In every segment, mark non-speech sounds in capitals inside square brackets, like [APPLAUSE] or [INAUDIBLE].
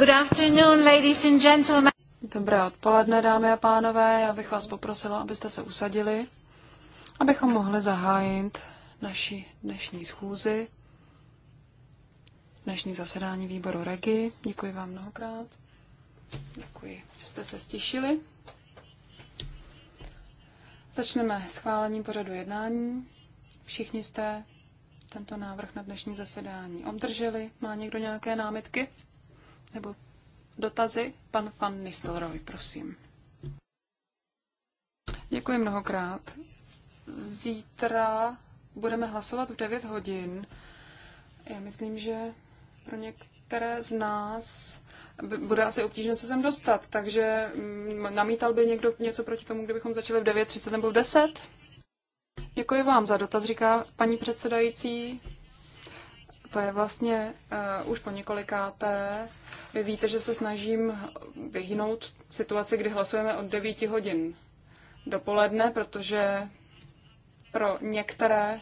Good afternoon, ladies and gentlemen. Dobré odpoledne, dámy a pánové. Já bych vás poprosila, abyste se usadili, abychom mohli zahájit naši dnešní schůzi, dnešní zasedání výboru Regi. Děkuji vám mnohokrát. Děkuji, že jste se stišili. Začneme schválením pořadu jednání. Všichni jste tento návrh na dnešní zasedání obdrželi. Má někdo nějaké námitky? nebo dotazy. Pan Van Nistelrooy, prosím. Děkuji mnohokrát. Zítra budeme hlasovat v 9 hodin. Já myslím, že pro některé z nás bude asi obtížné se sem dostat, takže mm, namítal by někdo něco proti tomu, kdybychom začali v 9.30 nebo v 10? Děkuji vám za dotaz, říká paní předsedající. To je vlastně uh, už po několikáté. Vy víte, že se snažím vyhnout situaci, kdy hlasujeme od 9 hodin dopoledne, protože pro některé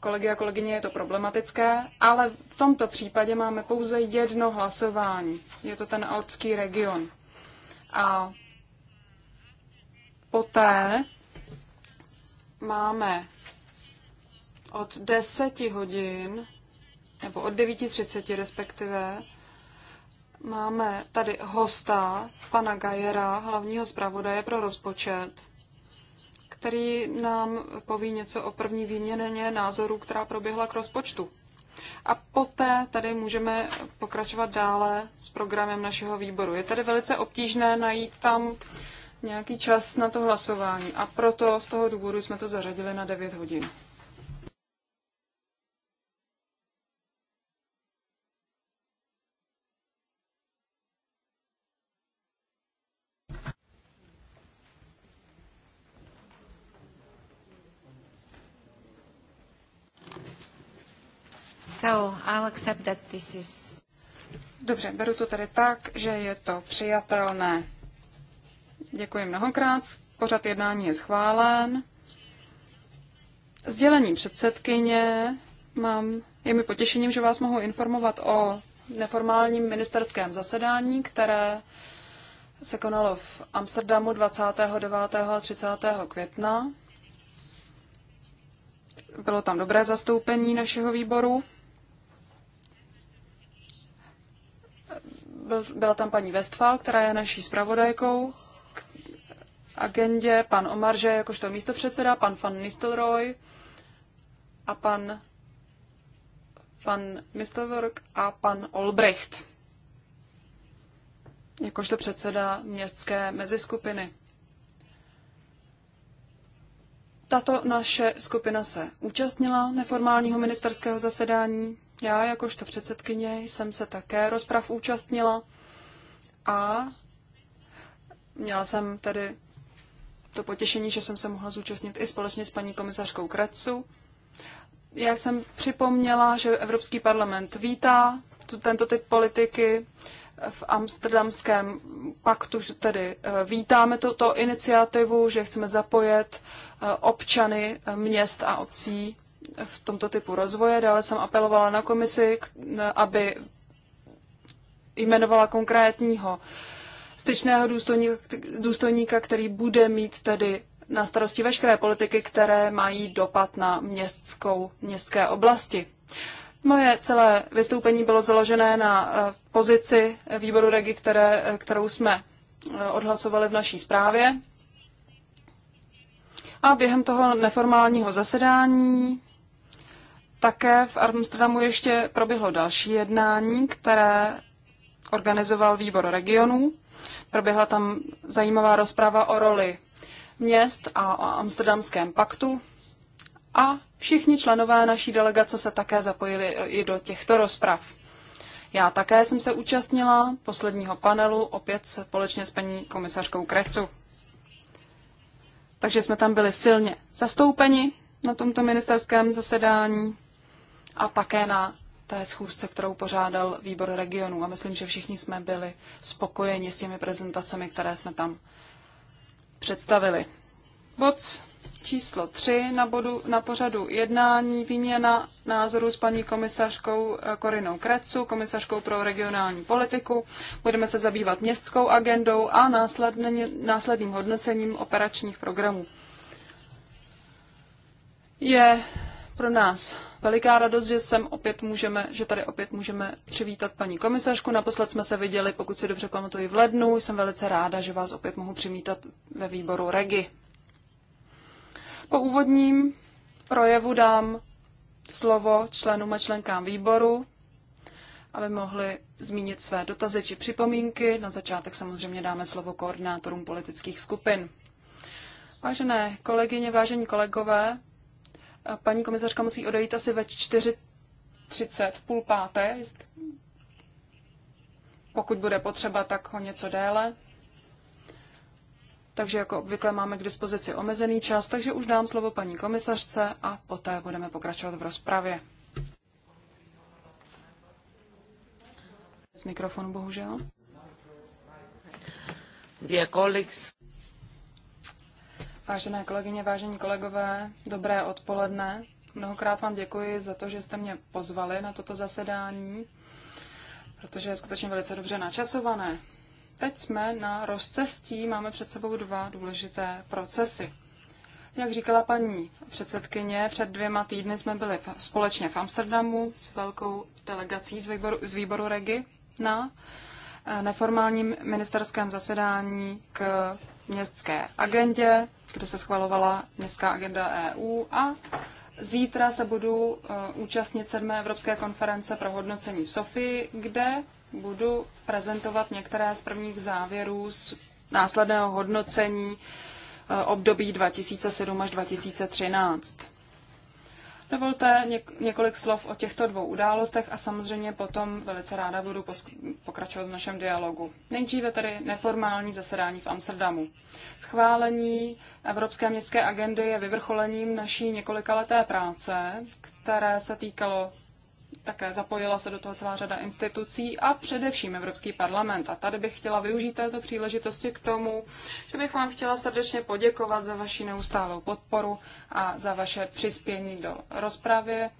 kolegy a kolegyně je to problematické, ale v tomto případě máme pouze jedno hlasování. Je to ten alpský region. A poté máme od 10 hodin nebo od 9.30 respektive, máme tady hosta, pana Gajera, hlavního zpravodaje pro rozpočet, který nám poví něco o první výměně názorů, která proběhla k rozpočtu. A poté tady můžeme pokračovat dále s programem našeho výboru. Je tady velice obtížné najít tam nějaký čas na to hlasování a proto z toho důvodu jsme to zařadili na 9 hodin. So I'll accept that this is... Dobře, beru to tedy tak, že je to přijatelné. Děkuji mnohokrát. Pořad jednání je schválen. Sdělení předsedkyně mám, je mi potěšením, že vás mohu informovat o neformálním ministerském zasedání, které se konalo v Amsterdamu 29. a 30. května. Bylo tam dobré zastoupení našeho výboru. byl, byla tam paní Westfal, která je naší zpravodajkou k agendě, pan Omarže jakožto místopředseda, pan van Nistelrooy a pan van Mistelwerk a pan Olbricht jakožto předseda městské meziskupiny. Tato naše skupina se účastnila neformálního ministerského zasedání já jakožto předsedkyně jsem se také rozprav účastnila a měla jsem tedy to potěšení, že jsem se mohla zúčastnit i společně s paní komisařkou Kretsu. Já jsem připomněla, že Evropský parlament vítá tu, tento typ politiky v Amsterdamském paktu, že tedy eh, vítáme tuto iniciativu, že chceme zapojit eh, občany eh, měst a obcí v tomto typu rozvoje. Dále jsem apelovala na komisi, aby jmenovala konkrétního styčného důstojníka, důstojníka, který bude mít tedy na starosti veškeré politiky, které mají dopad na městskou, městské oblasti. Moje celé vystoupení bylo založené na eh, pozici výboru REGI, které, eh, kterou jsme eh, odhlasovali v naší zprávě. A během toho neformálního zasedání také v Amsterdamu ještě proběhlo další jednání, které organizoval výbor regionů. Proběhla tam zajímavá rozprava o roli měst a o Amsterdamském paktu. A všichni členové naší delegace se také zapojili i do těchto rozprav. Já také jsem se účastnila posledního panelu, opět společně s paní komisařkou Krecu. Takže jsme tam byli silně zastoupeni na tomto ministerském zasedání a také na té schůzce, kterou pořádal výbor regionů. A myslím, že všichni jsme byli spokojeni s těmi prezentacemi, které jsme tam představili. Bod číslo 3 na, bodu, na pořadu jednání výměna názoru s paní komisařkou eh, Korinou Krecu, komisařkou pro regionální politiku. Budeme se zabývat městskou agendou a následný, následným hodnocením operačních programů. Je pro nás veliká radost, že sem opět můžeme, že tady opět můžeme přivítat paní komisařku. Naposled jsme se viděli, pokud si dobře pamatuju, v lednu. Jsem velice ráda, že vás opět mohu přivítat ve výboru REGI. Po úvodním projevu dám slovo členům a členkám výboru, aby mohli zmínit své dotazy či připomínky. Na začátek samozřejmě dáme slovo koordinátorům politických skupin. Vážené kolegyně, vážení kolegové, Paní komisařka musí odejít asi ve 4.30 v půl páté. Pokud bude potřeba, tak ho něco déle. Takže jako obvykle máme k dispozici omezený čas, takže už dám slovo paní komisařce a poté budeme pokračovat v rozpravě. Z mikrofonu bohužel. Dear colleagues, Vážené kolegyně, vážení kolegové, dobré odpoledne. Mnohokrát vám děkuji za to, že jste mě pozvali na toto zasedání, protože je skutečně velice dobře načasované. Teď jsme na rozcestí, máme před sebou dva důležité procesy. Jak říkala paní předsedkyně, před dvěma týdny jsme byli v, společně v Amsterdamu s velkou delegací z výboru, z výboru Regi na eh, neformálním ministerském zasedání k městské agendě kde se schvalovala městská agenda EU a zítra se budu eh, účastnit sedmé Evropské konference pro hodnocení v Sofii, kde budu prezentovat některé z prvních závěrů z následného hodnocení eh, období 2007 až 2013. Dovolte něk- několik slov o těchto dvou událostech a samozřejmě potom velice ráda budu pokračovat v našem dialogu. Nejdříve tedy neformální zasedání v Amsterdamu. Schválení Evropské městské agendy je vyvrcholením naší několikaleté práce, které se týkalo také zapojila se do toho celá řada institucí a především Evropský parlament. A tady bych chtěla využít této příležitosti k tomu, že bych vám chtěla srdečně poděkovat za vaši neustálou podporu a za vaše přispění do rozpravy,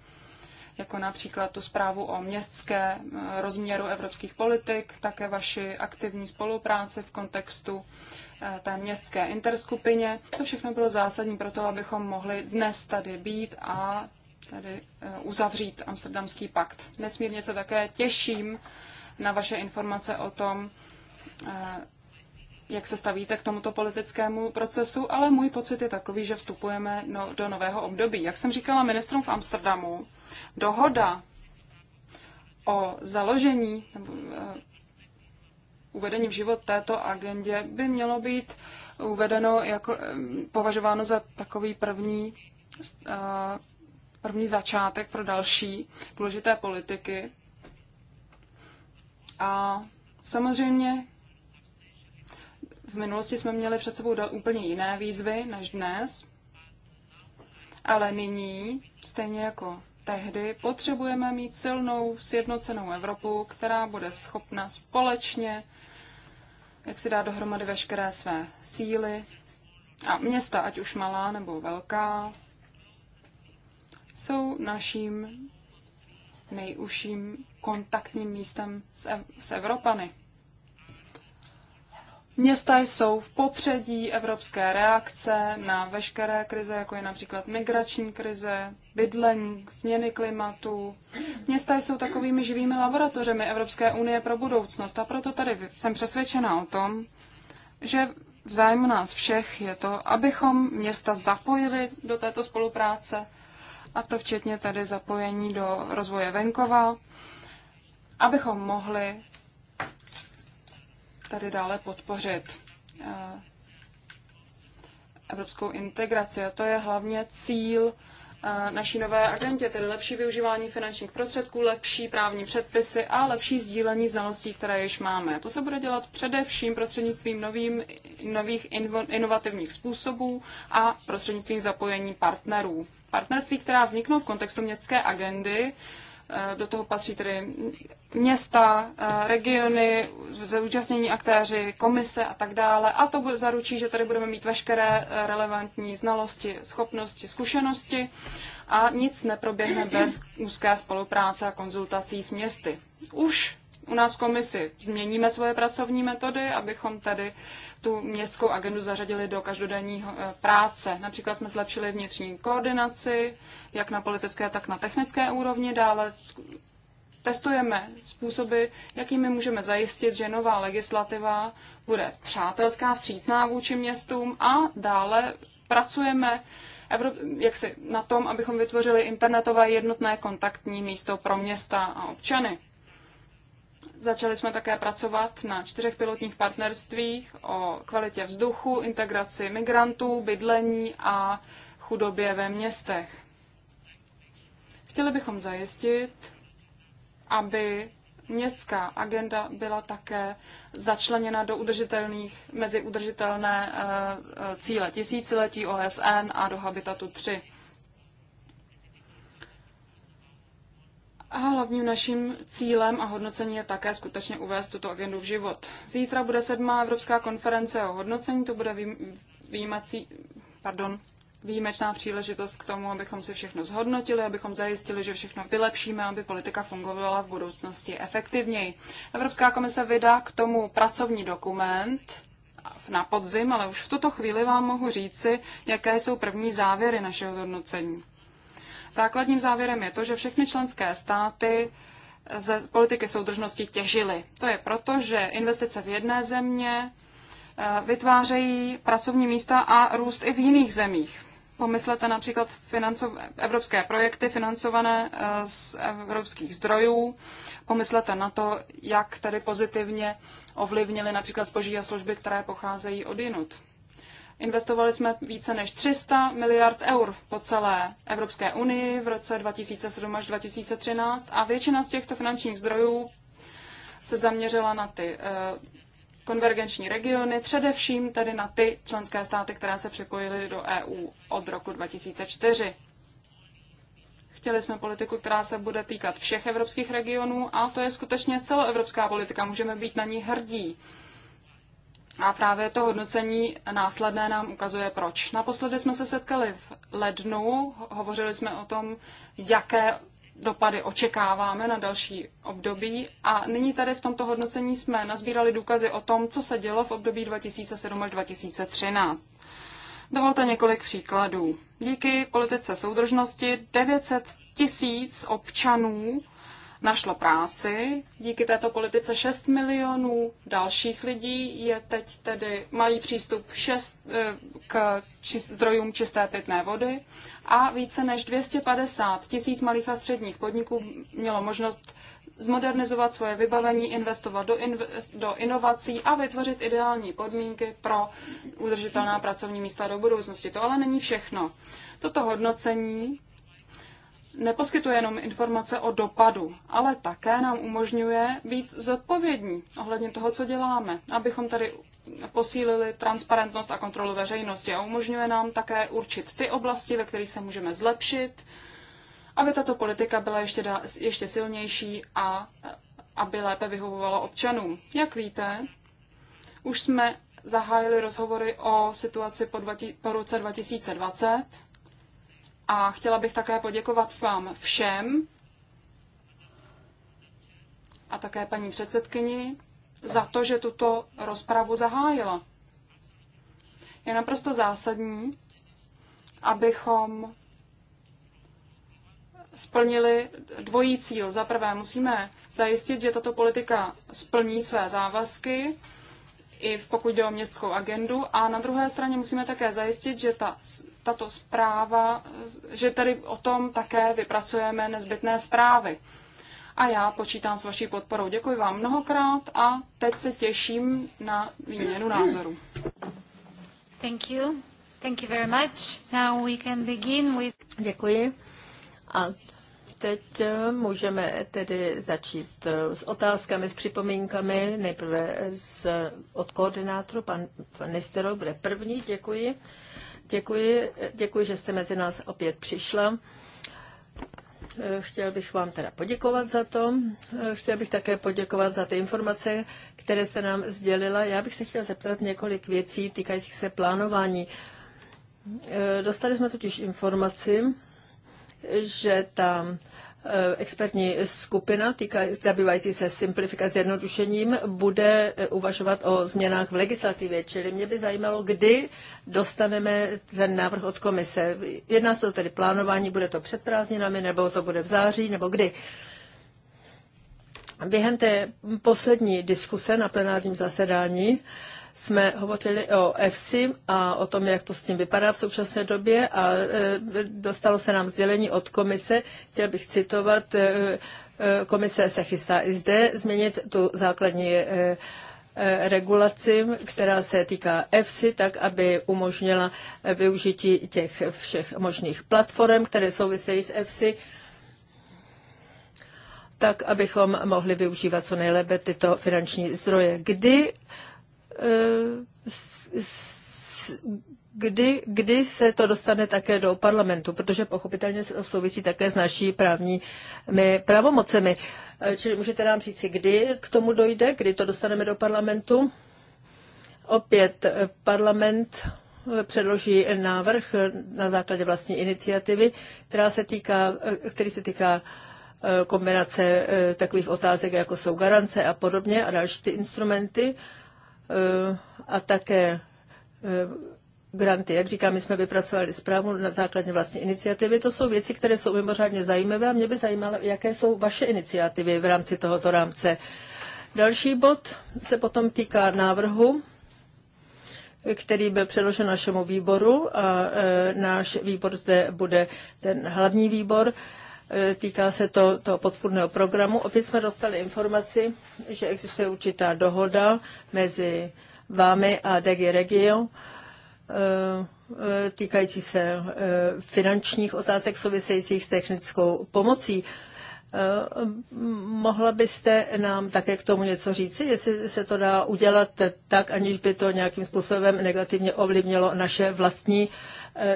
jako například tu zprávu o městské eh, rozměru evropských politik, také vaši aktivní spolupráci v kontextu eh, té městské interskupině. To všechno bylo zásadní pro to, abychom mohli dnes tady být a tedy eh, uzavřít Amsterdamský pakt. Nesmírně se také těším na vaše informace o tom, eh, jak se stavíte k tomuto politickému procesu, ale můj pocit je takový, že vstupujeme no, do nového období. Jak jsem říkala ministrům v Amsterdamu, dohoda o založení nebo uh, uvedení v život této agendě by mělo být uvedeno jako, uh, považováno za takový první uh, první začátek pro další důležité politiky. A samozřejmě v minulosti jsme měli před sebou úplně jiné výzvy než dnes, ale nyní, stejně jako tehdy, potřebujeme mít silnou, sjednocenou Evropu, která bude schopna společně jak si dá dohromady veškeré své síly. A města, ať už malá nebo velká, jsou naším nejužším kontaktním místem s Evropany. Města jsou v popředí evropské reakce na veškeré krize, jako je například migrační krize, bydlení, změny klimatu. Města jsou takovými živými laboratořemi Evropské unie pro budoucnost a proto tady jsem přesvědčena o tom, že v zájmu nás všech je to, abychom města zapojili do této spolupráce a to včetně tedy zapojení do rozvoje venkova, abychom mohli tady dále podpořit eh, evropskou integraci. A to je hlavně cíl eh, naší nové agentě, tedy lepší využívání finančních prostředků, lepší právní předpisy a lepší sdílení znalostí, které již máme. To se bude dělat především prostřednictvím novým, nových inovativních způsobů a prostřednictvím zapojení partnerů partnerství, která vzniknou v kontextu městské agendy. Eh, Do toho patří tedy města, eh, regiony, zúčastnění aktéři, komise a tak dále. A to zaručí, že tady budeme mít veškeré eh, relevantní znalosti, schopnosti, zkušenosti a nic neproběhne bez úzké spolupráce a konzultací s městy. Už u nás v komisi změníme svoje pracovní metody, abychom tady tu městskou agendu zařadili do každodenní eh, práce. Například jsme zlepšili vnitřní koordinaci, jak na politické, tak na technické úrovni. Dále testujeme způsoby, jakými můžeme zajistit, že nová legislativa bude přátelská, střícná vůči městům a dále pracujeme Evrop- jak si, na tom, abychom vytvořili internetové jednotné kontaktní místo pro města a občany. Začali jsme také pracovat na čtyřech pilotních partnerstvích o kvalitě vzduchu, integraci migrantů, bydlení a chudobě ve městech. Chtěli bychom zajistit, aby městská agenda byla také začleněna do udržitelných, mezi udržitelné eh, eh, cíle tisíciletí OSN a do Habitatu 3. A hlavním naším cílem a hodnocení je také skutečně uvést tuto agendu v život. Zítra bude sedmá Evropská konference o hodnocení, to bude výjimací, pardon, výjimečná příležitost k tomu, abychom si všechno zhodnotili, abychom zajistili, že všechno vylepšíme, aby politika fungovala v budoucnosti efektivněji. Evropská komise vydá k tomu pracovní dokument na podzim, ale už v tuto chvíli vám mohu říci, jaké jsou první závěry našeho zhodnocení. Základním závěrem je to, že všechny členské státy ze politiky soudržnosti těžily. To je proto, že investice v jedné země eh, vytvářejí pracovní místa a růst i v jiných zemích. Pomyslete například financov, evropské projekty financované eh, z evropských zdrojů. Pomyslete na to, jak tady pozitivně ovlivnili například zboží a služby, které pocházejí od jinut. Investovali jsme více než 300 miliard eur po celé Evropské unii v roce 2007 až 2013 a většina z těchto finančních zdrojů se zaměřila na ty eh, konvergenční regiony, především tedy na ty členské státy, které se připojily do EU od roku 2004. Chtěli jsme politiku, která se bude týkat všech evropských regionů a to je skutečně celoevropská politika, můžeme být na ní hrdí. A právě to hodnocení následné nám ukazuje proč. Naposledy jsme se setkali v lednu, hovořili jsme o tom, jaké dopady očekáváme na další období a nyní tady v tomto hodnocení jsme nazbírali důkazy o tom, co se dělo v období 2007 až 2013. Dovolte několik příkladů. Díky politice soudržnosti 900 tisíc občanů našlo práci. Díky této politice 6 milionů dalších lidí je teď tedy, mají přístup 6, eh, k čist, zdrojům čisté pitné vody a více než 250 tisíc malých a středních podniků mělo možnost zmodernizovat svoje vybavení, investovat do, inv- do inovací a vytvořit ideální podmínky pro udržitelná pracovní místa do budoucnosti. To ale není všechno. Toto hodnocení neposkytuje jenom informace o dopadu, ale také nám umožňuje být zodpovědní ohledně toho, co děláme, abychom tady posílili transparentnost a kontrolu veřejnosti a umožňuje nám také určit ty oblasti, ve kterých se můžeme zlepšit, aby tato politika byla ještě, da, ještě silnější a aby lépe vyhovovala občanům. Jak víte, už jsme zahájili rozhovory o situaci po, dva, po roce 2020 a chtěla bych také poděkovat vám všem a také paní předsedkyni za to, že tuto rozpravu zahájila. Je naprosto zásadní, abychom splnili dvojí cíl. Za prvé musíme zajistit, že tato politika splní své závazky, i pokud jde o městskou agendu. A na druhé straně musíme také zajistit, že ta tato zpráva, že tady o tom také vypracujeme nezbytné zprávy. A já počítám s vaší podporou. Děkuji vám mnohokrát a teď se těším na výměnu názoru. Thank you. Thank you very much. Now we can begin with... Děkuji. A teď eh, můžeme tedy začít eh, s otázkami, s připomínkami. Nejprve z, od koordinátoru, pan, pan Nistero bude první, děkuji. Děkuji, děkuji, že jste mezi nás opět přišla. Chtěl bych vám teda poděkovat za to. Chtěl bych také poděkovat za ty informace, které jste nám sdělila. Já bych se chtěla zeptat několik věcí týkajících se plánování. Dostali jsme totiž informaci, že tam Eh, expertní skupina týka, zabývající se simplifikací zjednodušením bude eh, uvažovat o změnách v legislativě, čili mě by zajímalo, kdy dostaneme ten návrh od komise. Jedná se o tedy plánování, bude to před prázdninami, nebo to bude v září, nebo kdy. Během té poslední diskuse na plenárním zasedání uh, jsme hovořili o EFSI a o tom, jak to s tím vypadá v současné době a e, dostalo se nám sdělení od komise, chtěl bych citovat, e, e, komise se chystá i zde změnit tu základní regulaci, která se týká EFSI, tak aby umožnila využití těch všech možných platform, které souvisejí s EFSI, tak abychom mohli využívat co nejlépe tyto finanční zdroje. Kdy Eh, kdy, kdy se to dostane také do parlamentu, protože pochopitelně to souvisí také s naší právními pravomocemi. Eh, čili můžete nám říci, kdy k tomu dojde, kdy to dostaneme do parlamentu. Opět eh, parlament předloží návrh na základě vlastní iniciativy, která se týká, který se týká kombinace takových otázek, jako jsou garance a podobně a další ty instrumenty. Eh, a také eh, granty. Jak říkám, my jsme vypracovali zprávu na základě vlastní iniciativy. To jsou věci, které jsou mimořádně zajímavé a mě by zajímalo, jaké jsou vaše iniciativy v rámci tohoto rámce. Další bod se potom týká návrhu, který byl předložen našemu výboru a eh, náš výbor zde bude ten hlavní výbor. E, E, týká se to toho podpůrného programu. Opět jsme dostali informaci, že existuje určitá dohoda mezi vámi a DG Regio e, e, týkající se finančních otázek souvisejících s technickou pomocí. Mohla byste nám také k tomu něco říci, jestli se to dá udělat tak, aniž by to nějakým způsobem negativně ovlivnilo naše vlastní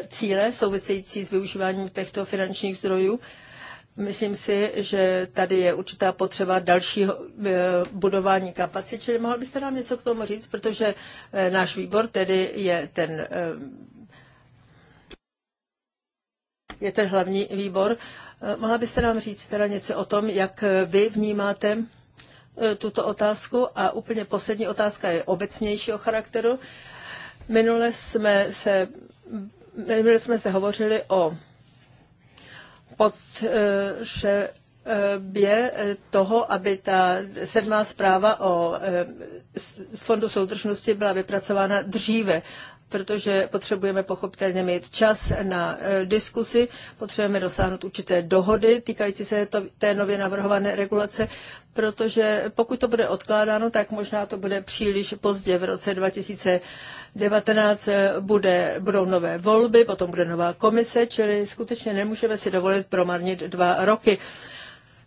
cíle související s využíváním těchto finančních zdrojů? Myslím si, že tady je určitá potřeba dalšího eh, budování kapacit, čili mohl byste nám něco k tomu říct, protože eh, náš výbor tedy je ten, eh, je ten hlavní výbor. Mohla byste nám říct teda něco o tom, jak vy vnímáte tuto otázku a úplně poslední otázka je obecnějšího charakteru. Minule jsme se, minule jsme se hovořili o potřebě eh, toho, aby ta sedmá zpráva o eh, Fondu soudržnosti byla vypracována dříve protože potřebujeme pochopitelně mít čas na eh, diskusy, potřebujeme dosáhnout určité dohody týkající se to, té nově navrhované regulace, protože pokud to bude odkládáno, tak možná to bude příliš pozdě v roce 2000. 19 eh, bude, budou nové volby, potom bude nová komise, čili skutečně nemůžeme si dovolit promarnit dva roky.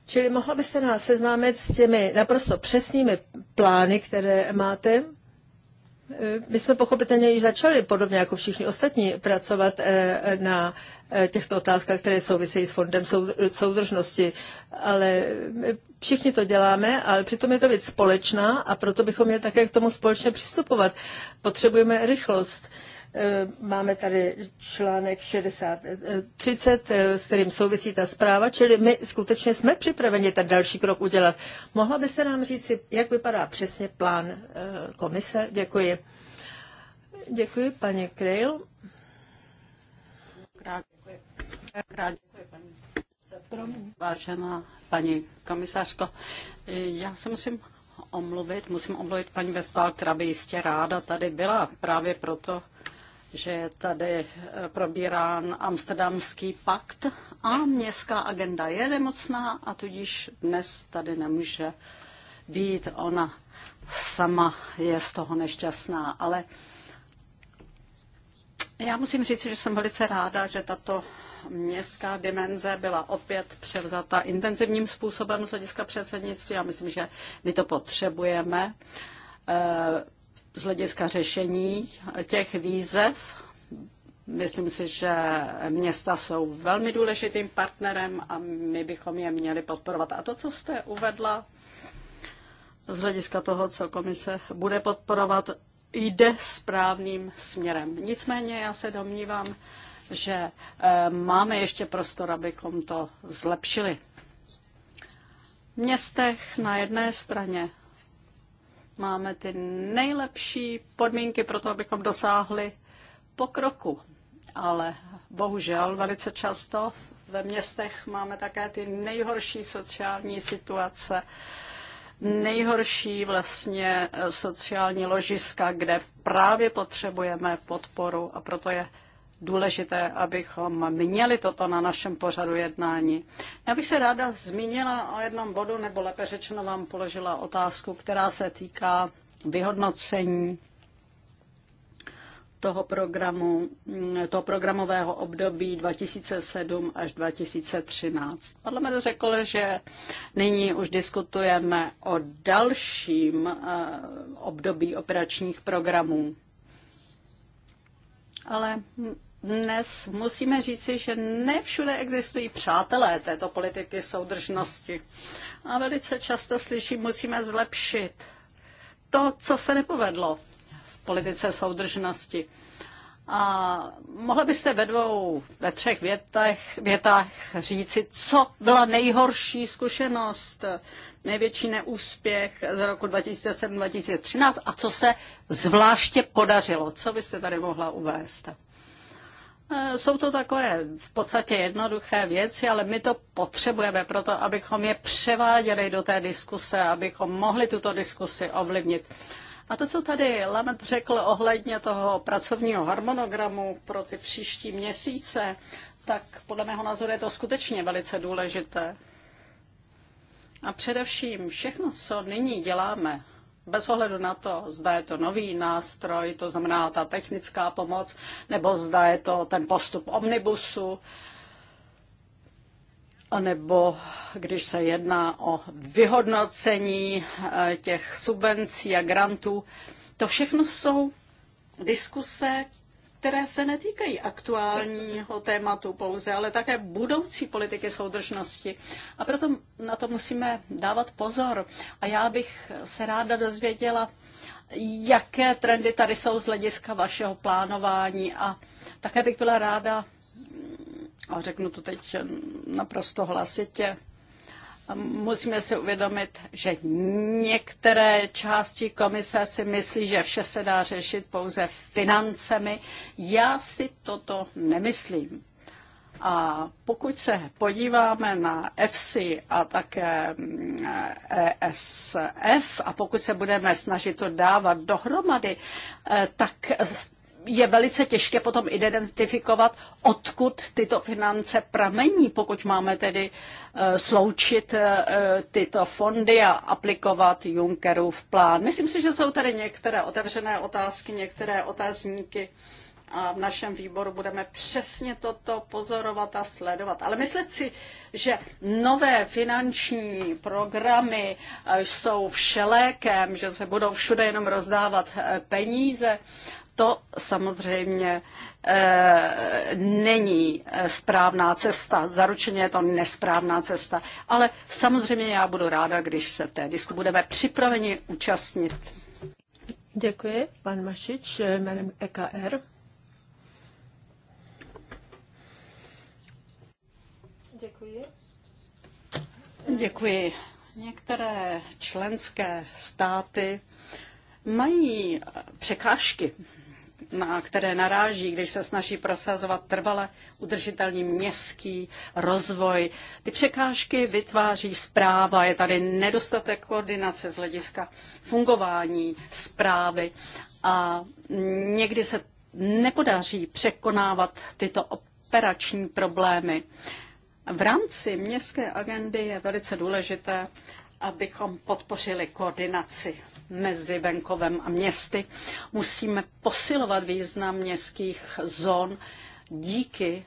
Čili mohla byste nás seznámit s těmi naprosto přesnými plány, které máte? Eh, my jsme pochopitelně již začali, podobně jako všichni ostatní, pracovat eh, na Eh, těchto otázkách, které souvisejí s fondem soudržnosti. Ale my všichni to děláme, ale přitom je to věc společná a proto bychom měli také k tomu společně přistupovat. Potřebujeme rychlost. Eh, máme tady článek 60, 30, eh, s kterým souvisí ta zpráva, čili my skutečně jsme připraveni ten další krok udělat. Mohla byste nám říct, jak vypadá přesně plán komise? Děkuji. Děkuji, paní Krejl. Krát děkuji, Vážená paní komisařko, já se musím omluvit, musím omluvit paní Vestal. která by jistě ráda tady byla právě proto, že je tady eh, probírán Amsterdamský pakt a městská agenda je nemocná a tudíž dnes tady nemůže být. Ona sama je z toho nešťastná, ale já musím říct, že jsem velice ráda, že tato městská dimenze byla opět převzata intenzivním způsobem z hlediska předsednictví a myslím, že my to potřebujeme eh, z hlediska řešení těch výzev. Myslím si, že města jsou velmi důležitým partnerem a my bychom je měli podporovat. A to, co jste uvedla z hlediska toho, co komise bude podporovat, jde správným směrem. Nicméně já se domnívám, že eh, máme ještě prostor, abychom to zlepšili. V městech na jedné straně máme ty nejlepší podmínky pro to, abychom dosáhli pokroku. Ale bohužel velice často ve městech máme také ty nejhorší sociální situace, nejhorší vlastně eh, sociální ložiska, kde právě potřebujeme podporu a proto je důležité, abychom měli toto na našem pořadu jednání. Já bych se ráda zmínila o jednom bodu, nebo lépe řečeno vám položila otázku, která se týká vyhodnocení toho programu, toho programového období 2007 až 2013. Parlament řekl, že nyní už diskutujeme o dalším eh, období operačních programů. Ale dnes musíme říci, že ne všude existují přátelé této politiky soudržnosti. A velice často slyším, musíme zlepšit to, co se nepovedlo v politice soudržnosti. A mohla byste ve dvou, ve třech větách, větách říci, co byla nejhorší zkušenost, největší neúspěch z roku 2007-2013 a co se zvláště podařilo? Co byste tady mohla uvést? Eh, jsou to takové v podstatě jednoduché věci, ale my to potřebujeme proto, abychom je převáděli do té diskuse, abychom mohli tuto diskusi ovlivnit. A to, co tady Lamet řekl ohledně toho pracovního harmonogramu pro ty příští měsíce, tak podle mého názoru je to skutečně velice důležité. A především všechno, co nyní děláme bez ohledu na to, zda je to nový nástroj, to znamená ta technická pomoc, nebo zda je to ten postup omnibusu, nebo když se jedná o vyhodnocení eh, těch subvencí a grantů. To všechno jsou diskuse, které se netýkají aktuálního tématu pouze, ale také budoucí politiky soudržnosti. A proto na to musíme dávat pozor. A já bych se ráda dozvěděla, jaké trendy tady jsou z hlediska vašeho plánování. A také bych byla ráda, a řeknu to teď naprosto hlasitě, musíme si uvědomit, že některé části komise si myslí, že vše se dá řešit pouze financemi. Já si toto nemyslím. A pokud se podíváme na EFSI a také mm, ESF a pokud se budeme snažit to dávat dohromady, eh, tak je velice těžké potom identifikovat, odkud tyto finance pramení, pokud máme tedy e, sloučit e, tyto fondy a aplikovat Junckerův plán. Myslím si, že jsou tady některé otevřené otázky, některé otázníky a v našem výboru budeme přesně toto pozorovat a sledovat. Ale myslet si, že nové finanční programy e, jsou všelékem, že se budou všude jenom rozdávat peníze, to samozřejmě e, není eh, správná cesta, zaručeně je to nesprávná cesta, ale samozřejmě já budu ráda, když se té disku budeme připraveni účastnit. Děkuji, pan Mašič, eh, jménem EKR. Děkuji. Děkuji. Některé členské státy mají překážky na které naráží, když se snaží prosazovat trvale udržitelný městský rozvoj. Ty překážky vytváří zpráva, je tady nedostatek koordinace z hlediska fungování zprávy a někdy se nepodaří překonávat tyto operační problémy. V rámci městské agendy je velice důležité, abychom podpořili koordinaci mezi venkovem a městy. Musíme posilovat význam městských zón díky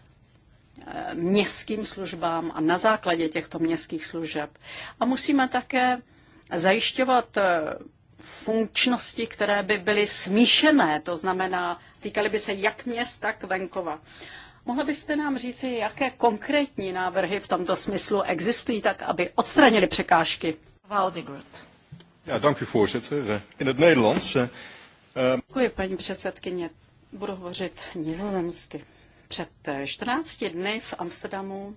eh, městským službám a na základě těchto městských služeb. A musíme také zajišťovat eh, funkčnosti, které by byly smíšené, to znamená, týkaly by se jak měst, tak venkova. Mohla byste nám říci, jaké konkrétní návrhy v tomto smyslu existují, tak aby odstranili překážky? Valdy Group. Ja, dank u voorzitter. Eh, in het Nederlands. Eh, ehm, Děkuji, paní předsedkyně. Budu hovořit nizozemsky. Před 14 eh, dny v Amsterdamu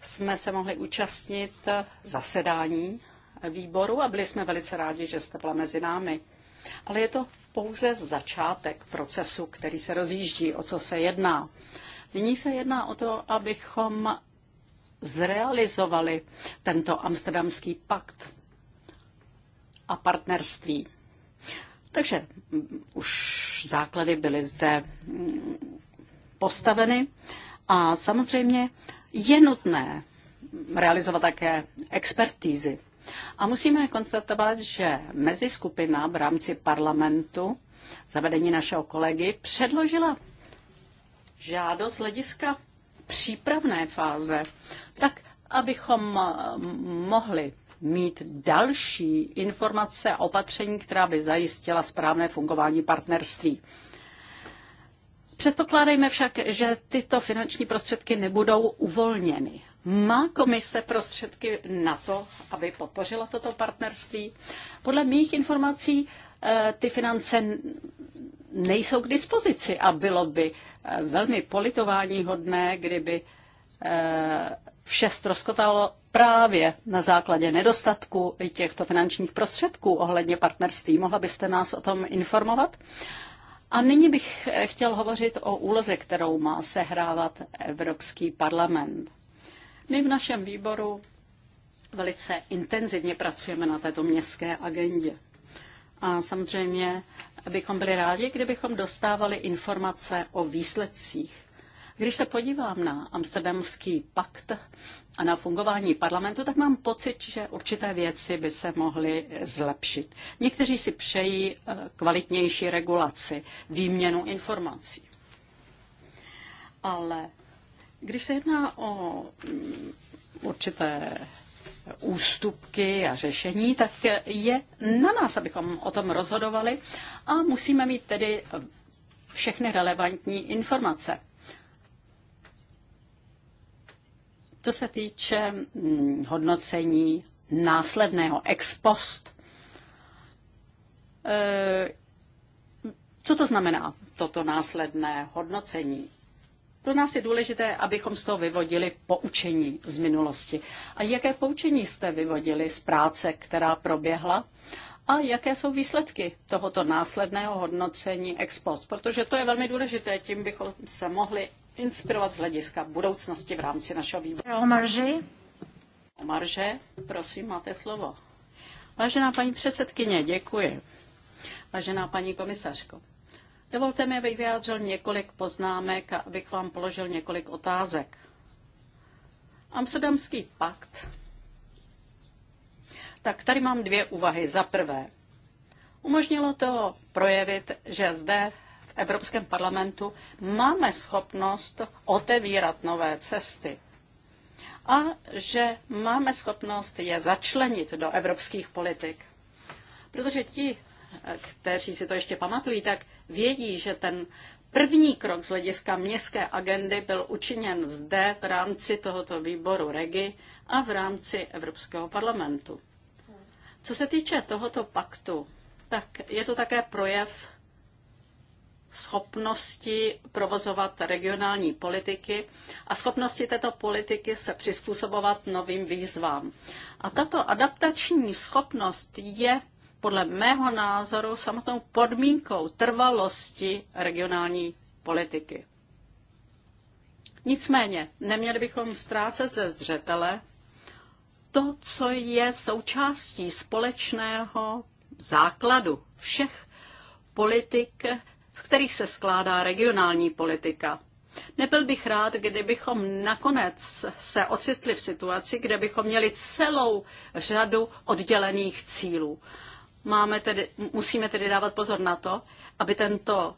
jsme se mohli účastnit zasedání výboru a byli jsme velice rádi, že jste byla mezi námi. Ale je to pouze začátek procesu, který se rozjíždí, o co se jedná. Nyní se jedná o to, abychom zrealizovali tento amsterdamský pakt a partnerství. Takže už základy byly zde postaveny a samozřejmě je nutné realizovat také expertízy. A musíme konstatovat, že mezi skupina v rámci parlamentu zavedení našeho kolegy předložila žádost hlediska přípravné fáze, tak abychom mohli mít další informace a opatření, která by zajistila správné fungování partnerství. Předpokládejme však, že tyto finanční prostředky nebudou uvolněny. Má komise prostředky na to, aby podpořila toto partnerství? Podle mých informací eh, ty finance nejsou k dispozici a bylo by eh, velmi politování hodné, kdyby eh, vše stroskotalo právě na základě nedostatku těchto finančních prostředků ohledně partnerství. Mohla byste nás o tom informovat? A nyní bych chtěl hovořit o úloze, kterou má sehrávat Evropský parlament. My v našem výboru velice intenzivně pracujeme na této městské agendě. A samozřejmě bychom byli rádi, kdybychom dostávali informace o výsledcích když se podívám na Amsterdamský pakt a na fungování parlamentu, tak mám pocit, že určité věci by se mohly zlepšit. Někteří si přejí eh, kvalitnější regulaci, výměnu informací. Ale když se jedná o mm, určité ústupky a řešení, tak je na nás, abychom o tom rozhodovali a musíme mít tedy eh, všechny relevantní informace. Co se týče mm, hodnocení následného ex post, e, co to znamená, toto následné hodnocení? Pro nás je důležité, abychom z toho vyvodili poučení z minulosti. A jaké poučení jste vyvodili z práce, která proběhla? A jaké jsou výsledky tohoto následného hodnocení ex post? Protože to je velmi důležité, tím bychom se mohli inspirovat z hlediska budoucnosti v rámci našeho výboru. Omarže. Omarže, prosím, máte slovo. Vážená paní předsedkyně, děkuji. Vážená paní komisařko, dovolte mi, abych vyjádřil několik poznámek a abych vám položil několik otázek. Amsterdamský pakt. Tak tady mám dvě úvahy. Za prvé, umožnilo to projevit, že zde Evropském parlamentu máme schopnost otevírat nové cesty a že máme schopnost je začlenit do evropských politik. Protože ti, kteří si to ještě pamatují, tak vědí, že ten První krok z hlediska městské agendy byl učiněn zde v rámci tohoto výboru REGI a v rámci Evropského parlamentu. Co se týče tohoto paktu, tak je to také projev schopnosti provozovat regionální politiky a schopnosti této politiky se přizpůsobovat novým výzvám. A tato adaptační schopnost je podle mého názoru samotnou podmínkou trvalosti regionální politiky. Nicméně, neměli bychom ztrácet ze zřetele to, co je součástí společného základu všech politik, z kterých se skládá regionální politika. Nebyl bych rád, kdybychom nakonec se ocitli v situaci, kde bychom měli celou řadu oddělených cílů. Máme tedy, musíme tedy dávat pozor na to, aby tento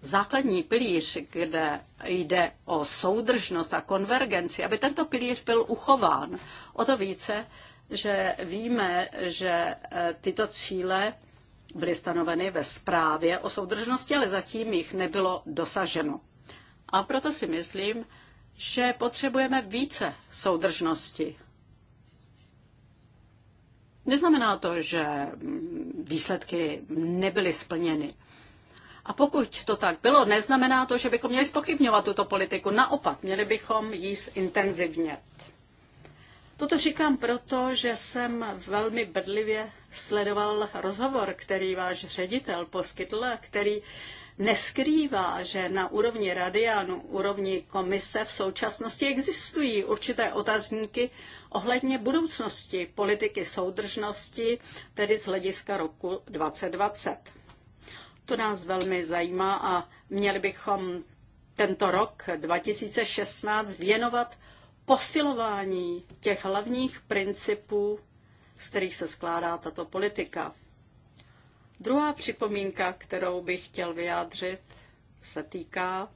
základní pilíř, kde jde o soudržnost a konvergenci, aby tento pilíř byl uchován. O to více, že víme, že eh, tyto cíle byly stanoveny ve zprávě o soudržnosti, ale zatím jich nebylo dosaženo. A proto si myslím, že potřebujeme více soudržnosti. Neznamená to, že výsledky nebyly splněny. A pokud to tak bylo, neznamená to, že bychom měli spochybňovat tuto politiku. Naopak, měli bychom ji zintenzivnět. Toto říkám proto, že jsem velmi bedlivě sledoval rozhovor, který váš ředitel poskytl, který neskrývá, že na úrovni rady a na úrovni komise v současnosti existují určité otazníky ohledně budoucnosti politiky soudržnosti, tedy z hlediska roku 2020. To nás velmi zajímá a měli bychom tento rok 2016 věnovat posilování těch hlavních principů, z kterých se skládá tato politika. Druhá připomínka, kterou bych chtěl vyjádřit, se týká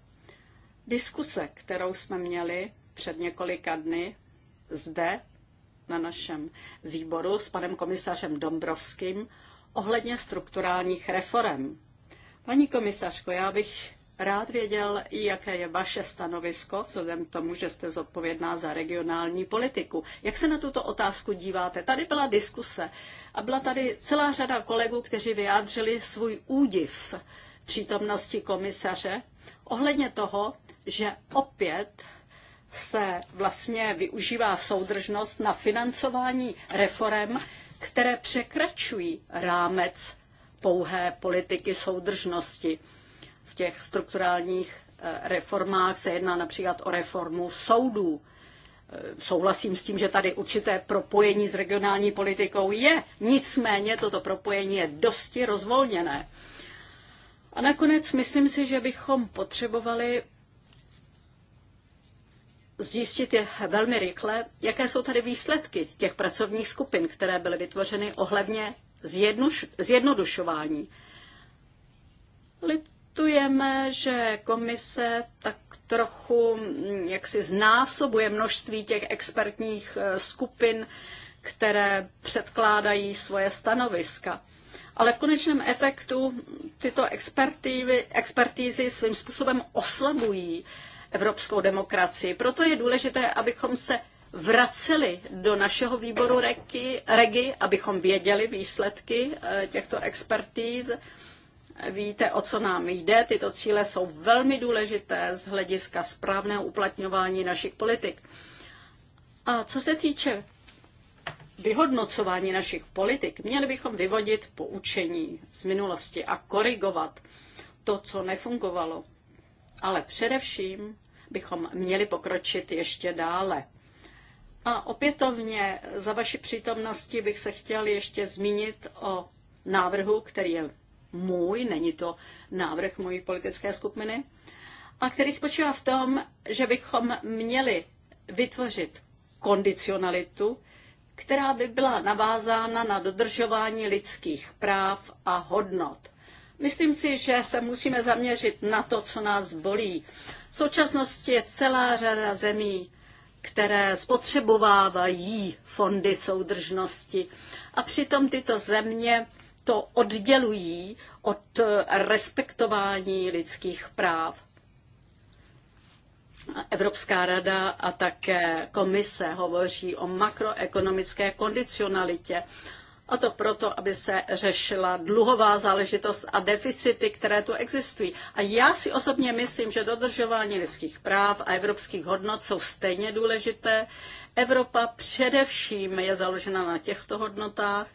diskuse, kterou jsme měli před několika dny zde na našem výboru s panem komisařem Dombrovským ohledně strukturálních reform. Paní komisařko, já bych rád věděl, jaké je vaše stanovisko, vzhledem k tomu, že jste zodpovědná za regionální politiku. Jak se na tuto otázku díváte? Tady byla diskuse a byla tady celá řada kolegů, kteří vyjádřili svůj údiv přítomnosti komisaře ohledně toho, že opět se vlastně využívá soudržnost na financování reform, které překračují rámec pouhé politiky soudržnosti těch strukturálních eh, reformách se jedná například o reformu soudů. Eh, souhlasím s tím, že tady určité propojení s regionální politikou je, nicméně toto propojení je dosti rozvolněné. A nakonec myslím si, že bychom potřebovali zjistit je velmi rychle, jaké jsou tady výsledky těch pracovních skupin, které byly vytvořeny ohledně zjednodušování litujeme, že komise tak trochu mm, jaksi znásobuje množství těch expertních eh, skupin, které předkládají svoje stanoviska. Ale v konečném efektu tyto expertízy, svým způsobem oslabují evropskou demokracii. Proto je důležité, abychom se vraceli do našeho výboru regi, regi abychom věděli výsledky eh, těchto expertíz Víte, o co nám jde. Tyto cíle jsou velmi důležité z hlediska správného uplatňování našich politik. A co se týče vyhodnocování našich politik, měli bychom vyvodit poučení z minulosti a korigovat to, co nefungovalo. Ale především bychom měli pokročit ještě dále. A opětovně za vaši přítomnosti bych se chtěl ještě zmínit o návrhu, který je můj, není to návrh mojí politické skupiny, a který spočívá v tom, že bychom měli vytvořit kondicionalitu, která by byla navázána na dodržování lidských práv a hodnot. Myslím si, že se musíme zaměřit na to, co nás bolí. V současnosti je celá řada zemí, které spotřebovávají fondy soudržnosti. A přitom tyto země to oddělují od respektování lidských práv. Evropská rada a také komise hovoří o makroekonomické kondicionalitě. A to proto, aby se řešila dluhová záležitost a deficity, které tu existují. A já si osobně myslím, že dodržování lidských práv a evropských hodnot jsou stejně důležité. Evropa především je založena na těchto hodnotách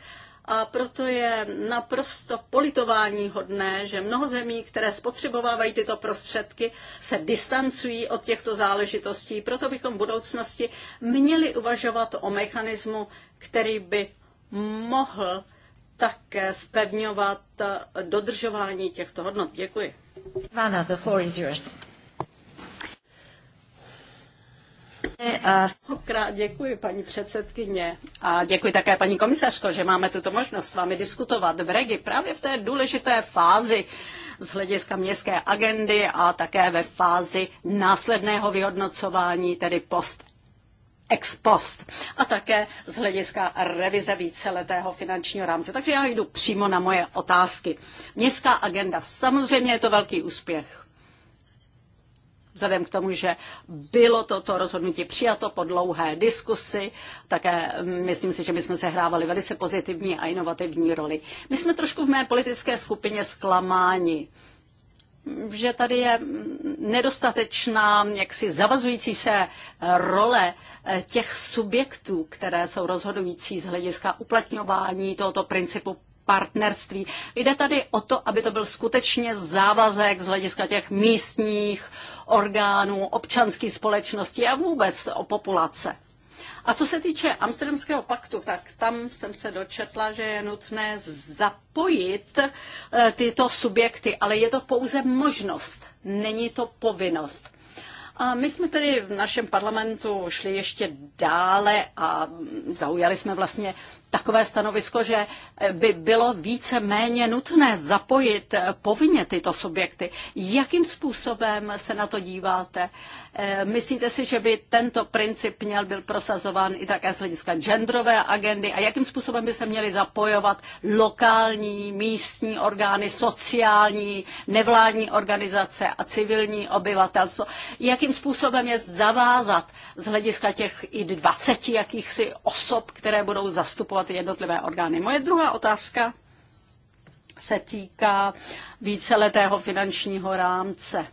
a proto je naprosto politování hodné, že mnoho zemí, které spotřebovávají tyto prostředky, se distancují od těchto záležitostí. Proto bychom v budoucnosti měli uvažovat o mechanismu, který by mohl také zpevňovat dodržování těchto hodnot. Děkuji. Vana, the floor is yours. Mnohokrát děkuji, paní předsedkyně, a děkuji také paní komisařko, že máme tuto možnost s vámi diskutovat v Regi právě v té důležité fázi z hlediska městské agendy a také ve fázi následného vyhodnocování, tedy post ex post a také z hlediska revize víceletého finančního rámce. Takže já jdu přímo na moje otázky. Městská agenda, samozřejmě je to velký úspěch vzhledem k tomu, že bylo toto rozhodnutí přijato po dlouhé diskusi, také mm, myslím si, že my jsme se hrávali velice pozitivní a inovativní roli. My jsme trošku v mé politické skupině zklamáni že tady je nedostatečná jaksi zavazující se role eh, těch subjektů, které jsou rozhodující z hlediska uplatňování tohoto principu partnerství. Jde tady o to, aby to byl skutečně závazek z hlediska těch místních orgánů, občanské společnosti a vůbec o populace. A co se týče Amsterdamského paktu, tak tam jsem se dočetla, že je nutné zapojit eh, tyto subjekty, ale je to pouze možnost, není to povinnost. A my jsme tedy v našem parlamentu šli ještě dále a zaujali jsme vlastně takové stanovisko, že eh, by bylo více méně nutné zapojit eh, povinně tyto subjekty. Jakým způsobem se na to díváte? Eh, myslíte si, že by tento princip měl byl prosazován i také z hlediska genderové agendy a jakým způsobem by se měly zapojovat lokální, místní orgány, sociální, nevládní organizace a civilní obyvatelstvo? Jakým způsobem je zavázat z hlediska těch i 20 jakýchsi osob, které budou zastupovat jednotlivé orgány? Moje druhá otázka se týká víceletého finančního rámce.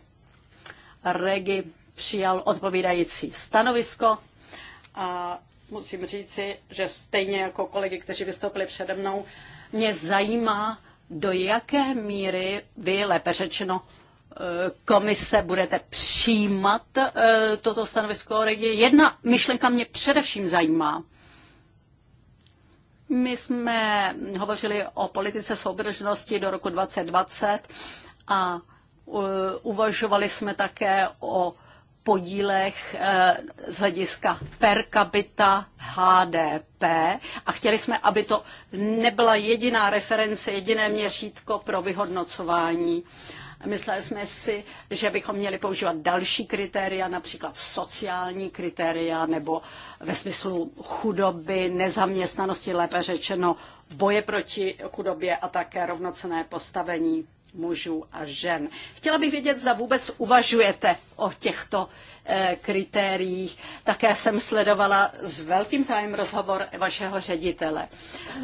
Regi přijal odpovídající stanovisko a musím říci, že stejně jako kolegy, kteří vystoupili přede mnou, mě zajímá, do jaké míry vy, lépe řečeno, eh, komise budete přijímat eh, toto stanovisko regi. Jedna myšlenka mě především zajímá. My jsme hovořili o politice soudržnosti do roku 2020 a eh, uvažovali jsme také o podílech eh, z hlediska per capita HDP a chtěli jsme, aby to nebyla jediná reference, jediné měřítko pro vyhodnocování. Mysleli jsme si, že bychom měli používat další kritéria, například sociální kritéria nebo ve smyslu chudoby, nezaměstnanosti, lépe řečeno boje proti chudobě a také rovnocené postavení mužů a žen. Chtěla bych vědět, zda vůbec uvažujete o těchto Eh, kritériích. Také jsem sledovala s velkým zájem rozhovor vašeho ředitele,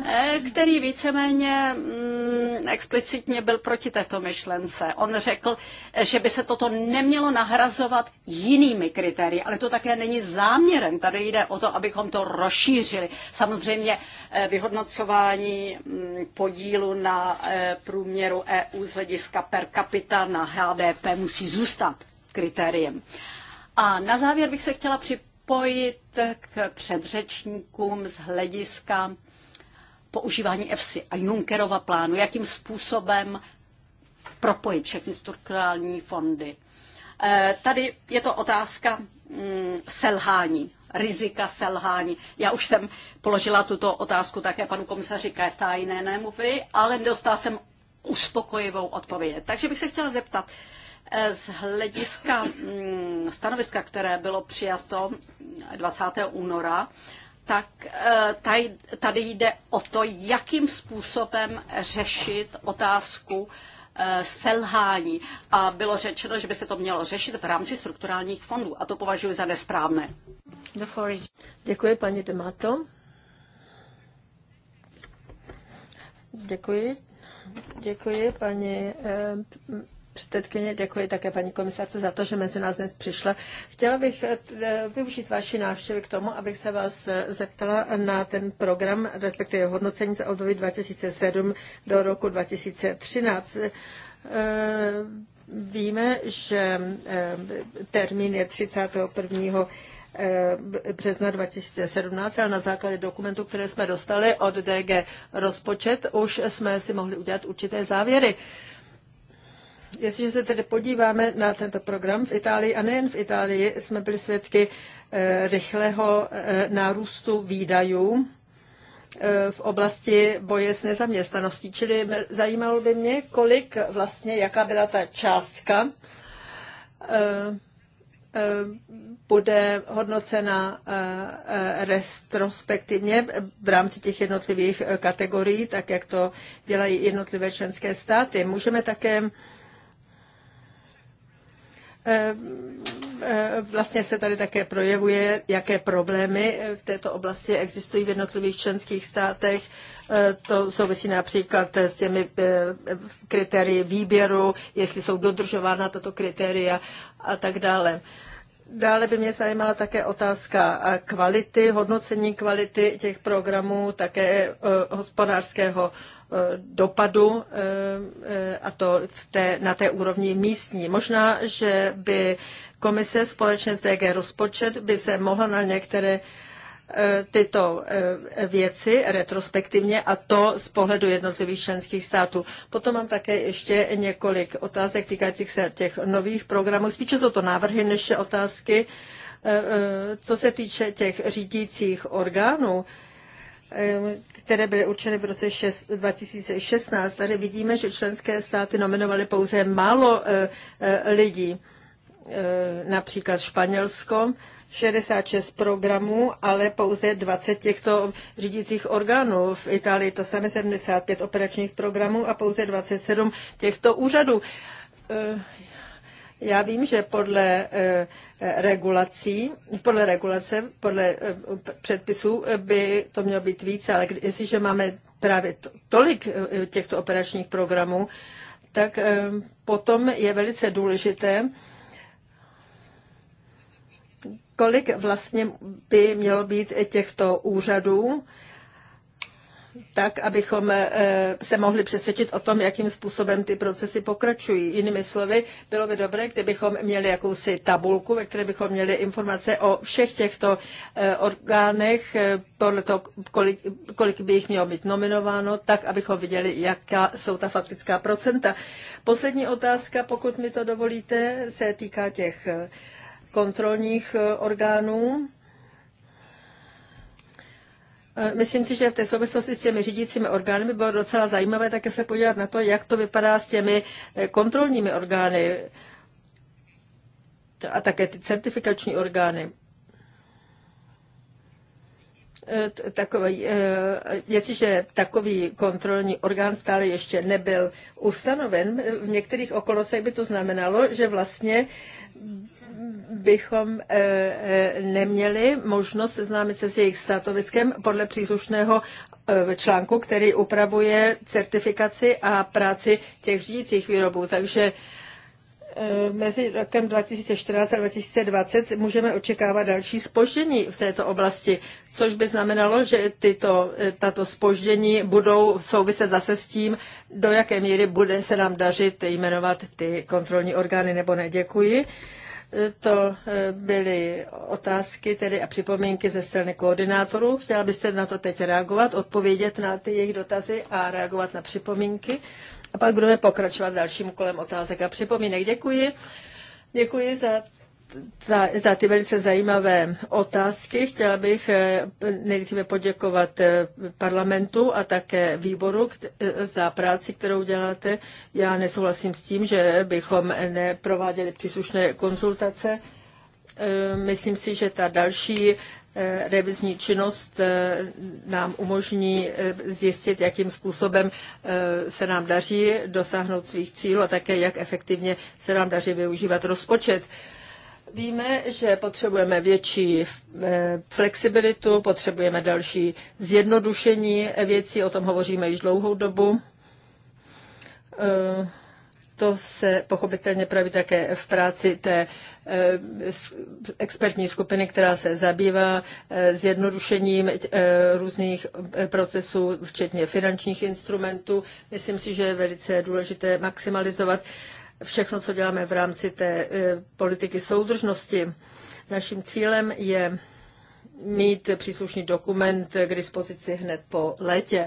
eh, který víceméně mm, explicitně byl proti této myšlence. On řekl, že by se toto nemělo nahrazovat jinými kritérii, ale to také není záměrem. Tady jde o to, abychom to rozšířili. Samozřejmě eh, vyhodnocování mm, podílu na průměru EU z hlediska per capita na HDP musí zůstat kritériem. A na závěr bych se chtěla připojit k předřečníkům z hlediska používání EFSI a Junckerova plánu, jakým způsobem propojit všechny strukturální fondy. Eh, tady je to otázka mm, selhání, rizika selhání. Já už jsem položila tuto otázku také panu komisaři Katajnému, ale dostala jsem uspokojivou odpověď. Takže bych se chtěla zeptat, Eh, z hlediska mm, stanoviska, které bylo přijato 20. února, tak eh, tady jde o to, jakým způsobem řešit otázku eh, selhání. A bylo řečeno, že by se to mělo řešit v rámci strukturálních fondů. A to považuji za nesprávné. Děkuji, paní Demato. Děkuji. Děkuji, paní předsedkyně, děkuji také paní komisarce za to, že mezi nás dnes přišla. Chtěla bych eh, eh, využít vaši návštěvy k tomu, abych se vás eh, zeptala na ten program, respektive hodnocení za období 2007 do roku 2013. Víme, že termín je 31 března 2017, ale na základě dokumentů, které jsme dostali od DG rozpočet, už jsme si mohli udělat určité závěry. Jestliže se tedy podíváme na tento program v Itálii, a nejen v Itálii, jsme byli svědky eh, rychlého eh, nárůstu výdajů eh, v oblasti boje s nezaměstnaností. Čili zajímalo by mě, kolik vlastně, jaká byla ta částka, bude hodnocena retrospektivně v rámci těch jednotlivých kategorií, tak jak to dělají jednotlivé členské státy. Můžeme také Eh, eh, vlastně se tady také projevuje, jaké problémy eh, v této oblasti existují v jednotlivých členských státech. To souvisí například s těmi kritérii výběru, jestli jsou dodržována tato kritéria a tak dále. Dále by mě zajímala také otázka kvality, hodnocení kvality těch programů, také hospodářského Eh, dopadu eh, eh, a to té, na té úrovni místní. Možná, že by komise společně s DG rozpočet by se mohla na některé tyto věci retrospektivně a to z pohledu jednotlivých členských států. Potom mám také ještě několik otázek týkajících se těch nových programů. Spíše jsou to návrhy než otázky. Co se týče těch řídících orgánů, které byly určeny v roce 2016. Tady vidíme, že členské státy nominovaly pouze málo eh, eh, lidí, eh, například Španělsko, 66 programů, ale pouze 20 těchto řídících orgánů. V Itálii to samé 75 operačních programů a pouze 27 těchto úřadů. Já vím, že podle regulací, podle regulace, podle eh, předpisů eh, by to mělo být více, ale jestliže máme právě tolik eh, těchto operačních programů, tak potom je velice důležité, kolik vlastně by mělo být těchto úřadů, tak, abychom eh, se mohli přesvědčit o tom, jakým způsobem ty procesy pokračují. Jinými slovy, bylo by dobré, kdybychom měli jakousi tabulku, ve které bychom měli informace o všech těchto eh, orgánech, eh, podle toho, kolik, kolik by jich mělo být nominováno, tak, abychom viděli, jaká jsou ta faktická procenta. Poslední otázka, pokud mi to dovolíte, se týká těch kontrolních orgánů. Eh, myslím si, že v té souvislosti s těmi řídícími orgány by bylo docela zajímavé také se podívat na to, jak to vypadá s těmi eh, kontrolními orgány a také ty certifikační orgány. Eh, takový, jestliže takový kontrolní orgán stále ještě nebyl ustanoven, v některých okolostech by to znamenalo, že vlastně bychom eh, eh, neměli možnost seznámit se s jejich statoviskem podle příslušného eh, článku, který upravuje certifikaci a práci těch řídících výrobů. Takže mezi rokem 2014 a 2020 můžeme očekávat další spoždění v této oblasti, což by znamenalo, že tyto, tato spoždění budou souviset zase s tím, do jaké míry bude se nám dařit jmenovat ty kontrolní orgány nebo neděkuji. Děkuji. To eh, byly otázky tedy a připomínky ze strany koordinátorů. Chtěla byste na to teď reagovat, odpovědět na ty jejich dotazy a reagovat na připomínky. A pak budeme pokračovat dalším kolem otázek a připomínek. Děkuji. Děkuji za za, za ty velice zajímavé otázky. Chtěla bych eh, nejdříve poděkovat eh, parlamentu a také výboru eh, za práci, kterou děláte. Já nesouhlasím s tím, že bychom neprováděli příslušné konzultace. Myslím si, že ta další revizní činnost nám umožní zjistit, jakým způsobem se nám daří dosáhnout svých cílů a také, jak efektivně se nám daří využívat rozpočet. Víme, že potřebujeme větší eh, flexibilitu, potřebujeme další zjednodušení věcí, o tom hovoříme již dlouhou dobu. Eh, to se pochopitelně praví také v práci té eh, expertní skupiny, která se zabývá zjednodušením různých procesů, včetně finančních instrumentů. Myslím si, že je velice důležité maximalizovat všechno, co děláme v rámci té e, politiky soudržnosti. Naším cílem je mít příslušný dokument k dispozici hned po létě.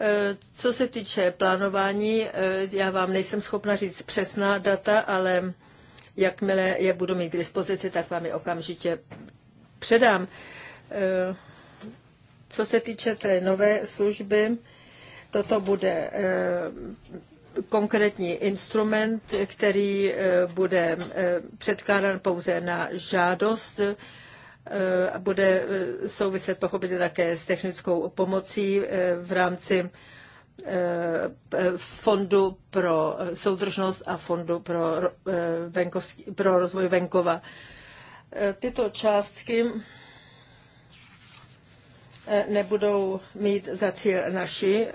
E, co se týče plánování, e, já vám nejsem schopna říct přesná data, ale jakmile je budu mít k dispozici, tak vám je okamžitě předám. Co se týče té nové služby, toto bude konkrétní instrument, který eh, bude eh, předkládán pouze na žádost eh, a bude souviset pochopitelně také s technickou pomocí v rámci Fondu pro soudržnost a Fondu pro, venkovský, pro rozvoj venkova. Tyto částky Eh, nebudou mít za cíl naši eh,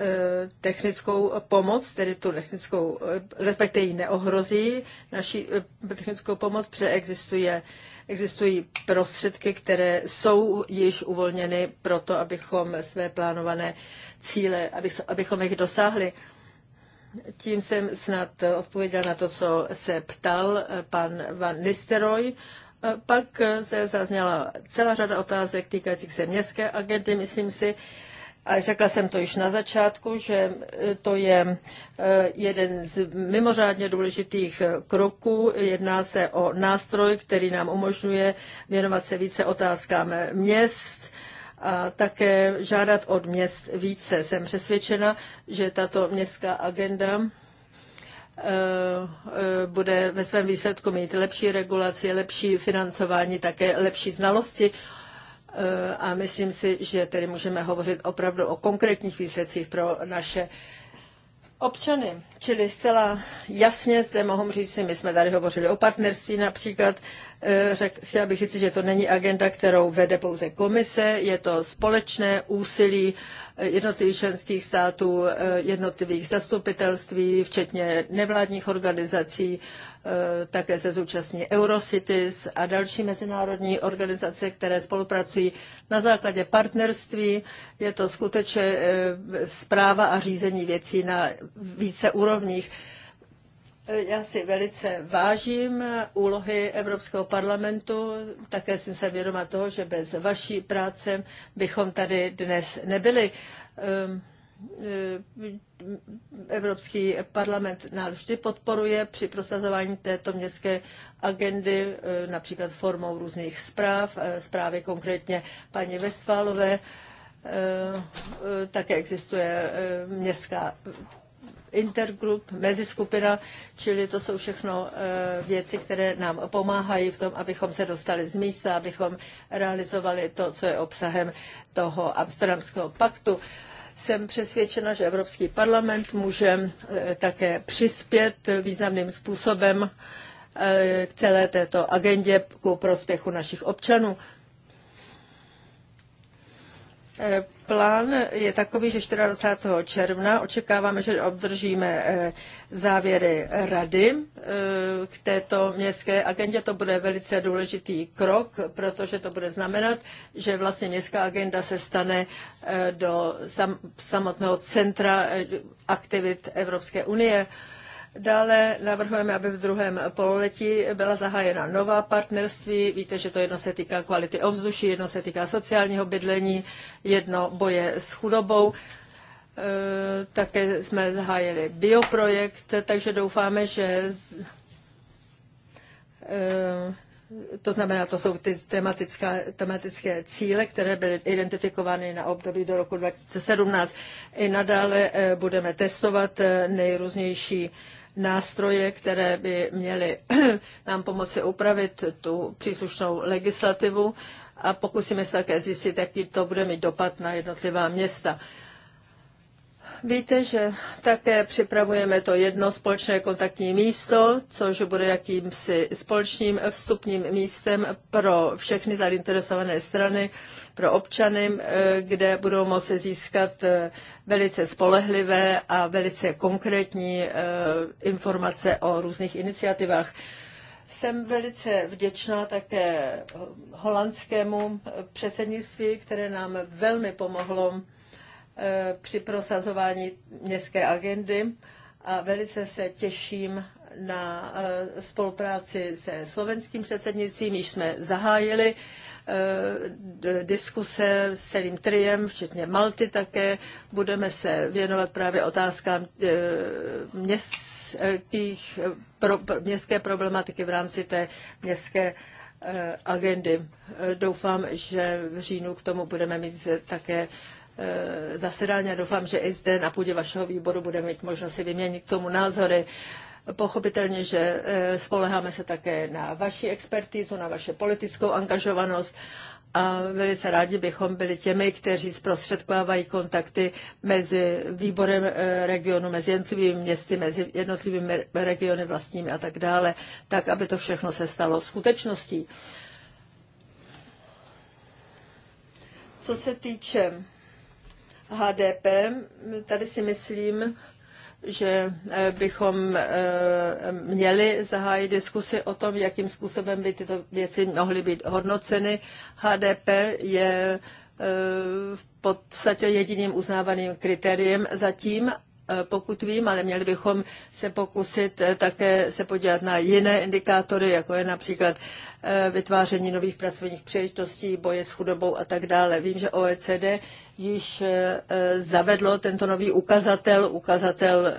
technickou pomoc, tedy tu technickou, eh, respektive ji neohrozí naši technickou pomoc, protože existuje, existují prostředky, které jsou již uvolněny pro to, abychom své plánované cíle, abychom jich dosáhli. Tím jsem snad odpověděl na to, co se ptal pan Van Nisteroj pak eh, se zazněla celá řada otázek týkajících se městské agendy, myslím si, a řekla jsem to již na začátku, že eh, to je eh, jeden z mimořádně důležitých kroků. Jedná se o nástroj, který nám umožňuje věnovat se více otázkám měst a také žádat od měst více. Jsem přesvědčena, že tato městská agenda Eh, eh, bude ve svém výsledku mít lepší regulaci, lepší financování, také lepší znalosti. Eh, a myslím si, že tedy můžeme hovořit opravdu o konkrétních výsledcích pro naše občany. Čili zcela jasně zde mohu říct, my jsme tady hovořili o partnerství například, Eh, řek, chtěla bych říct, že to není agenda, kterou vede pouze komise, je to společné úsilí eh, jednotlivých členských států, eh, jednotlivých zastupitelství, včetně nevládních organizací, také se zúčastní Eurocities a další mezinárodní organizace, které spolupracují na základě partnerství. Je to skutečně zpráva a řízení věcí na více úrovních. Já si velice vážím úlohy Evropského parlamentu. Také jsem se vědoma toho, že bez vaší práce bychom tady dnes nebyli. Ehm, ehm, Evropský parlament nás vždy podporuje při prosazování této městské agendy, eh, například formou různých zpráv, eh, zprávy konkrétně paní Westfálové. Eh, také existuje městská intergroup, meziskupina, čili to jsou všechno eh, věci, které nám pomáhají v tom, abychom se dostali z místa, abychom realizovali to, co je obsahem toho Amsterdamského paktu. Jsem přesvědčena, že Evropský parlament může eh, také přispět významným způsobem eh, k celé této agendě ku prospěchu našich občanů. Plán je takový, že 24. června očekáváme, že obdržíme eh, závěry rady eh, k této městské agendě. To bude velice důležitý krok, protože to bude znamenat, že vlastně městská agenda se stane eh, do samotného centra aktivit Evropské unie. Dále navrhujeme, aby v druhém pololetí byla zahájena nová partnerství. Víte, že to jedno se týká kvality ovzduší, jedno se týká sociálního bydlení, jedno boje s chudobou. E, také jsme zahájili bioprojekt, takže doufáme, že e, to znamená, to jsou ty tematické cíle, které byly identifikovány na období do roku 2017. I nadále e, budeme testovat nejrůznější nástroje, které by měly [CLEARS THROAT] nám pomoci upravit tu příslušnou legislativu a pokusíme se také zjistit, jaký to bude mít dopad na jednotlivá města. Víte, že také připravujeme to jedno společné kontaktní místo, což bude jakýmsi společným vstupním místem pro všechny zainteresované strany, pro občany, eh, kde budou moci získat eh, velice spolehlivé a velice konkrétní eh, informace o různých iniciativách. Jsem velice vděčná také holandskému předsednictví, které nám velmi pomohlo Eh, při prosazování městské agendy a velice se těším na eh, spolupráci se slovenským předsednictvím, již jsme zahájili eh, diskuse s celým triem, včetně Malty také. Budeme se věnovat právě otázkám městských, pro, městské problematiky v rámci té městské agendy. Doufám, že v říjnu k tomu budeme mít také Eh, zasedání a doufám, že i zde na půdě vašeho výboru budeme mít možnost si vyměnit k tomu názory. Pochopitelně, že eh, spoleháme se také na vaši expertizu, na vaše politickou angažovanost a velice rádi bychom byli těmi, kteří zprostředkovávají kontakty mezi výborem eh, regionu, mezi jednotlivými městy, mezi jednotlivými regiony vlastními a tak dále, tak, aby to všechno se stalo v skutečností. Co se týče HDP, tady si myslím, že eh, bychom eh, měli zahájit diskusy o tom, jakým způsobem by tyto věci mohly být hodnoceny. HDP je eh, v podstatě jediným uznávaným kritériem zatím Eh, pokud vím, ale měli bychom se pokusit eh, také se podívat na jiné indikátory, jako je například eh, vytváření nových pracovních příležitostí, boje s chudobou a tak dále. Vím, že OECD již zavedlo tento nový ukazatel, ukazatel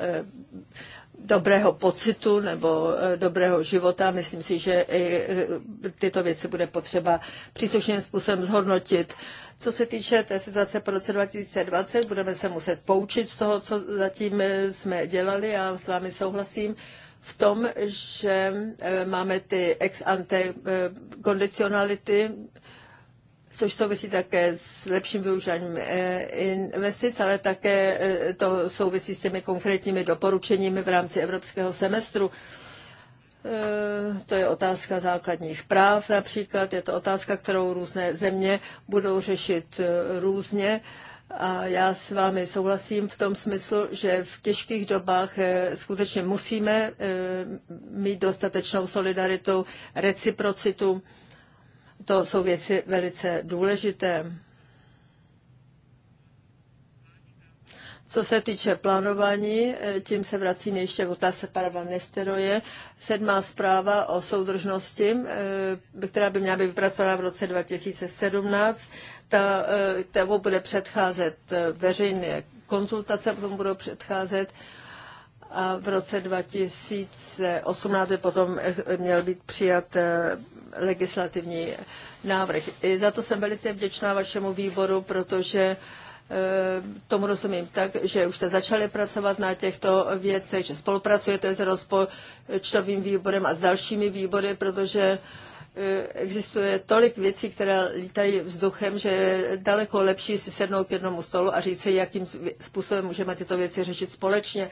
dobrého pocitu nebo eh, dobrého života. Myslím si, že i eh, tyto věci bude potřeba příslušným způsobem zhodnotit. Co se týče té situace po roce 2020, budeme se muset poučit z toho, co zatím eh, jsme dělali a s vámi souhlasím v tom, že máme ty ex ante kondicionality, což souvisí také s lepším využíváním eh, investic, ale také eh, to souvisí s těmi konkrétními doporučeními v rámci evropského semestru. Eh, to je otázka základních práv například, je to otázka, kterou různé země budou řešit různě. A já s vámi souhlasím v tom smyslu, že v těžkých dobách skutečně musíme mít dostatečnou solidaritu, reciprocitu to jsou věci velice důležité. Co se týče plánování, eh, tím se vracím ještě v otázce Parva Nesteroje. Sedmá zpráva o soudržnosti, eh, která by měla být vypracována v roce 2017, ta, eh, ta bude předcházet veřejné konzultace, potom budou předcházet uh, a v roce 2018 potom eh, měl být přijat eh, legislativní návrh. I za to jsem velice vděčná vašemu výboru, protože eh, tomu rozumím tak, že už jste začali pracovat na těchto věcech, že spolupracujete s rozpočtovým výborem a s dalšími výbory, protože existuje tolik věcí, které lítají vzduchem, že je daleko lepší si sednout k jednomu stolu a říct si, jakým způsobem můžeme tyto věci řešit společně.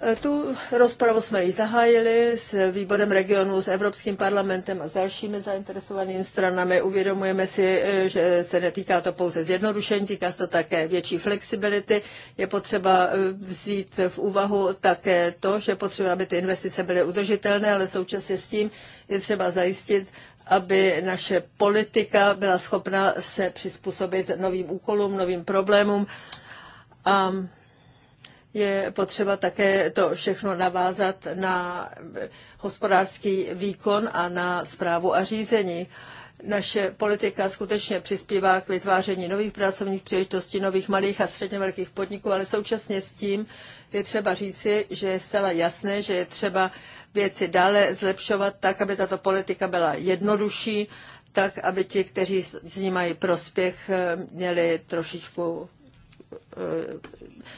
E, tu rozpravu jsme již zahájili s výborem regionu, s Evropským parlamentem a s dalšími zainteresovanými stranami. Uvědomujeme si, e, že se netýká to pouze zjednodušení, týká se to také větší flexibility. Je potřeba e, vzít v úvahu také to, že potřeba, aby ty investice byly udržitelné, ale současně s tím je třeba zajistit, aby naše politika byla schopna se přizpůsobit novým úkolům, novým problémům. A je potřeba také to všechno navázat na hospodářský výkon a na zprávu a řízení. Naše politika skutečně přispívá k vytváření nových pracovních příležitostí, nových malých a středně velkých podniků, ale současně s tím je třeba říci, že je zcela jasné, že je třeba věci dále zlepšovat tak, aby tato politika byla jednodušší, tak, aby ti, kteří z ní mají prospěch, eh, měli trošičku eh,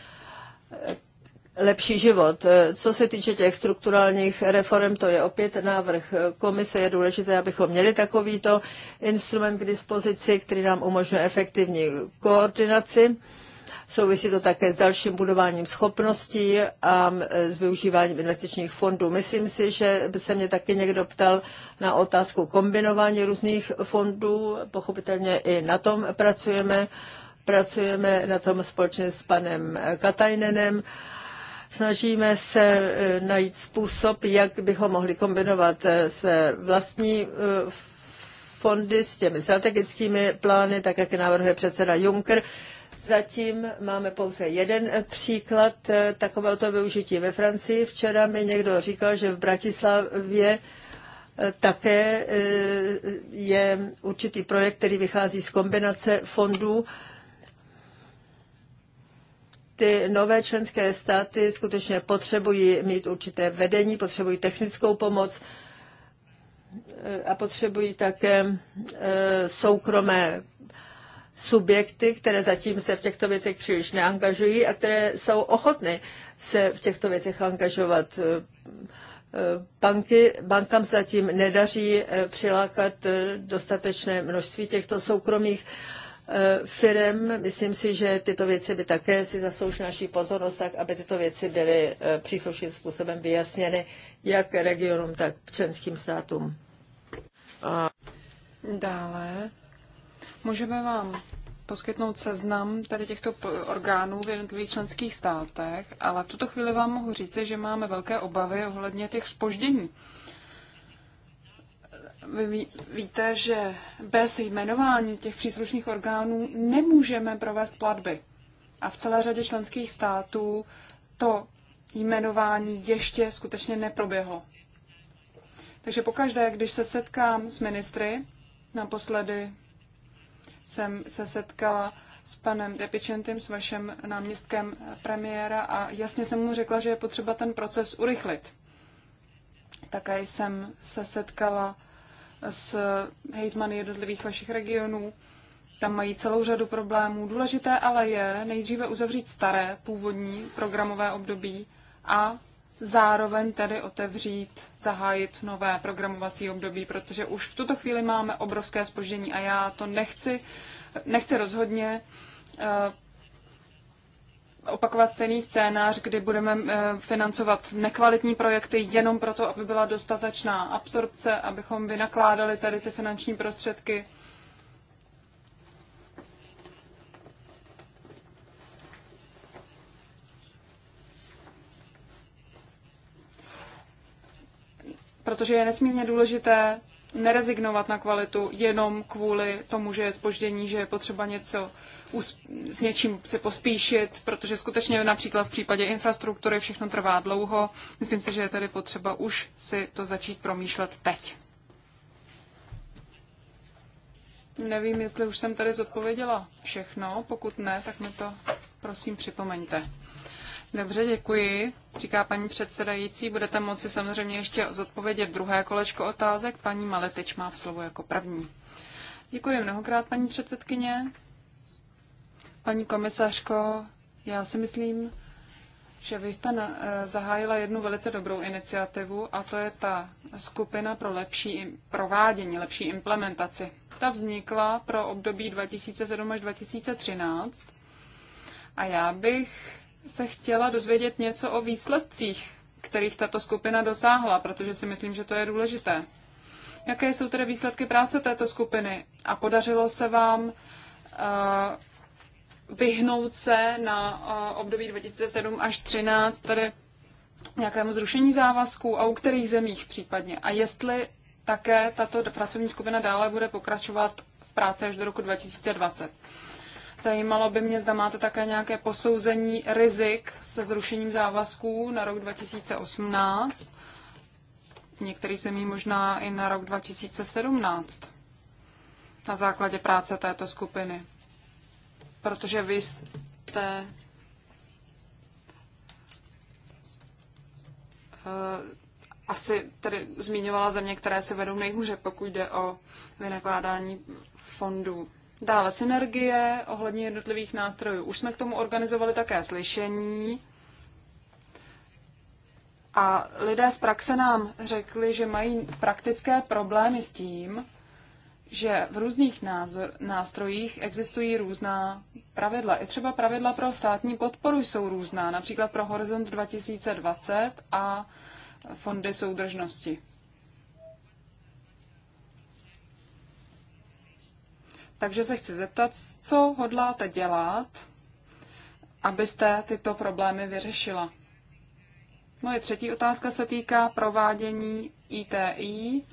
lepší život. Eh, co se týče těch strukturálních reform, to je opět návrh komise. Je důležité, abychom měli takovýto instrument k dispozici, který nám umožňuje efektivní koordinaci. Souvisí to také s dalším budováním schopností a eh, s využíváním investičních fondů. Myslím si, že by se mě taky někdo ptal na otázku kombinování různých fondů. Pochopitelně i na tom pracujeme. Pracujeme na tom společně s panem Katajnenem. Snažíme se e, najít způsob, jak bychom mohli kombinovat e, své vlastní e, fondy s těmi strategickými plány, tak jak navrhuje předseda Juncker. Zatím máme pouze jeden příklad takovéhoto využití ve Francii. Včera mi někdo říkal, že v Bratislavě také je určitý projekt, který vychází z kombinace fondů ty nové členské státy skutečně potřebují mít určité vedení, potřebují technickou pomoc e, a potřebují také e, soukromé subjekty, které zatím se v těchto věcech příliš neangažují a které jsou ochotny se v těchto věcech angažovat. E, banky, bankám zatím nedaří přilákat dostatečné množství těchto soukromých uh, Eh, firm. Myslím si, že tyto věci by také si zasloužily naší pozornost, tak aby tyto věci byly eh, příslušným způsobem vyjasněny jak regionům, tak členským státům. A... Dále můžeme vám poskytnout seznam tady těchto orgánů v jednotlivých členských státech, ale v tuto chvíli vám mohu říci, že máme velké obavy ohledně těch spoždění vy víte, že bez jmenování těch příslušných orgánů nemůžeme provést platby. A v celé řadě členských států to jmenování ještě skutečně neproběhlo. Takže pokaždé, když se setkám s ministry, naposledy jsem se setkala s panem Depičentem, s vaším náměstkem premiéra a jasně jsem mu řekla, že je potřeba ten proces urychlit. Také jsem se setkala s hejtmany jednotlivých vašich regionů. Tam mají celou řadu problémů. Důležité ale je nejdříve uzavřít staré původní programové období a zároveň tedy otevřít, zahájit nové programovací období, protože už v tuto chvíli máme obrovské spoždění a já to nechci, nechci rozhodně eh, opakovat stejný scénář, kdy budeme eh, financovat nekvalitní projekty jenom proto, aby byla dostatečná absorpce, abychom vynakládali tady ty finanční prostředky. Protože je nesmírně důležité nerezignovat na kvalitu jenom kvůli tomu, že je spoždění, že je potřeba něco s něčím se pospíšit, protože skutečně například v případě infrastruktury všechno trvá dlouho. Myslím si, že je tedy potřeba už si to začít promýšlet teď. Nevím, jestli už jsem tady zodpověděla všechno. Pokud ne, tak mi to prosím připomeňte. Dobře, děkuji, říká paní předsedající. Budete moci samozřejmě ještě zodpovědět druhé kolečko otázek. Paní Maletič má v slovo jako první. Děkuji mnohokrát, paní předsedkyně. Paní komisařko, já si myslím, že vy jste na, eh, zahájila jednu velice dobrou iniciativu a to je ta skupina pro lepší provádění, lepší implementaci. Ta vznikla pro období 2007 až 2013 a já bych se chtěla dozvědět něco o výsledcích, kterých tato skupina dosáhla, protože si myslím, že to je důležité. Jaké jsou tedy výsledky práce této skupiny? A podařilo se vám uh, vyhnout se na uh, období 2007 až 2013 tedy nějakému zrušení závazků a u kterých zemích případně? A jestli také tato pracovní skupina dále bude pokračovat v práci až do roku 2020? Zajímalo by mě, zda máte také nějaké posouzení rizik se zrušením závazků na rok 2018, Některý zemí možná i na rok 2017 na základě práce této skupiny. Protože vy jste eh, asi tady zmiňovala země, které se vedou nejhůře, pokud jde o vynakládání fondů. Dále synergie ohledně jednotlivých nástrojů. Už jsme k tomu organizovali také slyšení. A lidé z praxe nám řekli, že mají praktické problémy s tím, že v různých názor, nástrojích existují různá pravidla. I třeba pravidla pro státní podporu jsou různá, například pro Horizont 2020 a fondy soudržnosti. Takže se chci zeptat, co hodláte dělat, abyste tyto problémy vyřešila. Moje třetí otázka se týká provádění ITI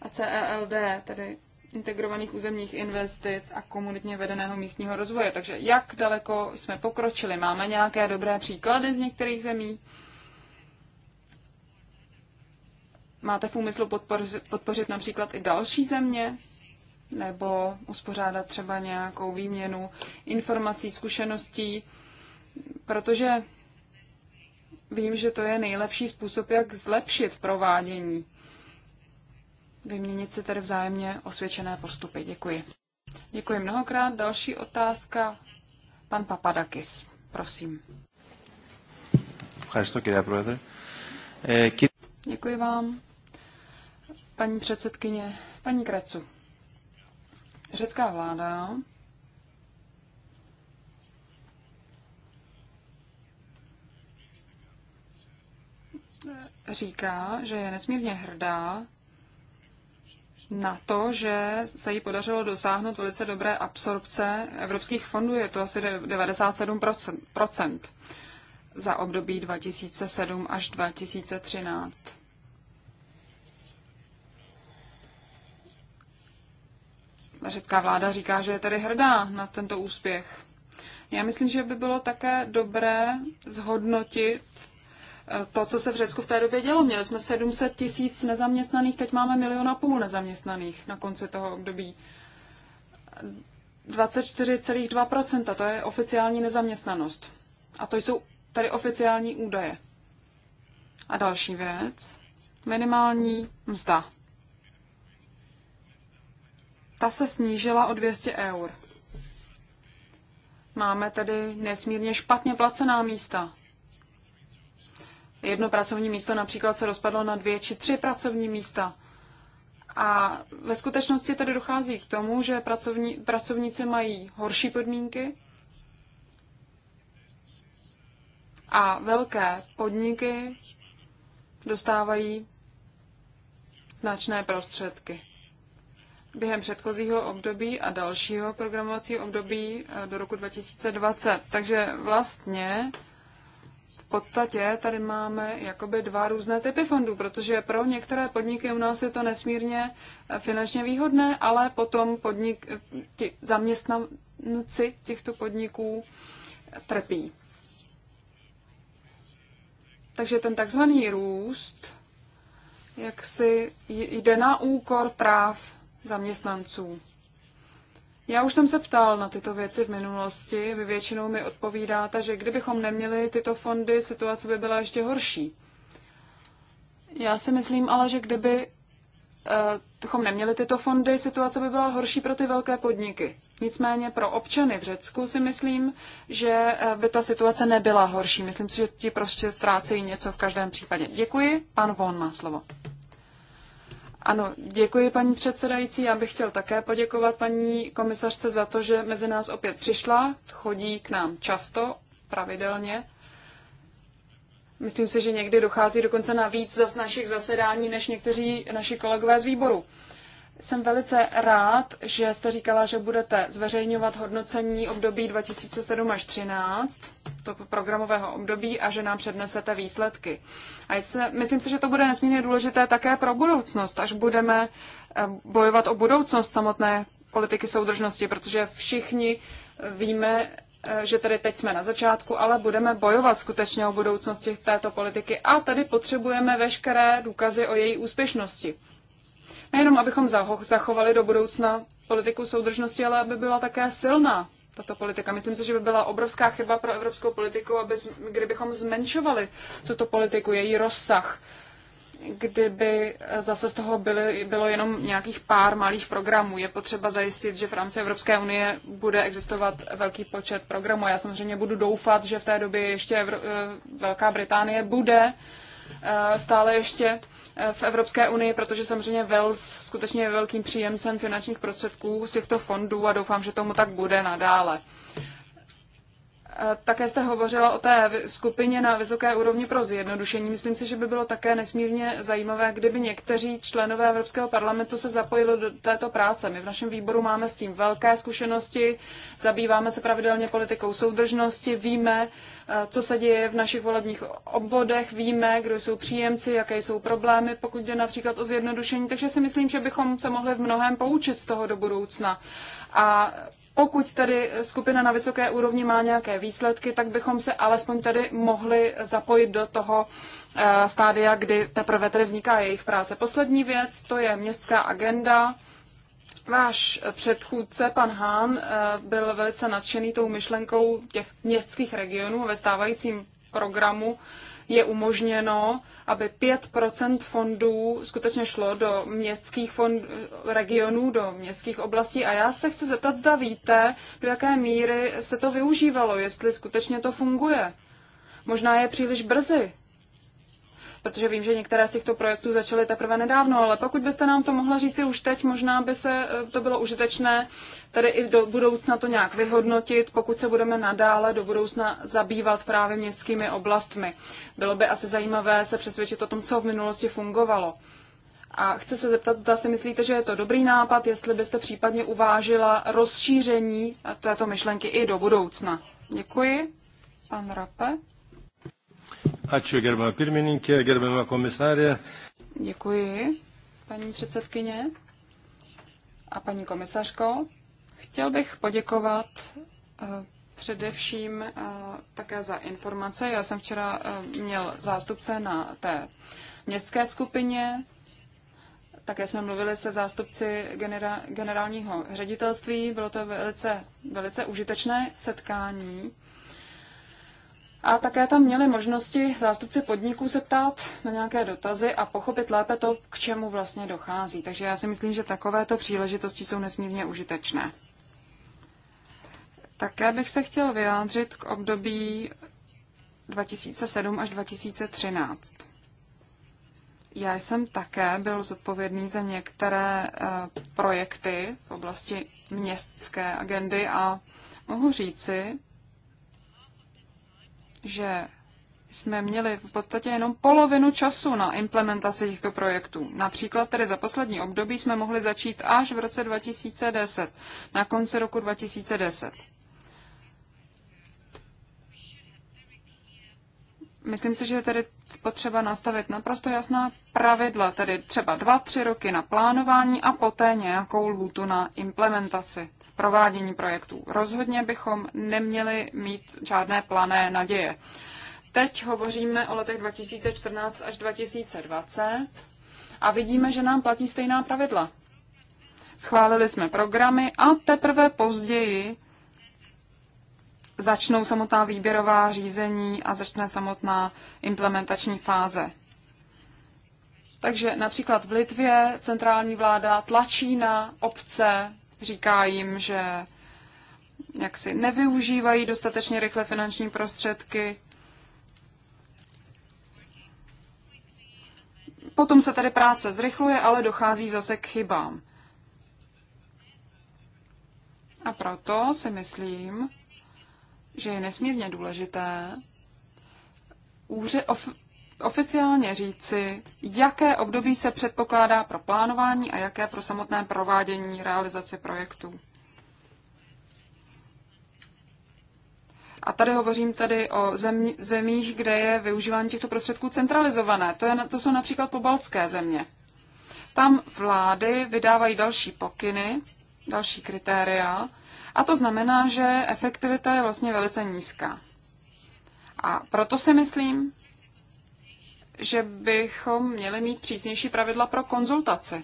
a CELD, tedy integrovaných územních investic a komunitně vedeného místního rozvoje. Takže jak daleko jsme pokročili? Máme nějaké dobré příklady z některých zemí? Máte v úmyslu podpořit, podpořit například i další země? nebo uspořádat třeba nějakou výměnu informací, zkušeností, protože vím, že to je nejlepší způsob, jak zlepšit provádění. Vyměnit se tedy vzájemně osvědčené postupy. Děkuji. Děkuji mnohokrát. Další otázka. Pan Papadakis, prosím. Děkuji vám. Paní předsedkyně, paní Krecu, Řecká vláda říká, že je nesmírně hrdá na to, že se jí podařilo dosáhnout velice dobré absorpce evropských fondů, je to asi 97% za období 2007 až 2013. řecká vláda říká, že je tady hrdá na tento úspěch. Já myslím, že by bylo také dobré zhodnotit eh, to, co se v Řecku v té době dělo. Měli jsme 700 tisíc nezaměstnaných, teď máme milion a půl nezaměstnaných na konci toho období. 24,2%, to je oficiální nezaměstnanost. A to jsou tady oficiální údaje. A další věc, minimální mzda ta se snížila o 200 eur. Máme tedy nesmírně špatně placená místa. Jedno pracovní místo například se rozpadlo na dvě či tři pracovní místa. A ve skutečnosti tedy dochází k tomu, že pracovní, pracovníci mají horší podmínky a velké podniky dostávají značné prostředky během předchozího období a dalšího programovacího období eh, do roku 2020. Takže vlastně v podstatě tady máme jakoby dva různé typy fondů, protože pro některé podniky u nás je to nesmírně eh, finančně výhodné, ale potom podnik, eh, ti zaměstnanci těchto podniků trpí. Takže ten takzvaný růst jak si jde na úkor práv zaměstnanců. Já už jsem se ptal na tyto věci v minulosti. Vy většinou mi odpovídáte, že kdybychom neměli tyto fondy, situace by byla ještě horší. Já si myslím ale, že eh, kdybychom uh, neměli tyto fondy, situace by byla horší pro ty velké podniky. Nicméně pro občany v Řecku si myslím, že eh, by ta situace nebyla horší. Myslím si, že ti prostě ztrácejí něco v každém případě. Děkuji. Pan Von má slovo. Ano, děkuji paní předsedající. Já bych chtěl také poděkovat paní komisařce za to, že mezi nás opět přišla, chodí k nám často, pravidelně. Myslím si, že někdy dochází dokonce na víc z našich zasedání, než někteří naši kolegové z výboru. Jsem velice rád, že jste říkala, že budete zveřejňovat hodnocení období 2007 až 2013, to programového období, a že nám přednesete výsledky. A jse, myslím si, že to bude nesmírně důležité také pro budoucnost, až budeme eh, bojovat o budoucnost samotné politiky soudržnosti, protože všichni eh, víme, eh, že tady teď jsme na začátku, ale budeme bojovat skutečně o budoucnosti této politiky a tady potřebujeme veškeré důkazy o její úspěšnosti. Nejenom, abychom zachovali do budoucna politiku soudržnosti, ale aby byla také silná tato politika. Myslím si, že by byla obrovská chyba pro evropskou politiku, aby, kdybychom zmenšovali tuto politiku, její rozsah, kdyby eh, zase z toho byly, bylo jenom nějakých pár malých programů. Je potřeba zajistit, že v rámci Evropské unie bude existovat velký počet programů. Já samozřejmě budu doufat, že v té době ještě Evro- eh, Velká Británie bude eh, stále ještě v Evropské unii, protože samozřejmě Wales skutečně je velkým příjemcem finančních prostředků z těchto fondů a doufám, že tomu tak bude nadále. Eh, také jste hovořila o té skupině na vysoké úrovni pro zjednodušení. Myslím si, že by bylo také nesmírně zajímavé, kdyby někteří členové Evropského parlamentu se zapojili do této práce. My v našem výboru máme s tím velké zkušenosti, zabýváme se pravidelně politikou soudržnosti, víme, eh, co se děje v našich volebních obvodech, víme, kdo jsou příjemci, jaké jsou problémy, pokud jde například o zjednodušení. Takže si myslím, že bychom se mohli v mnohem poučit z toho do budoucna. A pokud tady skupina na vysoké úrovni má nějaké výsledky, tak bychom se alespoň tady mohli zapojit do toho eh, stádia, kdy teprve tady vzniká jejich práce. Poslední věc, to je městská agenda. Váš předchůdce, pan Hán, eh, byl velice nadšený tou myšlenkou těch městských regionů ve stávajícím programu je umožněno, aby 5 fondů skutečně šlo do městských fond, regionů, do městských oblastí. A já se chci zeptat, zda víte, do jaké míry se to využívalo, jestli skutečně to funguje. Možná je příliš brzy protože vím, že některé z těchto projektů začaly teprve nedávno, ale pokud byste nám to mohla říci už teď, možná by se eh, to bylo užitečné tady i do budoucna to nějak vyhodnotit, pokud se budeme nadále do budoucna zabývat právě městskými oblastmi. Bylo by asi zajímavé se přesvědčit o tom, co v minulosti fungovalo. A chci se zeptat, zda si myslíte, že je to dobrý nápad, jestli byste případně uvážila rozšíření této myšlenky i do budoucna. Děkuji. Pan Rape. Ačiū, pirmininkė, komisarė. Děkuji, paní předsedkyně a paní komisařko. Chtěl bych poděkovat eh, především eh, také za informace. Já jsem včera eh, měl zástupce na té městské skupině, také jsme mluvili se zástupci genera- generálního ředitelství. Bylo to velice, velice užitečné setkání. A také tam měli možnosti zástupci podniků se ptát na nějaké dotazy a pochopit lépe to, k čemu vlastně dochází. Takže já si myslím, že takovéto příležitosti jsou nesmírně užitečné. Také bych se chtěl vyjádřit k období 2007 až 2013. Já jsem také byl zodpovědný za některé eh, projekty v oblasti městské agendy a mohu říci, že jsme měli v podstatě jenom polovinu času na implementaci těchto projektů. Například tedy za poslední období jsme mohli začít až v roce 2010, na konci roku 2010. Myslím si, že je tedy potřeba nastavit naprosto jasná pravidla, tedy třeba dva, tři roky na plánování a poté nějakou lhůtu na implementaci provádění projektů. Rozhodně bychom neměli mít žádné plané naděje. Teď hovoříme o letech 2014 až 2020 a vidíme, že nám platí stejná pravidla. Schválili jsme programy a teprve později začnou samotná výběrová řízení a začne samotná implementační fáze. Takže například v Litvě centrální vláda tlačí na obce, říká jim, že jaksi nevyužívají dostatečně rychle finanční prostředky. Potom se tady práce zrychluje, ale dochází zase k chybám. A proto si myslím, že je nesmírně důležité oficiálně říci, jaké období se předpokládá pro plánování a jaké pro samotné provádění realizace projektů. A tady hovořím tedy o zemí, zemích, kde je využívání těchto prostředků centralizované. To, je, to jsou například pobaltské země. Tam vlády vydávají další pokyny, další kritéria, a to znamená, že efektivita je vlastně velice nízká. A proto si myslím, že bychom měli mít přísnější pravidla pro konzultace.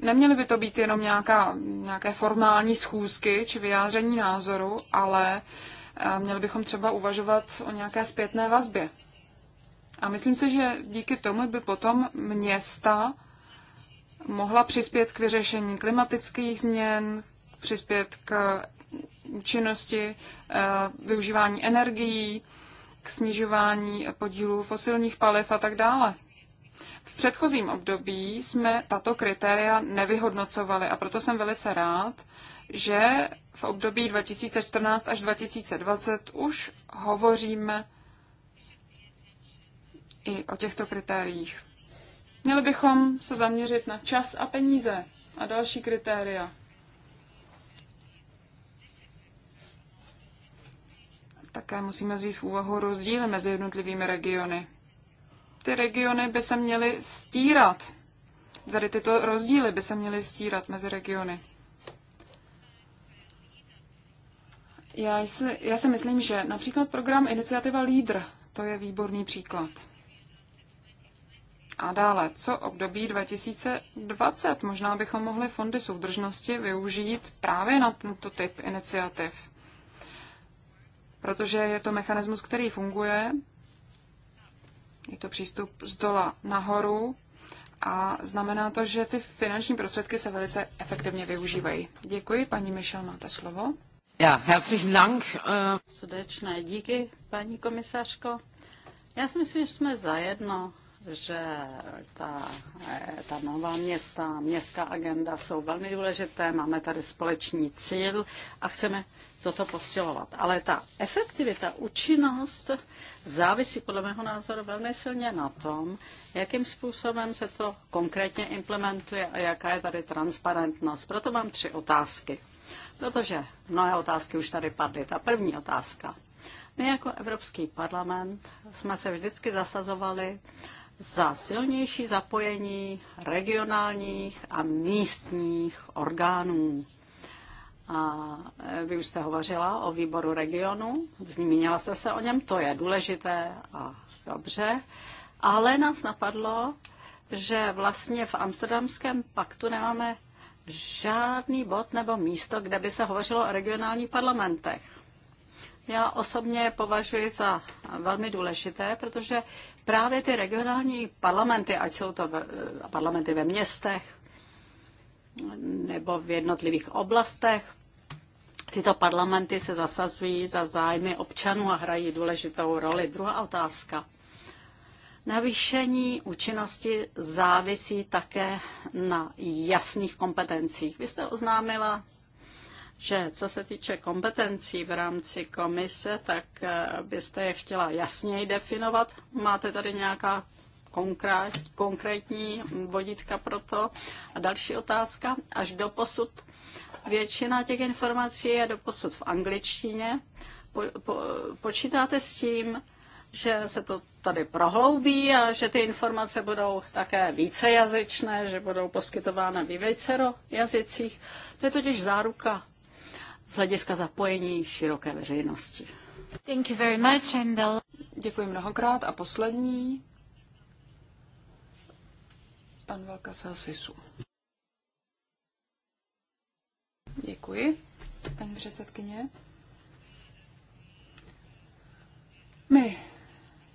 Neměly by to být jenom nějaká, nějaké formální schůzky či vyjádření názoru, ale eh, měli bychom třeba uvažovat o nějaké zpětné vazbě. A myslím si, že díky tomu by potom města mohla přispět k vyřešení klimatických změn, přispět k účinnosti eh, využívání energií, k snižování podílů fosilních paliv a tak dále. V předchozím období jsme tato kritéria nevyhodnocovali a proto jsem velice rád, že v období 2014 až 2020 už hovoříme i o těchto kritériích. Měli bychom se zaměřit na čas a peníze a další kritéria. Také musíme vzít v úvahu rozdíly mezi jednotlivými regiony. Ty regiony by se měly stírat. Tady tyto rozdíly by se měly stírat mezi regiony. Já si, já si myslím, že například program Iniciativa Lídr, to je výborný příklad. A dále, co období 2020? Možná bychom mohli fondy soudržnosti využít právě na tento typ iniciativ protože je to mechanismus, který funguje. Je to přístup z dola nahoru a znamená to, že ty finanční prostředky se velice efektivně využívají. Děkuji, paní Michel, máte slovo. Ja, herzlichen Dank. Eh. Srdečné díky, paní komisařko. Já si myslím, že jsme zajedno, že ta, eh, ta nová města, městská agenda jsou velmi důležité, máme tady společný cíl a chceme toto posilovat. Ale ta efektivita, účinnost závisí podle mého názoru velmi silně na tom, jakým způsobem se to konkrétně implementuje a jaká je tady transparentnost. Proto mám tři otázky. Protože mnohé otázky už tady padly. Ta první otázka. My jako Evropský parlament jsme se vždycky zasazovali za silnější zapojení regionálních a místních orgánů a e, vy už jste hovořila o výboru regionu, zmínila jste se o něm, to je důležité a dobře, ale nás napadlo, že vlastně v Amsterdamském paktu nemáme žádný bod nebo místo, kde by se hovořilo o regionálních parlamentech. Já osobně je považuji za velmi důležité, protože právě ty regionální parlamenty, ať jsou to e, parlamenty ve městech nebo v jednotlivých oblastech. Tyto parlamenty se zasazují za zájmy občanů a hrají důležitou roli. Druhá otázka. Navýšení účinnosti závisí také na jasných kompetencích. Vy jste oznámila, že co se týče kompetencí v rámci komise, tak eh, byste je chtěla jasněji definovat. Máte tady nějaká konkrétní vodítka pro to. A další otázka, až do posud většina těch informací je do posud v angličtině. Po, po, počítáte s tím, že se to tady prohloubí a že ty informace budou také vícejazyčné, že budou poskytována v vícero jazycích. To je totiž záruka z hlediska zapojení široké veřejnosti. Thank you very much and the... Děkuji mnohokrát a poslední pan Sisu. Děkuji, paní předsedkyně. My,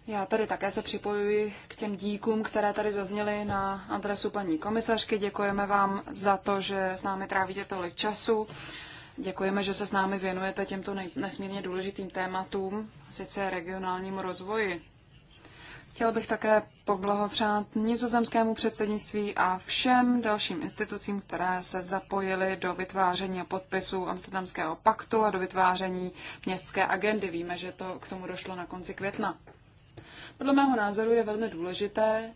já tady také se připojuji k těm díkům, které tady zazněly na adresu paní komisařky. Děkujeme vám za to, že s námi trávíte tolik času. Děkujeme, že se s námi věnujete těmto nesmírně důležitým tématům, sice regionálnímu rozvoji Chtěl bych také poblahopřát nizozemskému předsednictví a všem dalším institucím, které se zapojily do vytváření a podpisu Amsterdamského paktu a do vytváření městské agendy. Víme, že to k tomu došlo na konci května. Podle mého názoru je velmi důležité,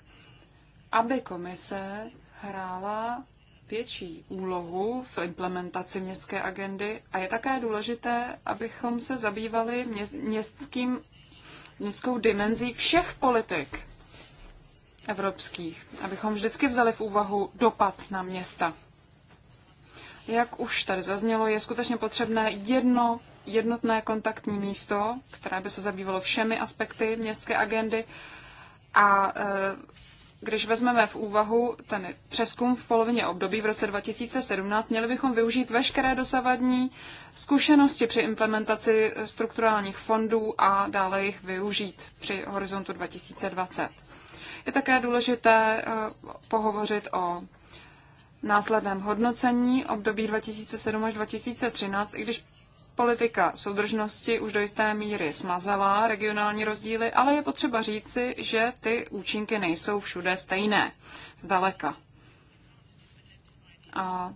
aby komise hrála větší úlohu v implementaci městské agendy a je také důležité, abychom se zabývali městským městskou dimenzí všech politik evropských, abychom vždycky vzali v úvahu dopad na města. Jak už tady zaznělo, je skutečně potřebné jedno jednotné kontaktní místo, které by se zabývalo všemi aspekty městské agendy a e, když vezmeme v úvahu ten přeskum v polovině období v roce 2017, měli bychom využít veškeré dosavadní zkušenosti při implementaci strukturálních fondů a dále jich využít při horizontu 2020. Je také důležité eh, pohovořit o následném hodnocení období 2007 až 2013, i když politika soudržnosti už do jisté míry smazala regionální rozdíly, ale je potřeba říci, že ty účinky nejsou všude stejné. Zdaleka. A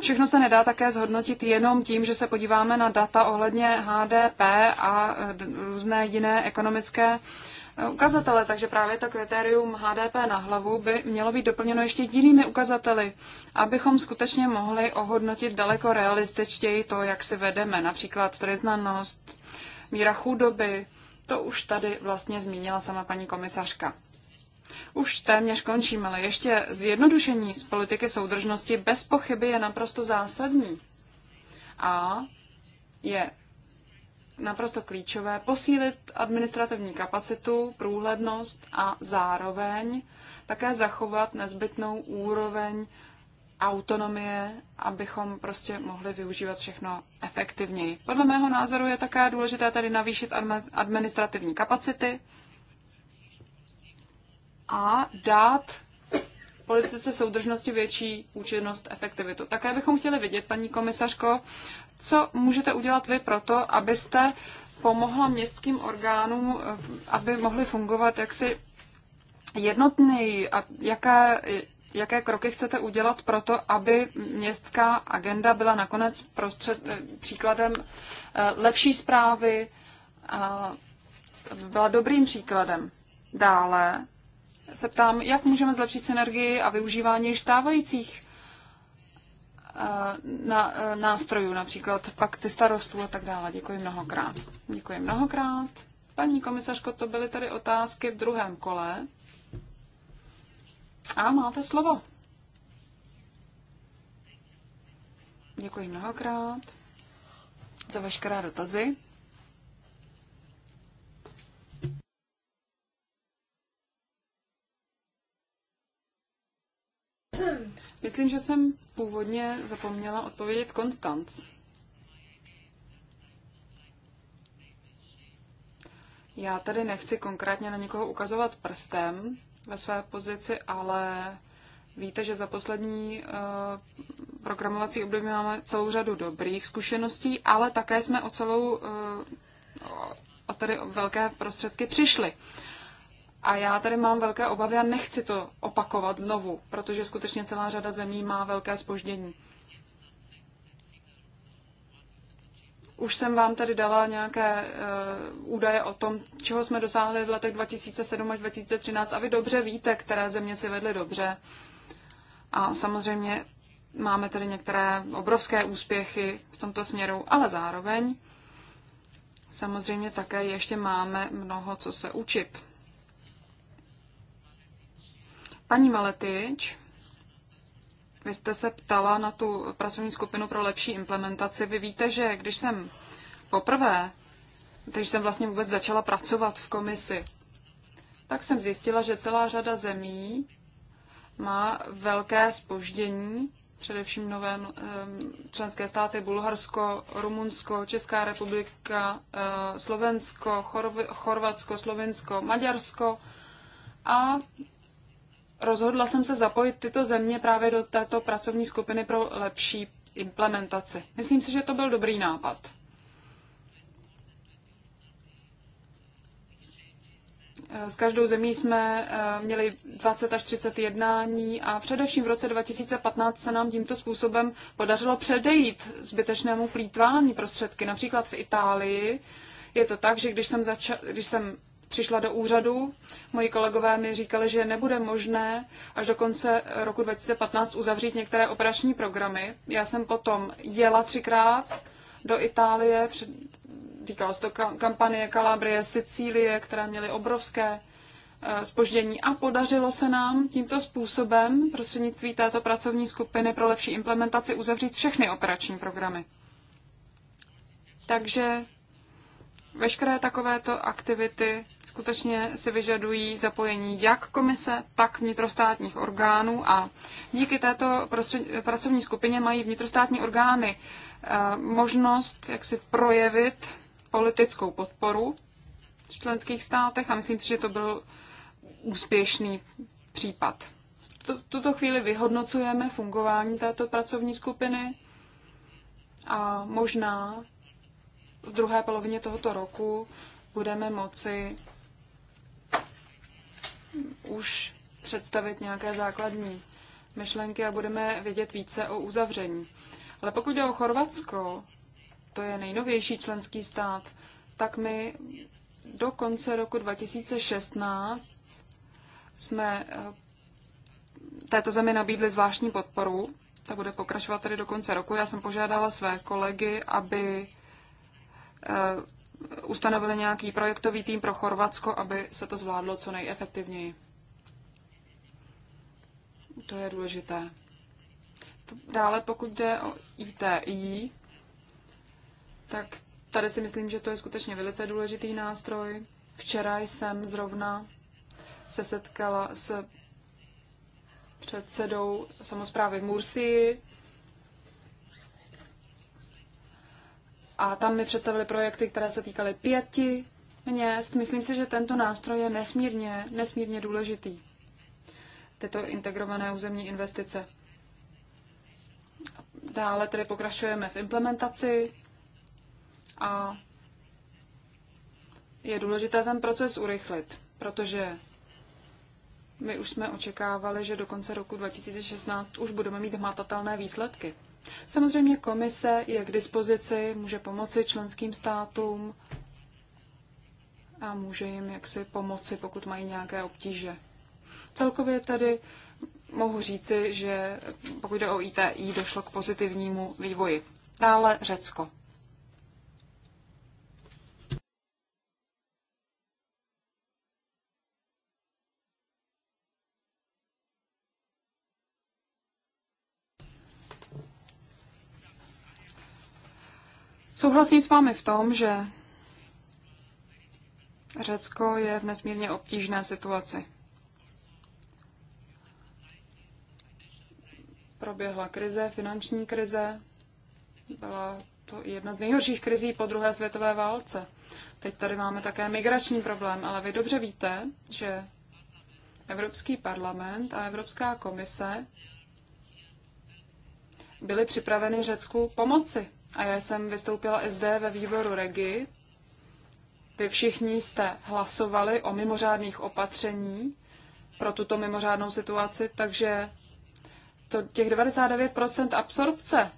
všechno se nedá také zhodnotit jenom tím, že se podíváme na data ohledně HDP a různé jiné ekonomické uh, ukazatele, takže právě to kritérium HDP na hlavu by mělo být doplněno ještě jinými ukazateli, abychom skutečně mohli ohodnotit daleko realističtěji to, jak si vedeme, například trestnanost, míra chudoby, to už tady vlastně zmínila sama paní komisařka. Už téměř končím, ale ještě zjednodušení z politiky soudržnosti bez pochyby je naprosto zásadní. A je naprosto klíčové posílit administrativní kapacitu, průhlednost a zároveň také zachovat nezbytnou úroveň autonomie, abychom prostě mohli využívat všechno efektivněji. Podle mého názoru je také důležité tady navýšit administrativní kapacity a dát politice soudržnosti větší účinnost, efektivitu. Také bychom chtěli vidět, paní komisařko, co můžete udělat vy pro to, abyste pomohla městským orgánům, eh, aby mohly fungovat jaksi jednotný a jaké, jaké kroky chcete udělat pro to, aby městská agenda byla nakonec prostřed, eh, příkladem eh, lepší zprávy, a byla dobrým příkladem. Dále se ptám, jak můžeme zlepšit synergii a využívání již stávajících Eh, na, eh, nástrojů, například pakty starostů a tak dále. Děkuji mnohokrát. Děkuji mnohokrát. Paní komisařko, to byly tady otázky v druhém kole. A máte slovo. Děkuji mnohokrát za veškeré dotazy. [CLEARS THROAT] Myslím, že jsem původně zapomněla odpovědět Konstanc. Já tady nechci konkrétně na někoho ukazovat prstem ve své pozici, ale víte, že za poslední uh, programovací období máme celou řadu dobrých zkušeností, ale také jsme o celou uh, o tady velké prostředky přišli. Uh, a já tady mám velké obavy a nechci to opakovat znovu, protože skutečně celá řada zemí má velké spoždění. Už jsem vám tady dala nějaké uh, údaje o tom, čeho jsme dosáhli v letech 2007 až 2013 a vy dobře víte, které země si vedly dobře. A samozřejmě máme tady některé obrovské úspěchy v tomto směru, ale zároveň samozřejmě také ještě máme mnoho co se učit. Paní Maletič, vy jste se ptala na tu pracovní skupinu pro lepší implementaci. Vy víte, že když jsem poprvé, když jsem vlastně vůbec začala pracovat v komisi, tak jsem zjistila, že celá řada zemí má velké spoždění, především nové členské státy Bulharsko, Rumunsko, Česká republika, e, Slovensko, Chorvatsko, Slovinsko, Maďarsko a rozhodla jsem se zapojit tyto země právě do této pracovní skupiny pro lepší implementaci. Myslím si, že to byl dobrý nápad. S každou zemí jsme eh, měli 20 až 30 jednání a především v roce 2015 se nám tímto způsobem podařilo předejít zbytečnému plítvání prostředky. Například v Itálii je to tak, že když jsem, zača- když jsem přišla do úřadu, moji kolegové mi říkali, že nebude možné až do konce roku 2015 uzavřít některé operační programy. Já jsem potom jela třikrát do Itálie, týkalo se to kampanie Kalabrie, Sicílie, které měly obrovské spoždění eh, a podařilo se nám tímto způsobem prostřednictvím této pracovní skupiny pro lepší implementaci uzavřít všechny operační programy. Takže veškeré takovéto aktivity skutečně si vyžadují zapojení jak komise, tak vnitrostátních orgánů a díky této pracovní skupině mají vnitrostátní orgány eh, možnost jak si projevit politickou podporu v členských státech a myslím si, že to byl úspěšný případ. V tuto chvíli vyhodnocujeme fungování této pracovní skupiny a možná v druhé polovině tohoto roku budeme moci už představit nějaké základní myšlenky a budeme vědět více o uzavření. Ale pokud jde o Chorvatsko, to je nejnovější členský stát, tak my do konce roku 2016 jsme eh, této zemi nabídli zvláštní podporu. Ta bude pokračovat tedy do konce roku. Já jsem požádala své kolegy, aby eh, ustanovili nějaký projektový tým pro Chorvatsko, aby se to zvládlo co nejefektivněji. To je důležité. Dále, pokud jde o ITI, tak tady si myslím, že to je skutečně velice důležitý nástroj. Včera jsem zrovna se setkala s předsedou samozprávy v Mursii, a tam mi představili projekty, které se týkaly pěti měst. Myslím si, že tento nástroj je nesmírně, nesmírně důležitý. Tyto integrované územní investice. Dále tedy pokračujeme v implementaci a je důležité ten proces urychlit, protože my už jsme očekávali, že do konce roku 2016 už budeme mít hmatatelné výsledky. Samozřejmě komise je k dispozici, může pomoci členským státům a může jim jaksi pomoci, pokud mají nějaké obtíže. Celkově tady mohu říci, že pokud jde o ITI, došlo k pozitivnímu vývoji. Dále Řecko. Souhlasím s vámi v tom, že Řecko je v nesmírně obtížné situaci. Proběhla krize, finanční krize, byla to jedna z nejhorších krizí po druhé světové válce. Teď tady máme také migrační problém, ale vy dobře víte, že Evropský parlament a Evropská komise byly připraveny Řecku pomoci a já jsem vystoupila SD ve výboru Regi. Vy všichni jste hlasovali o mimořádných opatření pro tuto mimořádnou situaci, takže to těch 99% absorpce,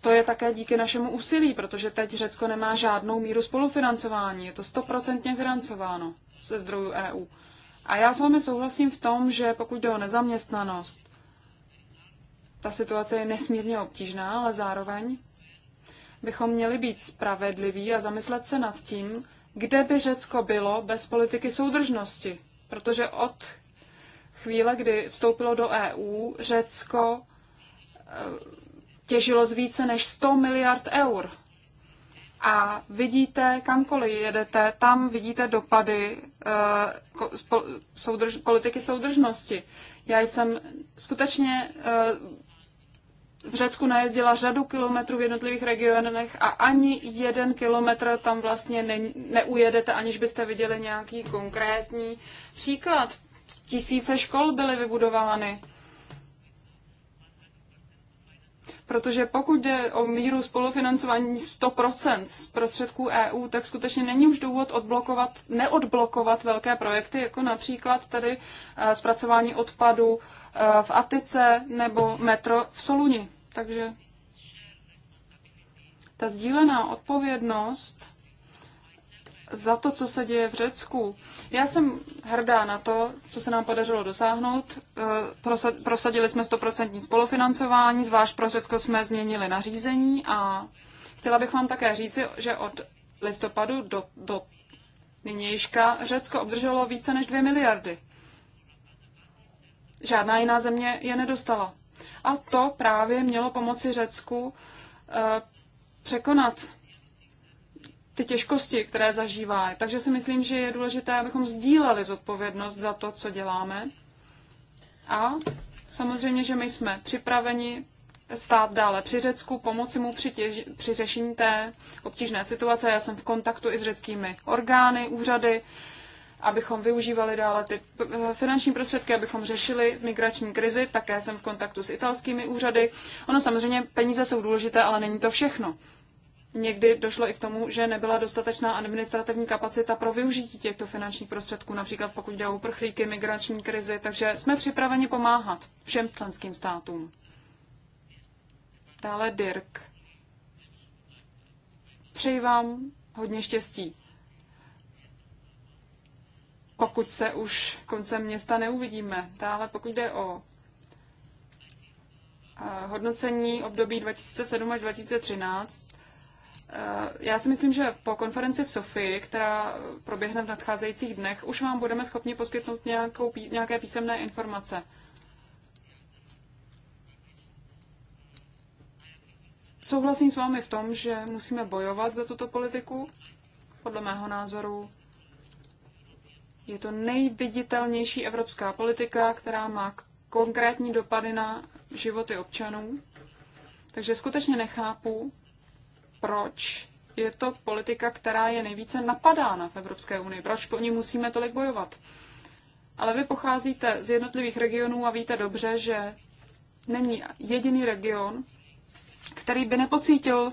to je také díky našemu úsilí, protože teď Řecko nemá žádnou míru spolufinancování. Je to stoprocentně financováno ze zdrojů EU. A já s vámi souhlasím v tom, že pokud jde o nezaměstnanost, ta situace je nesmírně obtížná, ale zároveň bychom měli být spravedliví a zamyslet se nad tím, kde by Řecko bylo bez politiky soudržnosti. Protože od chvíle, kdy vstoupilo do EU, Řecko eh, těžilo z více než 100 miliard eur. A vidíte, kamkoliv jedete, tam vidíte dopady uh, eh, spol, soudrž, politiky soudržnosti. Já jsem skutečně uh, v Řecku najezdila řadu kilometrů v jednotlivých regionech a ani jeden kilometr tam vlastně ne, neujedete, aniž byste viděli nějaký konkrétní příklad. Tisíce škol byly vybudovány. Protože pokud jde o míru spolufinancování 100% z prostředků EU, tak skutečně není už důvod odblokovat, neodblokovat velké projekty, jako například tady eh, zpracování odpadu, v Atice nebo metro v Soluni. Takže ta sdílená odpovědnost za to, co se děje v Řecku. Já jsem hrdá na to, co se nám podařilo dosáhnout. Eh, prosadili jsme 100% spolufinancování, zvlášť pro Řecko jsme změnili nařízení a chtěla bych vám také říci, že od listopadu do, do nynějška Řecko obdrželo více než 2 miliardy žádná jiná země je nedostala. A to právě mělo pomoci Řecku eh, překonat ty těžkosti, které zažívá. Takže si myslím, že je důležité, abychom sdíleli zodpovědnost za to, co děláme. A samozřejmě, že my jsme připraveni stát dále při Řecku, pomoci mu při, těž, při řešení té obtížné situace. Já jsem v kontaktu i s řeckými orgány, úřady, abychom využívali dále ty eh, finanční prostředky, abychom řešili migrační krizi. Také jsem v kontaktu s italskými úřady. Ono samozřejmě peníze jsou důležité, ale není to všechno. Někdy došlo i k tomu, že nebyla dostatečná administrativní kapacita pro využití těchto finančních prostředků, například pokud jde o uprchlíky, migrační krizi, takže jsme připraveni pomáhat všem členským státům. Dále Dirk. Přeji vám hodně štěstí pokud se už koncem města neuvidíme. Dále, pokud jde o eh, hodnocení období 2007 až 2013, eh, já si myslím, že po konferenci v Sofii, která proběhne v nadcházejících dnech, už vám budeme schopni poskytnout nějakou, nějaké písemné informace. Souhlasím s vámi v tom, že musíme bojovat za tuto politiku. Podle mého názoru je to nejviditelnější evropská politika, která má konkrétní dopady na životy občanů. Takže skutečně nechápu, proč je to politika, která je nejvíce napadána v Evropské unii. Proč po ní musíme tolik bojovat? Ale vy pocházíte z jednotlivých regionů a víte dobře, že není jediný region, který by nepocítil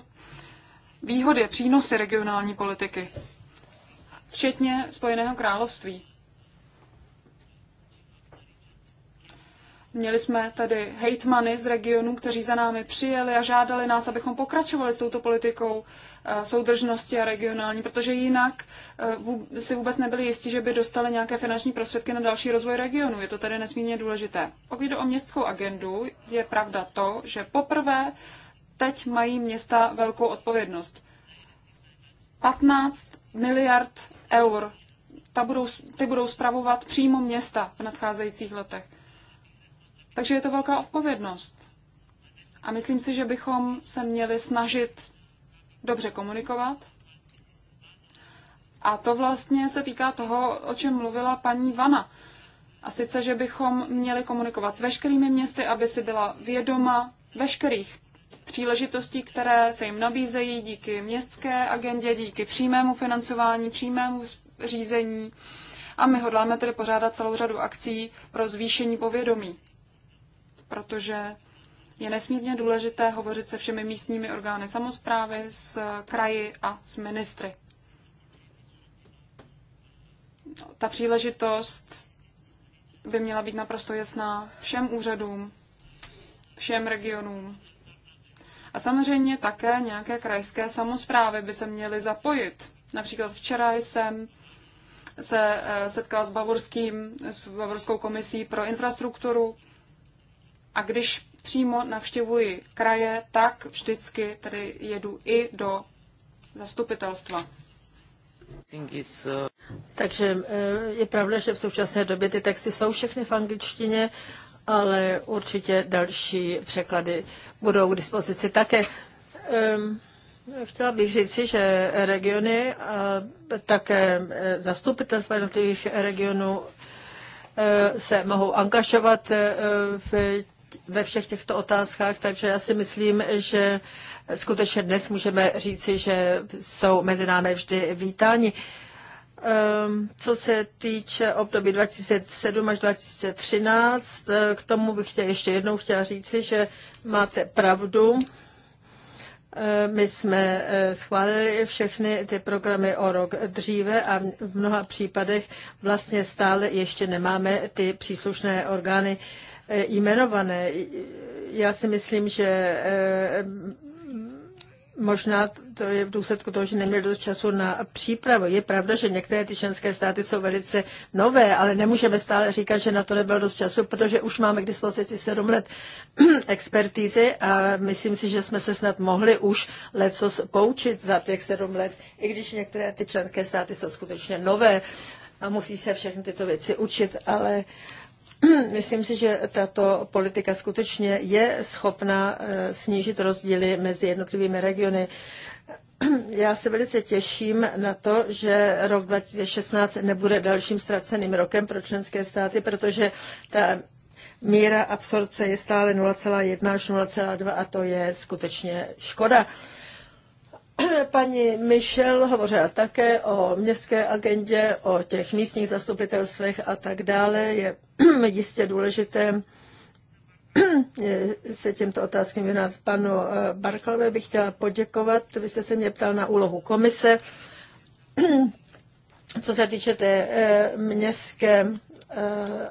výhody, přínosy regionální politiky včetně Spojeného království. Měli jsme tady hejtmany z regionu, kteří za námi přijeli a žádali nás, abychom pokračovali s touto politikou eh, soudržnosti a regionální, protože jinak eh, si vůbec nebyli jistí, že by dostali nějaké finanční prostředky na další rozvoj regionu. Je to tady nesmírně důležité. Pokud jde o městskou agendu, je pravda to, že poprvé teď mají města velkou odpovědnost. 15 miliard eur. Ta budou, ty budou zpravovat přímo města v nadcházejících letech. Takže je to velká odpovědnost. A myslím si, že bychom se měli snažit dobře komunikovat. A to vlastně se týká toho, o čem mluvila paní Vana. A sice, že bychom měli komunikovat s veškerými městy, aby si byla vědoma veškerých příležitosti, které se jim nabízejí díky městské agendě, díky přímému financování, přímému řízení. A my hodláme tedy pořádat celou řadu akcí pro zvýšení povědomí, protože je nesmírně důležité hovořit se všemi místními orgány samozprávy, s kraji a s ministry. No, ta příležitost by měla být naprosto jasná všem úřadům, všem regionům, a samozřejmě také nějaké krajské samozprávy by se měly zapojit. Například včera jsem se eh, setkala s, bavorským, s Bavorskou komisí pro infrastrukturu a když přímo navštěvuji kraje, tak vždycky tedy jedu i do zastupitelstva. Takže eh, je pravda, že v současné době ty texty jsou všechny v angličtině, ale určitě další překlady budou k dispozici také. Ehm, chtěla bych říci, že regiony a také eh, zastupitelstva jednotlivých regionů eh, se mohou angažovat eh, v ve všech těchto otázkách, takže já si myslím, že skutečně dnes můžeme říci, že jsou mezi námi vždy vítáni. Ehm, co se týče období 2007 až 2013, eh, k tomu bych chtěla ještě jednou chtěla říci, že máte pravdu. Ehm, my jsme eh, schválili všechny ty programy o rok dříve a v mnoha případech vlastně stále ještě nemáme ty příslušné orgány eh, jmenované. Já si myslím, že možná to je v důsledku toho, že neměli dost času na přípravu. Je pravda, že některé ty členské státy jsou velice nové, ale nemůžeme stále říkat, že na to nebylo dost času, protože už máme k dispozici sedm let [CLEARS THROAT] expertízy a myslím si, že jsme se snad mohli už leco poučit za těch sedm let, i když některé ty členské státy jsou skutečně nové a musí se všechny tyto věci učit, ale uh, [CLEARS THROAT] Myslím si, že tato politika skutečně je schopna eh, snížit rozdíly mezi jednotlivými regiony. [CLEARS THROAT] Já se velice těším na to, že rok 2016 nebude dalším ztraceným rokem pro členské státy, protože ta míra absorpce je stále 0,1 až 0,2 a to je skutečně škoda. [CLEARS THROAT] Paní Michel hovořila také o městské agendě, o těch místních zastupitelstvech a tak dále. Je [CLEARS THROAT] jistě důležité [CLEARS THROAT] se těmto otázkám věnovat. Panu eh, Barkalové bych chtěla poděkovat. Vy jste se mě ptal na úlohu komise. Co se týče té eh, městské eh,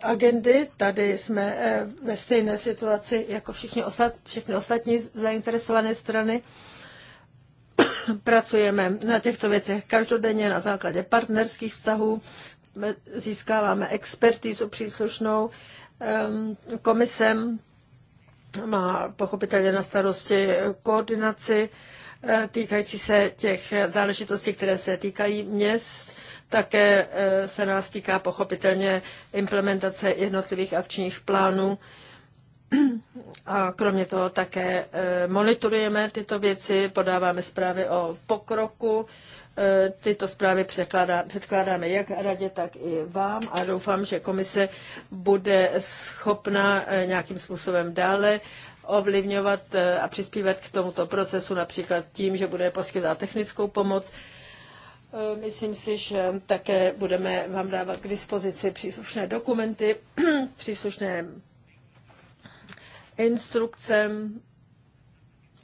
agendy, tady jsme ve stejné situaci jako všichni ostat, všechny ostatní zainteresované strany pracujeme na těchto věcech každodenně na základě partnerských vztahů, získáváme expertizu příslušnou komisem, má pochopitelně na starosti koordinaci eh, týkající se těch záležitostí, které se týkají měst. Také eh, se nás týká pochopitelně implementace jednotlivých akčních plánů a kromě toho také eh, monitorujeme tyto věci, podáváme zprávy o pokroku. Eh, tyto zprávy předkládáme jak radě, tak i vám a doufám, že komise bude schopna eh, nějakým způsobem dále ovlivňovat a přispívat k tomuto procesu, například tím, že bude poskytovat technickou pomoc. Myslím si, že také budeme vám dávat k dispozici příslušné dokumenty, [CLEARS THROAT] příslušné instrukcem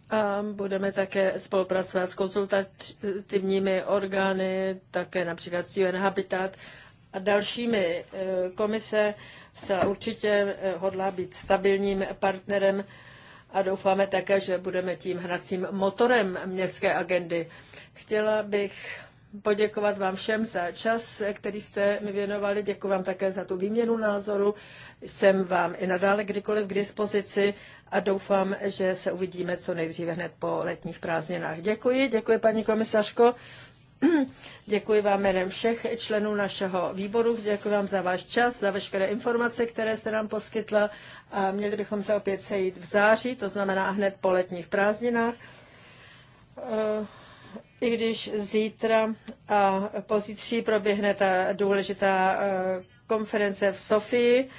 a budeme také spolupracovat s konzultativními orgány, také například UN Habitat a dalšími. E, komise se určitě e, hodlá být stabilním partnerem a doufáme také, že budeme tím hracím motorem městské agendy. Chtěla bych poděkovat vám všem za čas, který jste mi věnovali. Děkuji vám také za tu výměnu názoru. Jsem vám i nadále kdykoliv k dispozici a doufám, že se uvidíme co nejdříve hned po letních prázdninách. Děkuji, děkuji paní komisařko. [CLEARS THROAT] Děkuji vám jménem všech členů našeho výboru, děkuji vám za váš čas, za veškeré informace, které jste nám poskytla a měli bychom se opět sejít v září, to znamená hned po letních prázdninách. Eh, i když zítra a pozítří proběhne ta důležitá e, konference v Sofii,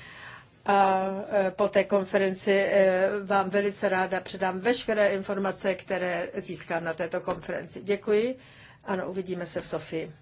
a e, po té konferenci e, vám velice ráda předám veškeré informace, které získám na této konferenci. Děkuji. Ano, uvidíme se v Sofii.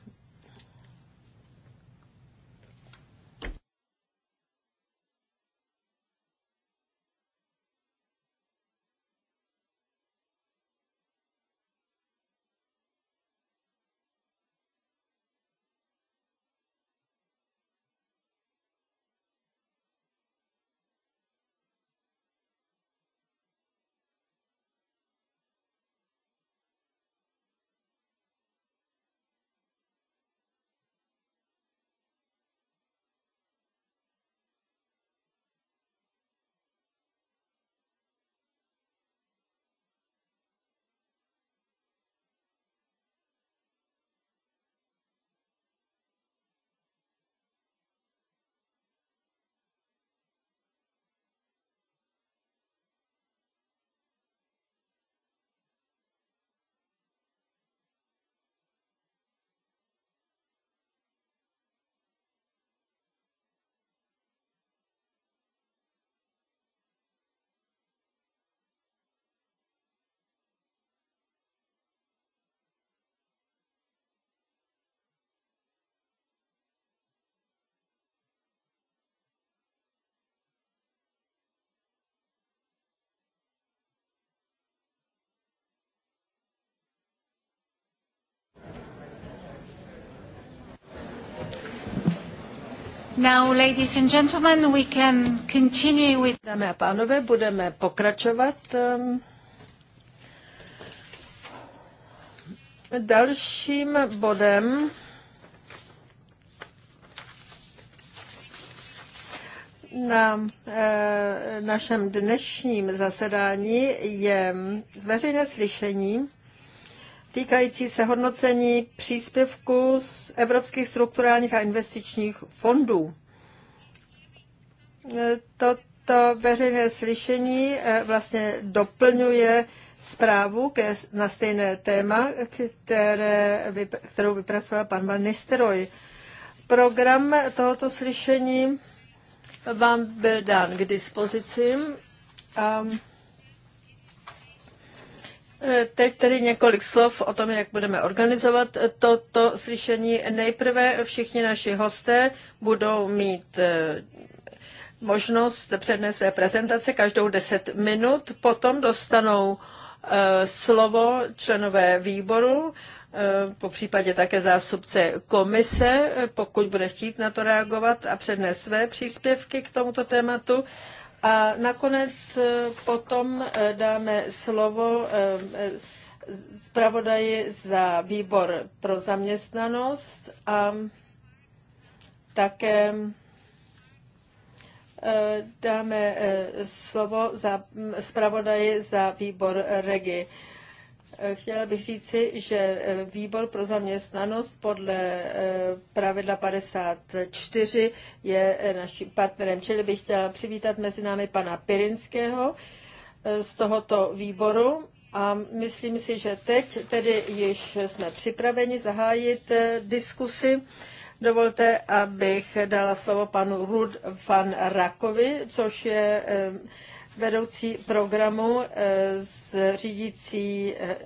Now, ladies and gentlemen, we can continue with... Dámy a pánové, budeme pokračovat. Ehm, dalším bodem na eh, našem dnešním zasedání je veřejné slyšení týkající se hodnocení příspěvku z evropských strukturálních a investičních fondů. Toto veřejné slyšení eh, vlastně doplňuje zprávu ke, na stejné téma, které, kterou vypracoval pan Van Nisteroj. Program tohoto slyšení vám byl dán k dispozici. Um, Eh, teď tedy několik slov o tom, jak budeme organizovat eh, toto slyšení. Nejprve všichni naši hosté budou mít eh, možnost přednést své prezentace každou 10 minut, potom dostanou slovo členové výboru, po případě také zástupce komise, pokud bude chtít na to reagovat a přednést své příspěvky k tomuto tématu. A nakonec eh, potom eh, dáme slovo eh, zpravodaji za výbor pro zaměstnanost a také dáme slovo za mm, zpravodaji za výbor REGI. Eh, chtěla bych říci, že eh, výbor pro zaměstnanost podle eh, pravidla 54 je naším partnerem, čili bych chtěla přivítat mezi námi pana Pirinského z tohoto výboru. A myslím si, že teď tedy již jsme připraveni zahájit diskusy. Dovolte, abych dala slovo panu Rud van Rakovi, což je vedoucí programu s eh, řídící eh,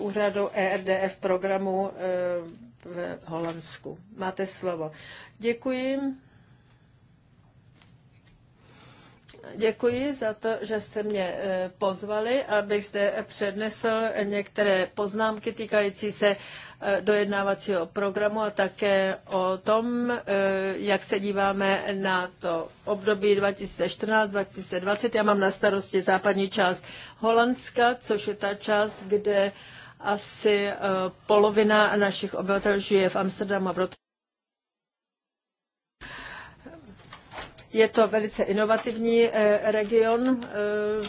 úřadu ERDF programu eh, v Holandsku. Máte slovo. Děkuji. Děkuji za to, že jste mě e, pozvali, abych zde přednesl některé poznámky týkající se e, dojednávacího programu a také o tom, e, jak se díváme na to období 2014-2020. Já mám na starosti západní část Holandska, což je ta část, kde asi polovina našich obyvatel žije v Amsterdamu a v Rotterdamu. Je to velice inovativní eh, region, eh,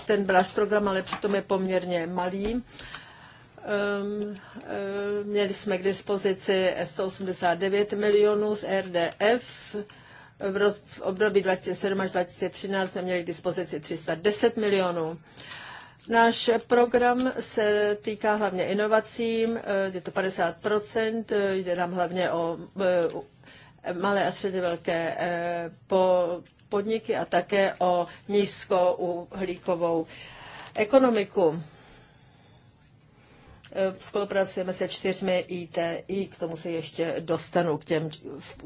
ten program, ale přitom je poměrně malý. Ehm, eh, měli jsme k dispozici 189 milionů z RDF. V období 2007 až 2013 jsme měli k dispozici 310 milionů. Náš program se týká hlavně inovací, je to 50 jde nám hlavně o malé a středně velké po podniky a také o nízkouhlíkovou ekonomiku. E, spolupracujeme se čtyřmi ITI, k tomu se ještě dostanu, k těm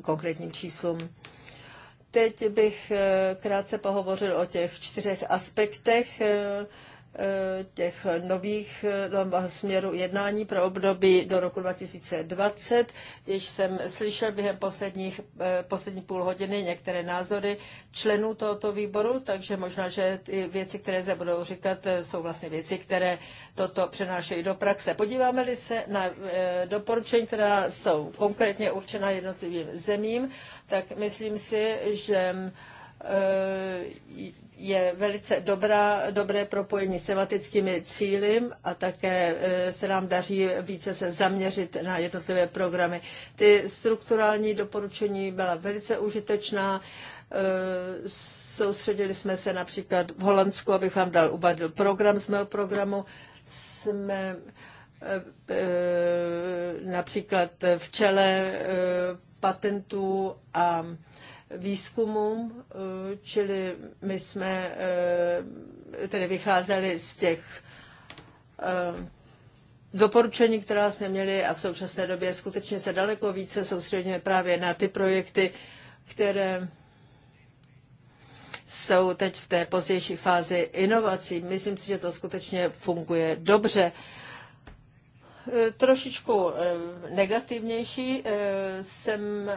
konkrétním číslům. Teď bych e, krátce pohovořil o těch čtyřech aspektech, e, Eh, těch nových eh, no, směrů jednání pro období do roku 2020. Když jsem slyšel během posledních, eh, poslední půl hodiny některé názory členů tohoto výboru, takže možná, že ty věci, které se budou říkat, jsou vlastně věci, které toto přenášejí do praxe. Podíváme-li se na doporučení, která jsou konkrétně určena jednotlivým zemím, tak myslím si, že je velice dobrá, dobré propojení s tematickými cíly a také e, se nám daří více se zaměřit na jednotlivé programy. Ty strukturální doporučení byla velice užitečná. E, soustředili jsme se například v Holandsku, abych vám dal uvadil program z mého programu. Jsme e, například v čele patentů a výzkumům, eh, čili my jsme eh, tedy vycházeli z těch eh, doporučení, která jsme měli a v současné době skutečně se daleko více soustředíme právě na ty projekty, které jsou teď v té pozdější fázi inovací. Myslím si, že to skutečně funguje dobře. Eh, trošičku eh, negativnější eh, jsem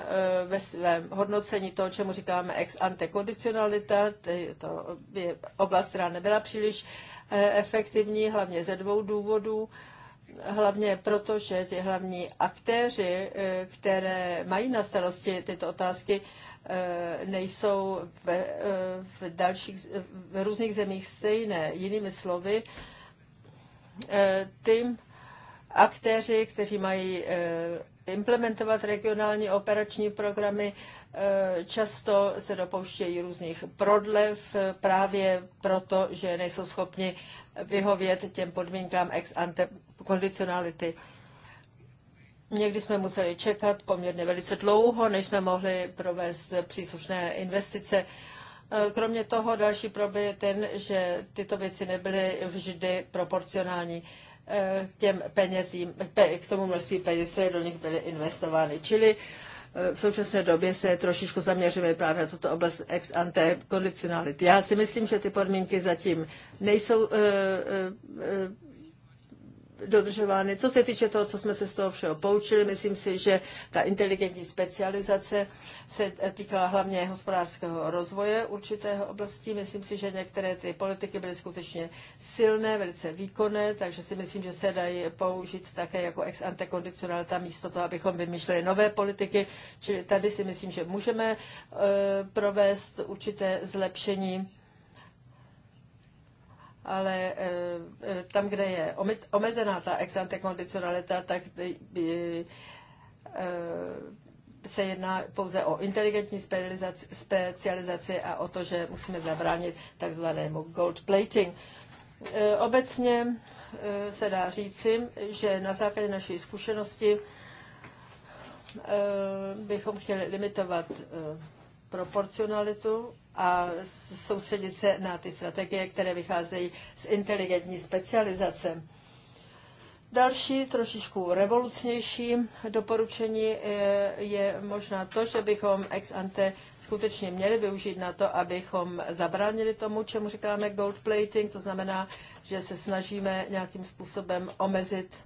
ve svém hodnocení toho, čemu říkáme ex ante kondicionalita. To je oblast, která nebyla příliš efektivní, hlavně ze dvou důvodů. Hlavně proto, že ti hlavní aktéři, které mají na starosti tyto otázky, nejsou v, v, dalších, v různých zemích stejné. Jinými slovy, tím, aktéři, kteří mají eh, implementovat regionální operační programy, eh, často se dopouštějí různých prodlev právě proto, že nejsou schopni vyhovět těm podmínkám ex ante kondicionality. Někdy jsme museli čekat poměrně velice dlouho, než jsme mohli provést příslušné investice. Eh, kromě toho další problém je ten, že tyto věci nebyly vždy proporcionální. Eh, těm penězím, k tomu množství peněz, které do nich byly investovány. Čili eh, v současné době se trošičku zaměříme právě na tuto oblast ex ante kondicionality. Já si myslím, že ty podmínky zatím nejsou eh, dodržovány. Co se týče toho, co jsme se z toho všeho poučili, myslím si, že ta inteligentní specializace se týkala hlavně hospodářského rozvoje určitého oblasti. Myslím si, že některé ty politiky byly skutečně silné, velice výkonné, takže si myslím, že se dají použít také jako ex ante kondicionalita místo toho, abychom vymýšleli nové politiky. Čili tady si myslím, že můžeme eh, provést určité zlepšení ale eh, eh, tam, kde je omezená ta ex ante kondicionalita, tak eh, se jedná pouze o inteligentní specializaci a o to, že musíme zabránit takzvanému gold plating. Obecně se dá říci, že na základě naší zkušenosti bychom chtěli limitovat proporcionalitu a soustředit se na ty strategie, které vycházejí z inteligentní specializace. Další, trošičku revolučnější doporučení eh, je možná to, že bychom ex ante skutečně měli využít na to, abychom zabránili tomu, čemu říkáme gold plating, to znamená, že se snažíme nějakým způsobem omezit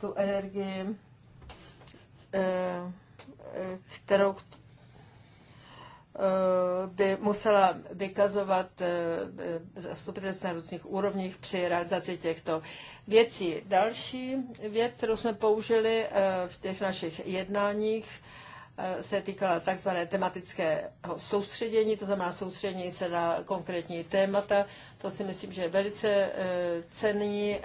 tu energii, eh, eh, kterou Eh, by musela vykazovat eh, zastupitelství na různých úrovních při realizaci těchto věcí. Další věc, kterou jsme použili eh, v těch našich jednáních, se týkala tzv. tematického soustředění, to znamená soustředění se na konkrétní témata. To si myslím, že je velice cený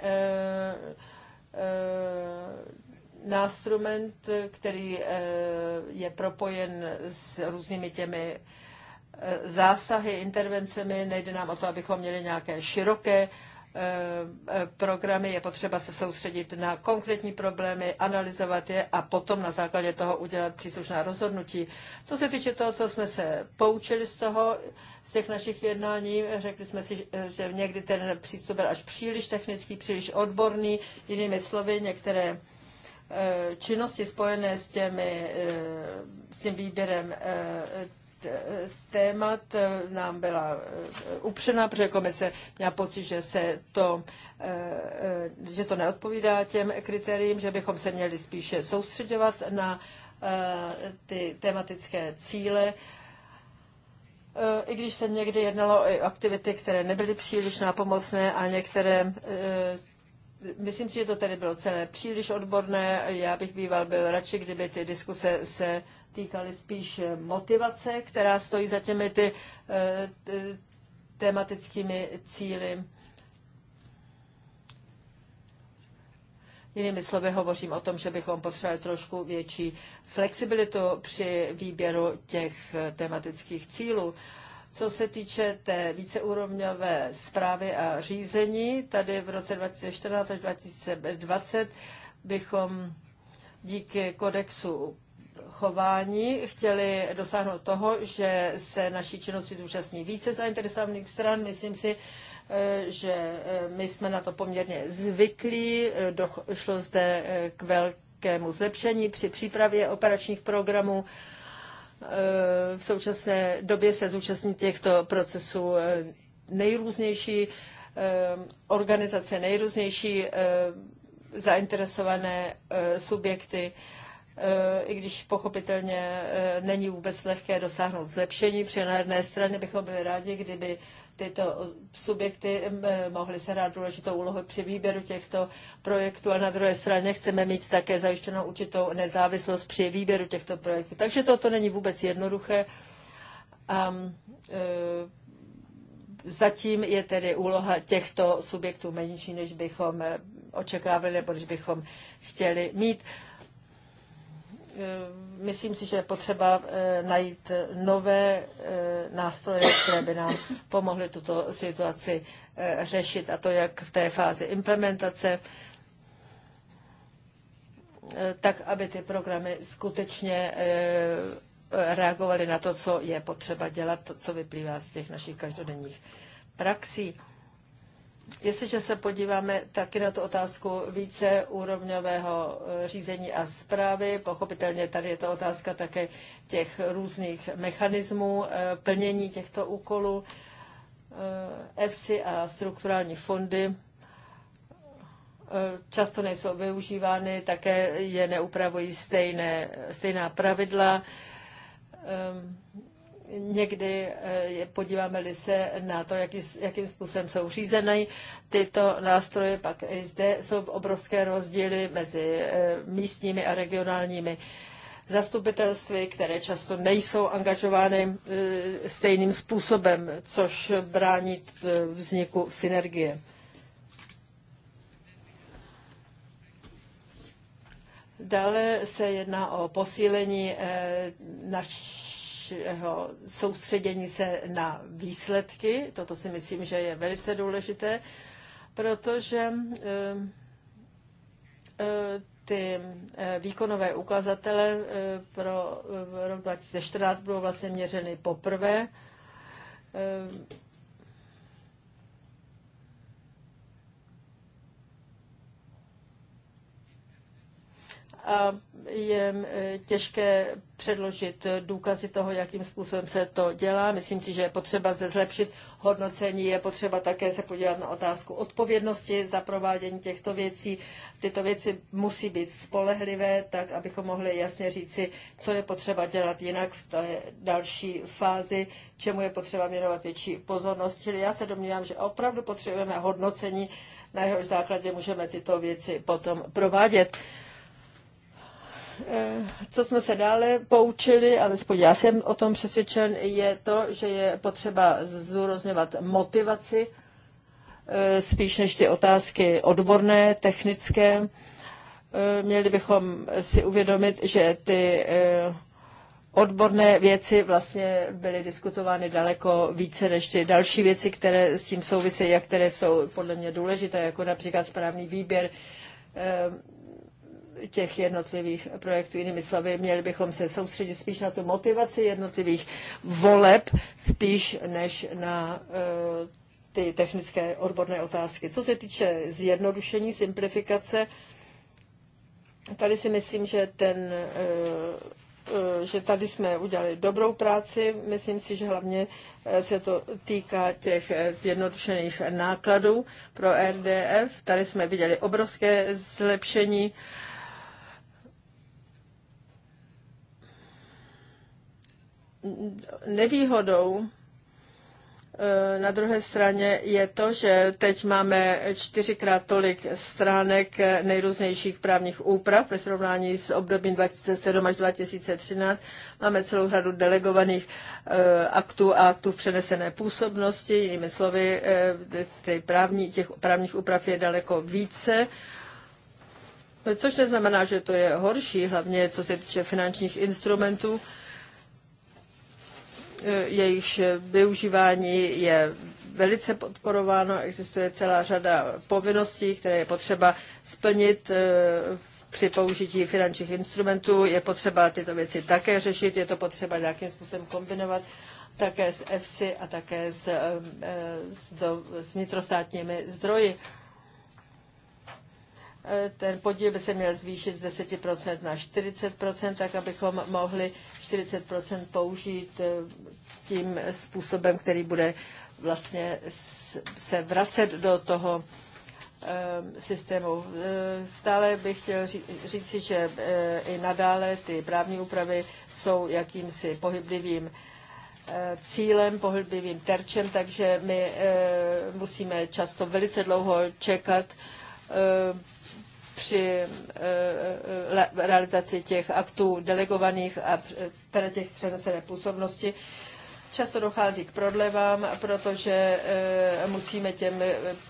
nástrument, který eh, je propojen s různými těmi eh, zásahy, intervencemi. Nejde nám o to, abychom měli nějaké široké eh, programy, je potřeba se soustředit na konkrétní problémy, analyzovat je a potom na základě toho udělat příslušná rozhodnutí. Co se týče toho, co jsme se poučili z toho, z těch našich jednání, řekli jsme si, že někdy ten přístup byl až příliš technický, příliš odborný, jinými slovy, některé Eh, činnosti spojené s, těmi, eh, s tím výběrem eh, témat nám byla upřena, protože komise měla pocit, že, se to, že to neodpovídá těm kritériím, že bychom se měli spíše soustředovat na ty tematické cíle, i když se někdy jednalo o aktivity, které nebyly příliš nápomocné a některé Myslím si, že to tady bylo celé příliš odborné. Já bych býval byl radši, kdyby ty diskuse se týkaly spíš motivace, která stojí za těmi ty eh, tematickými cíly. Jinými slovy hovořím o tom, že bychom potřebovali trošku větší flexibilitu při výběru těch eh, tematických cílů. Co se týče té víceúrovňové zprávy a řízení, tady v roce 2014 až 2020 bychom díky kodexu chování chtěli dosáhnout toho, že se naší činnosti zúčastní více zainteresovaných stran. Myslím si, eh, že eh, my jsme na to poměrně zvyklí. Eh, Došlo zde k velkému zlepšení při přípravě operačních programů. Eh, v současné době se zúčastní těchto procesů eh, nejrůznější eh, organizace, nejrůznější zainteresované subjekty, i když pochopitelně není vůbec lehké dosáhnout zlepšení. Při na jedné straně bychom byli rádi, kdyby tyto subjekty eh, mohly se hrát důležitou úlohu při výběru těchto projektů a na druhé straně chceme mít také zajištěnou určitou nezávislost při výběru těchto projektů. Takže toto není vůbec jednoduché. A, eh, zatím je tedy úloha těchto subjektů menší, než bychom eh, očekávali nebo než bychom chtěli mít. Eh, myslím si, že je potřeba eh, najít nové eh, nástroje, které by nám pomohly tuto situaci řešit, a to jak v té fázi implementace, tak aby ty programy skutečně reagovaly na to, co je potřeba dělat, to, co vyplývá z těch našich každodenních praxí. Jestliže se podíváme taky na tu otázku více úrovňového eh, řízení a zprávy, pochopitelně tady je to otázka také těch různých mechanismů eh, plnění těchto úkolů. EFSI eh, a strukturální fondy často nejsou využívány, také je neupravují stejné, stejná pravidla ehm, někdy eh, podíváme-li se na to, jaký, jakým způsobem jsou řízeny tyto nástroje, pak i zde jsou obrovské rozdíly mezi eh, místními a regionálními zastupitelství, které často nejsou angažovány eh, stejným způsobem, což brání vzniku synergie. Dále se jedná o posílení naší našeho soustředění se na výsledky. Toto si myslím, že je velice důležité, protože eh, eh, ty eh, výkonové ukazatele pro rok 2014 budou vlastně měřeny poprvé a je těžké předložit důkazy toho, jakým způsobem se to dělá. Myslím si, že je potřeba zde zlepšit hodnocení, je potřeba také se podívat na otázku odpovědnosti za provádění těchto věcí. Tyto věci musí být spolehlivé, tak abychom mohli jasně říci, co je potřeba dělat jinak v té další fázi, čemu je potřeba věnovat větší pozornost. Čili já se domnívám, že opravdu potřebujeme hodnocení, na jehož základě můžeme tyto věci potom provádět. Eh, co jsme se dále poučili, alespoň já jsem o tom přesvědčen, je to, že je potřeba zúrozňovat motivaci eh, spíš než ty otázky odborné, technické. Eh, měli bychom si uvědomit, že ty odborné věci vlastně byly diskutovány daleko více než ty další věci, které s tím souvisejí a které jsou podle mě důležité, jako například správný výběr těch jednotlivých projektů. Jinými slovy, měli bychom se soustředit spíš na tu motivaci jednotlivých voleb, spíš než na eh, ty technické odborné otázky. Co se týče zjednodušení, simplifikace, tady si myslím, že ten eh, eh, že tady jsme udělali dobrou práci. Myslím si, že hlavně se to týká těch zjednodušených nákladů pro RDF. Tady jsme viděli obrovské zlepšení nevýhodou eh, na druhé straně je to, že teď máme čtyřikrát tolik stránek nejrůznějších právních úprav ve srovnání s obdobím 2007 až 2013. Máme celou řadu delegovaných eh, aktů a aktů přenesené působnosti. Jinými slovy, eh, právní, těch právních úprav je daleko více. Což neznamená, že to je horší, hlavně co se týče finančních instrumentů Eh, jejichž využívání je velice podporováno, existuje celá řada povinností, které je potřeba splnit eh, při použití finančních instrumentů. Je potřeba tyto věci také řešit, je to potřeba nějakým způsobem kombinovat také s EFSI a také s, eh, s, do, s vnitrostátními zdroji. Ten podíl by se měl zvýšit z 10% na 40%, tak abychom mohli 40 použít eh, tím způsobem, který bude vlastně se vracet do toho eh, systému. Eh, stále bych chtěl říci, že i nadále ty právní úpravy jsou jakýmsi pohyblivým cílem, pohyblivým terčem, takže my musíme často velice dlouho čekat při eh, eh, realizaci těch aktů delegovaných a teda těch přenesené působnosti. Často dochází k prodlevám, protože eh, musíme těm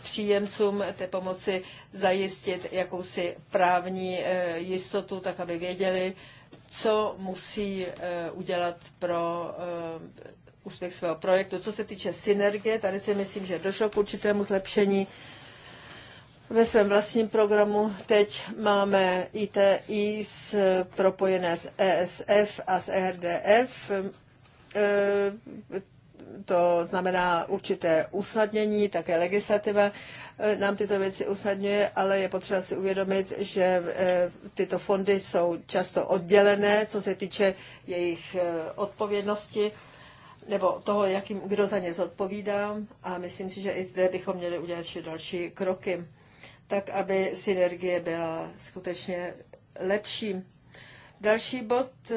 příjemcům té pomoci zajistit jakousi právní jistotu, tak aby věděli, co musí udělat pro úspěch svého projektu. Co se týče synergie, tady si myslím, že došlo k určitému zlepšení. Ve svém vlastním programu teď máme ITI s, propojené s ESF a s ERDF. E, to znamená určité usnadnění, také legislativa e, nám tyto věci usnadňuje, ale je potřeba si uvědomit, že e, tyto fondy jsou často oddělené, co se týče jejich odpovědnosti nebo toho, jakým, kdo za ně zodpovídá. A myslím si, že i zde bychom měli udělat ještě další kroky tak aby synergie byla skutečně lepší. Další bod, eh,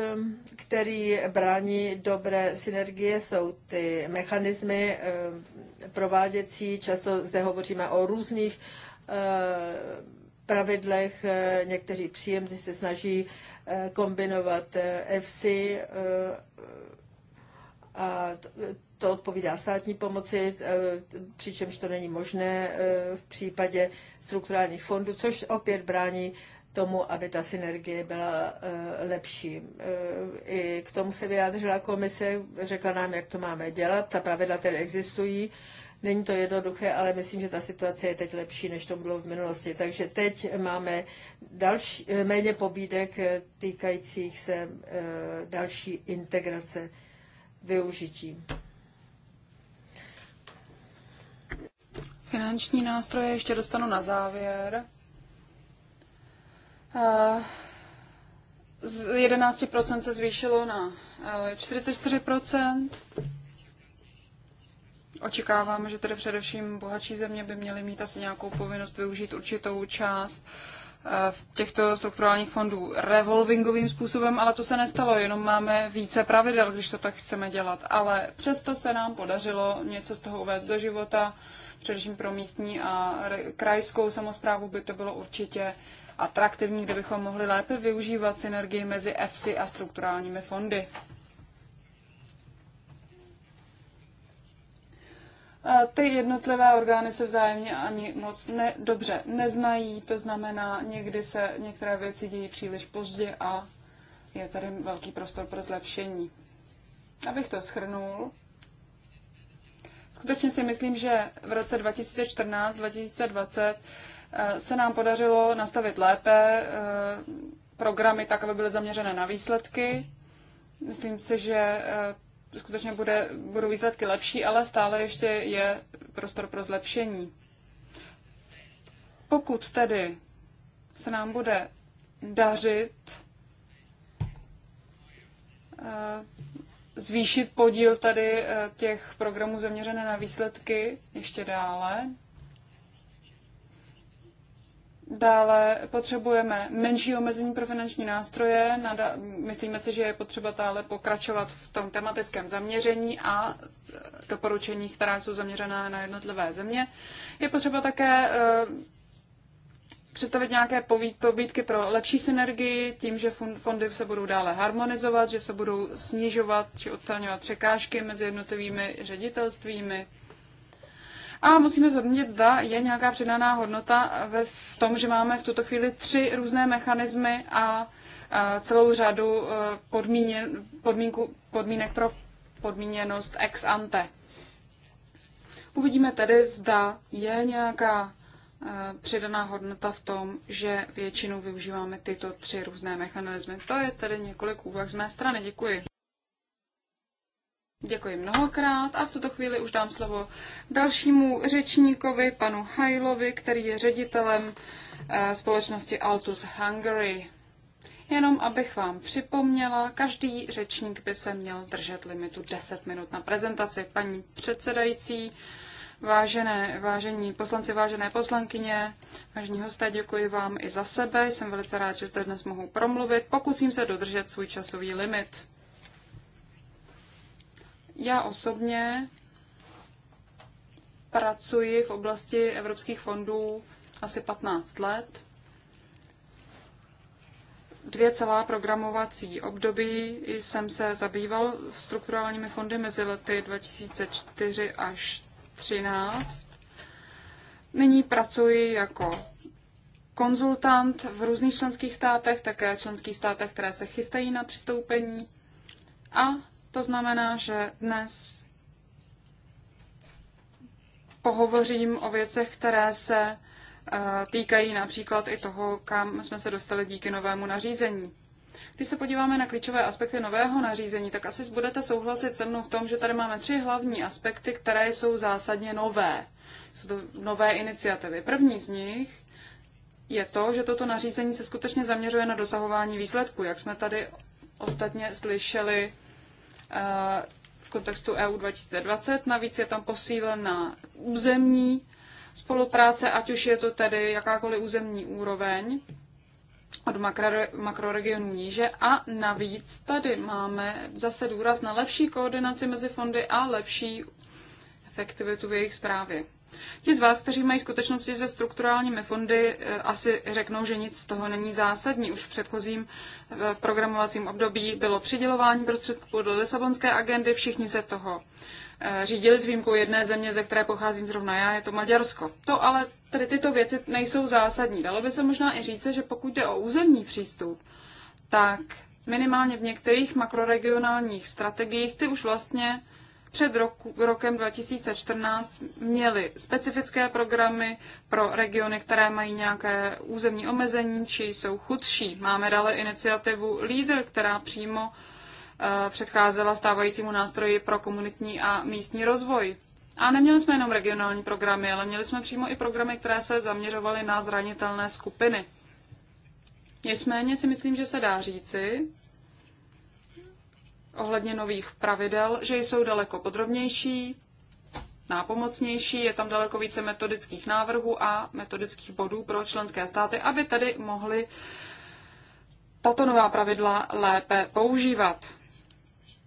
který brání dobré synergie, jsou ty mechanismy eh, prováděcí. Často zde hovoříme o různých eh, pravidlech. Někteří příjemci se snaží kombinovat FC a to odpovídá státní pomoci, e, přičemž to není možné e, v případě strukturálních fondů, což opět brání tomu, aby ta synergie byla e, lepší. I k tomu se vyjádřila komise, řekla nám, jak to máme dělat, ta pravidla tedy existují. Není to jednoduché, ale myslím, že ta situace je teď lepší, než to bylo v minulosti. Takže teď máme další, méně pobídek týkajících se další integrace využití. Finanční nástroje ještě dostanu na závěr. Eh, z 11% se zvýšilo na 44%. Eh, Očekáváme, že tedy především bohatší země by měly mít asi nějakou povinnost využít určitou část uh, v těchto strukturálních fondů revolvingovým způsobem, ale to se nestalo, jenom máme více pravidel, když to tak chceme dělat. Ale přesto se nám podařilo něco z toho uvést do života, především pro místní a krajskou samozprávu by to bylo určitě atraktivní, kdybychom mohli lépe využívat synergii mezi EFSI a strukturálními fondy. ty jednotlivé orgány se vzájemně ani moc ne, dobře neznají, to znamená, někdy se některé věci dějí příliš pozdě a je tady velký prostor pro zlepšení. Abych to schrnul, skutečně si myslím, že v roce 2014-2020 eh, se nám podařilo nastavit lépe eh, programy tak, aby byly zaměřené na výsledky. Myslím si, že eh, skutečně bude, budou výsledky lepší, ale stále ještě je prostor pro zlepšení. Pokud tedy se nám bude dařit eh, zvýšit podíl tady eh, těch programů zaměřené na výsledky ještě dále, Dále potřebujeme menší omezení pro finanční nástroje. Myslíme si, že je potřeba dále pokračovat v tom tematickém zaměření a doporučení, která jsou zaměřená na jednotlivé země. Je potřeba také eh, představit nějaké pobídky pro lepší synergii, tím, že fondy se budou dále harmonizovat, že se budou snižovat či odstraňovat překážky mezi jednotlivými ředitelstvími, a musíme zhodnotit, zda je nějaká přidaná hodnota ve, v tom, že máme v tuto chvíli tři různé mechanismy a, a celou řadu e, podmíně, podmínku, podmínek pro podmíněnost ex ante. Uvidíme tedy, zda je nějaká e, přidaná hodnota v tom, že většinou využíváme tyto tři různé mechanismy. To je tedy několik úvah z mé strany. Děkuji. Děkuji mnohokrát a v tuto chvíli už dám slovo dalšímu řečníkovi, panu Hajlovi, který je ředitelem eh, společnosti Altus Hungary. Jenom abych vám připomněla, každý řečník by se měl držet limitu 10 minut na prezentaci. Paní předsedající, vážené, vážení poslanci, vážené poslankyně, vážení hosté, děkuji vám i za sebe. Jsem velice rád, že zde dnes mohu promluvit. Pokusím se dodržet svůj časový limit. Já osobně pracuji v oblasti evropských fondů asi 15 let. Dvě celá programovací období jsem se zabýval strukturálními fondy mezi lety 2004 až 2013. Nyní pracuji jako konzultant v různých členských státech, také členských státech, které se chystají na přistoupení. A to znamená, že dnes pohovořím o věcech, které se eh, týkají například i toho, kam jsme se dostali díky novému nařízení. Když se podíváme na klíčové aspekty nového nařízení, tak asi budete souhlasit se mnou v tom, že tady máme tři hlavní aspekty, které jsou zásadně nové. Jsou to nové iniciativy. První z nich je to, že toto nařízení se skutečně zaměřuje na dosahování výsledků, jak jsme tady ostatně slyšeli v kontextu EU 2020. Navíc je tam posílena územní spolupráce, ať už je to tedy jakákoliv územní úroveň od makroregionů níže. A navíc tady máme zase důraz na lepší koordinaci mezi fondy a lepší efektivitu v jejich zprávě. Ti z vás, kteří mají skutečnosti se strukturálními fondy, eh, asi řeknou, že nic z toho není zásadní. Už v předchozím eh, programovacím období bylo přidělování prostředků do Lisabonské agendy, všichni se toho eh, řídili s výjimkou jedné země, ze které pocházím zrovna já, je to Maďarsko. To ale tedy tyto věci nejsou zásadní. Dalo by se možná i říct, že pokud jde o územní přístup, tak minimálně v některých makroregionálních strategiích ty už vlastně před roku, rokem 2014 měli specifické programy pro regiony, které mají nějaké územní omezení či jsou chudší. Máme dále iniciativu LEADER, která přímo eh, předcházela stávajícímu nástroji pro komunitní a místní rozvoj. A neměli jsme jenom regionální programy, ale měli jsme přímo i programy, které se zaměřovaly na zranitelné skupiny. Nicméně si myslím, že se dá říci, ohledně nových pravidel, že jsou daleko podrobnější, nápomocnější, je tam daleko více metodických návrhů a metodických bodů pro členské státy, aby tady mohly tato nová pravidla lépe používat.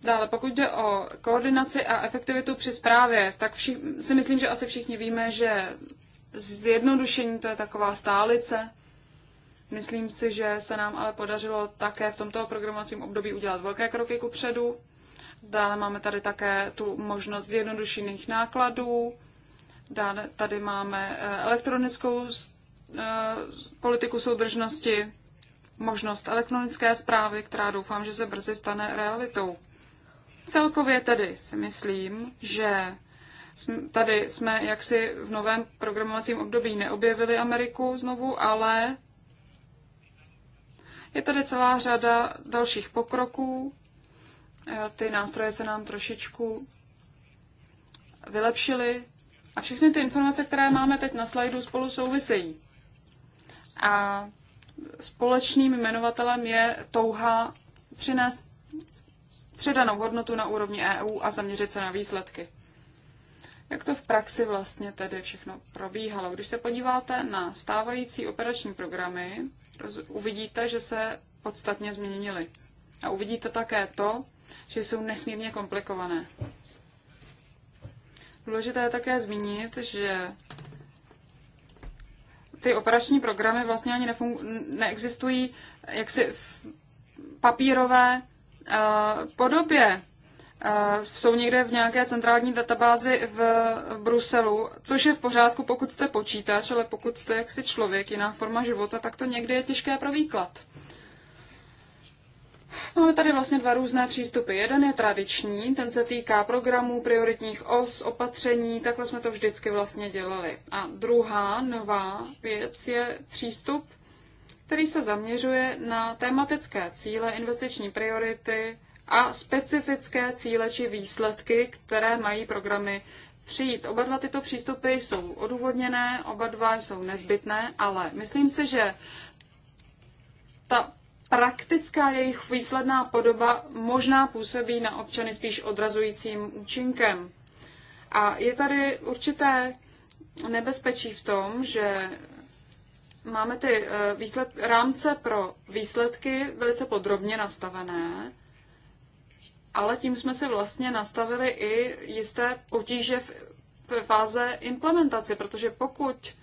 Dále, pokud jde o koordinaci a efektivitu při zprávě, tak vši- si myslím, že asi všichni víme, že zjednodušení to je taková stálice Myslím si, že se nám ale podařilo také v tomto programovacím období udělat velké kroky ku předu. Dále máme tady také tu možnost zjednodušených nákladů. Dále tady máme eh, elektronickou eh, politiku soudržnosti, možnost elektronické zprávy, která doufám, že se brzy stane realitou. Celkově tedy si myslím, že tady jsme jaksi v novém programovacím období neobjevili Ameriku znovu, ale je tady celá řada dalších pokroků. E, ty nástroje se nám trošičku vylepšily a všechny ty informace, které máme teď na slajdu, spolu souvisejí. A společným jmenovatelem je touha přinést předanou hodnotu na úrovni EU a zaměřit se na výsledky. Jak to v praxi vlastně tedy všechno probíhalo? Když se podíváte na stávající operační programy, uvidíte, že se podstatně změnily. A uvidíte také to, že jsou nesmírně komplikované. Důležité je také zmínit, že ty operační programy vlastně ani neexistují jaksi v papírové uh, podobě jsou někde v nějaké centrální databázi v Bruselu, což je v pořádku, pokud jste počítač, ale pokud jste jaksi člověk, jiná forma života, tak to někdy je těžké pro výklad. Máme tady vlastně dva různé přístupy. Jeden je tradiční, ten se týká programů, prioritních os, opatření, takhle jsme to vždycky vlastně dělali. A druhá nová věc je přístup, který se zaměřuje na tematické cíle, investiční priority, a specifické cíle či výsledky, které mají programy přijít. Oba dva tyto přístupy jsou odůvodněné, oba dva jsou nezbytné, ale myslím si, že ta praktická jejich výsledná podoba možná působí na občany spíš odrazujícím účinkem. A je tady určité nebezpečí v tom, že máme ty eh, výsled, rámce pro výsledky velice podrobně nastavené ale tím jsme se vlastně nastavili i jisté potíže v, v fáze implementace, protože pokud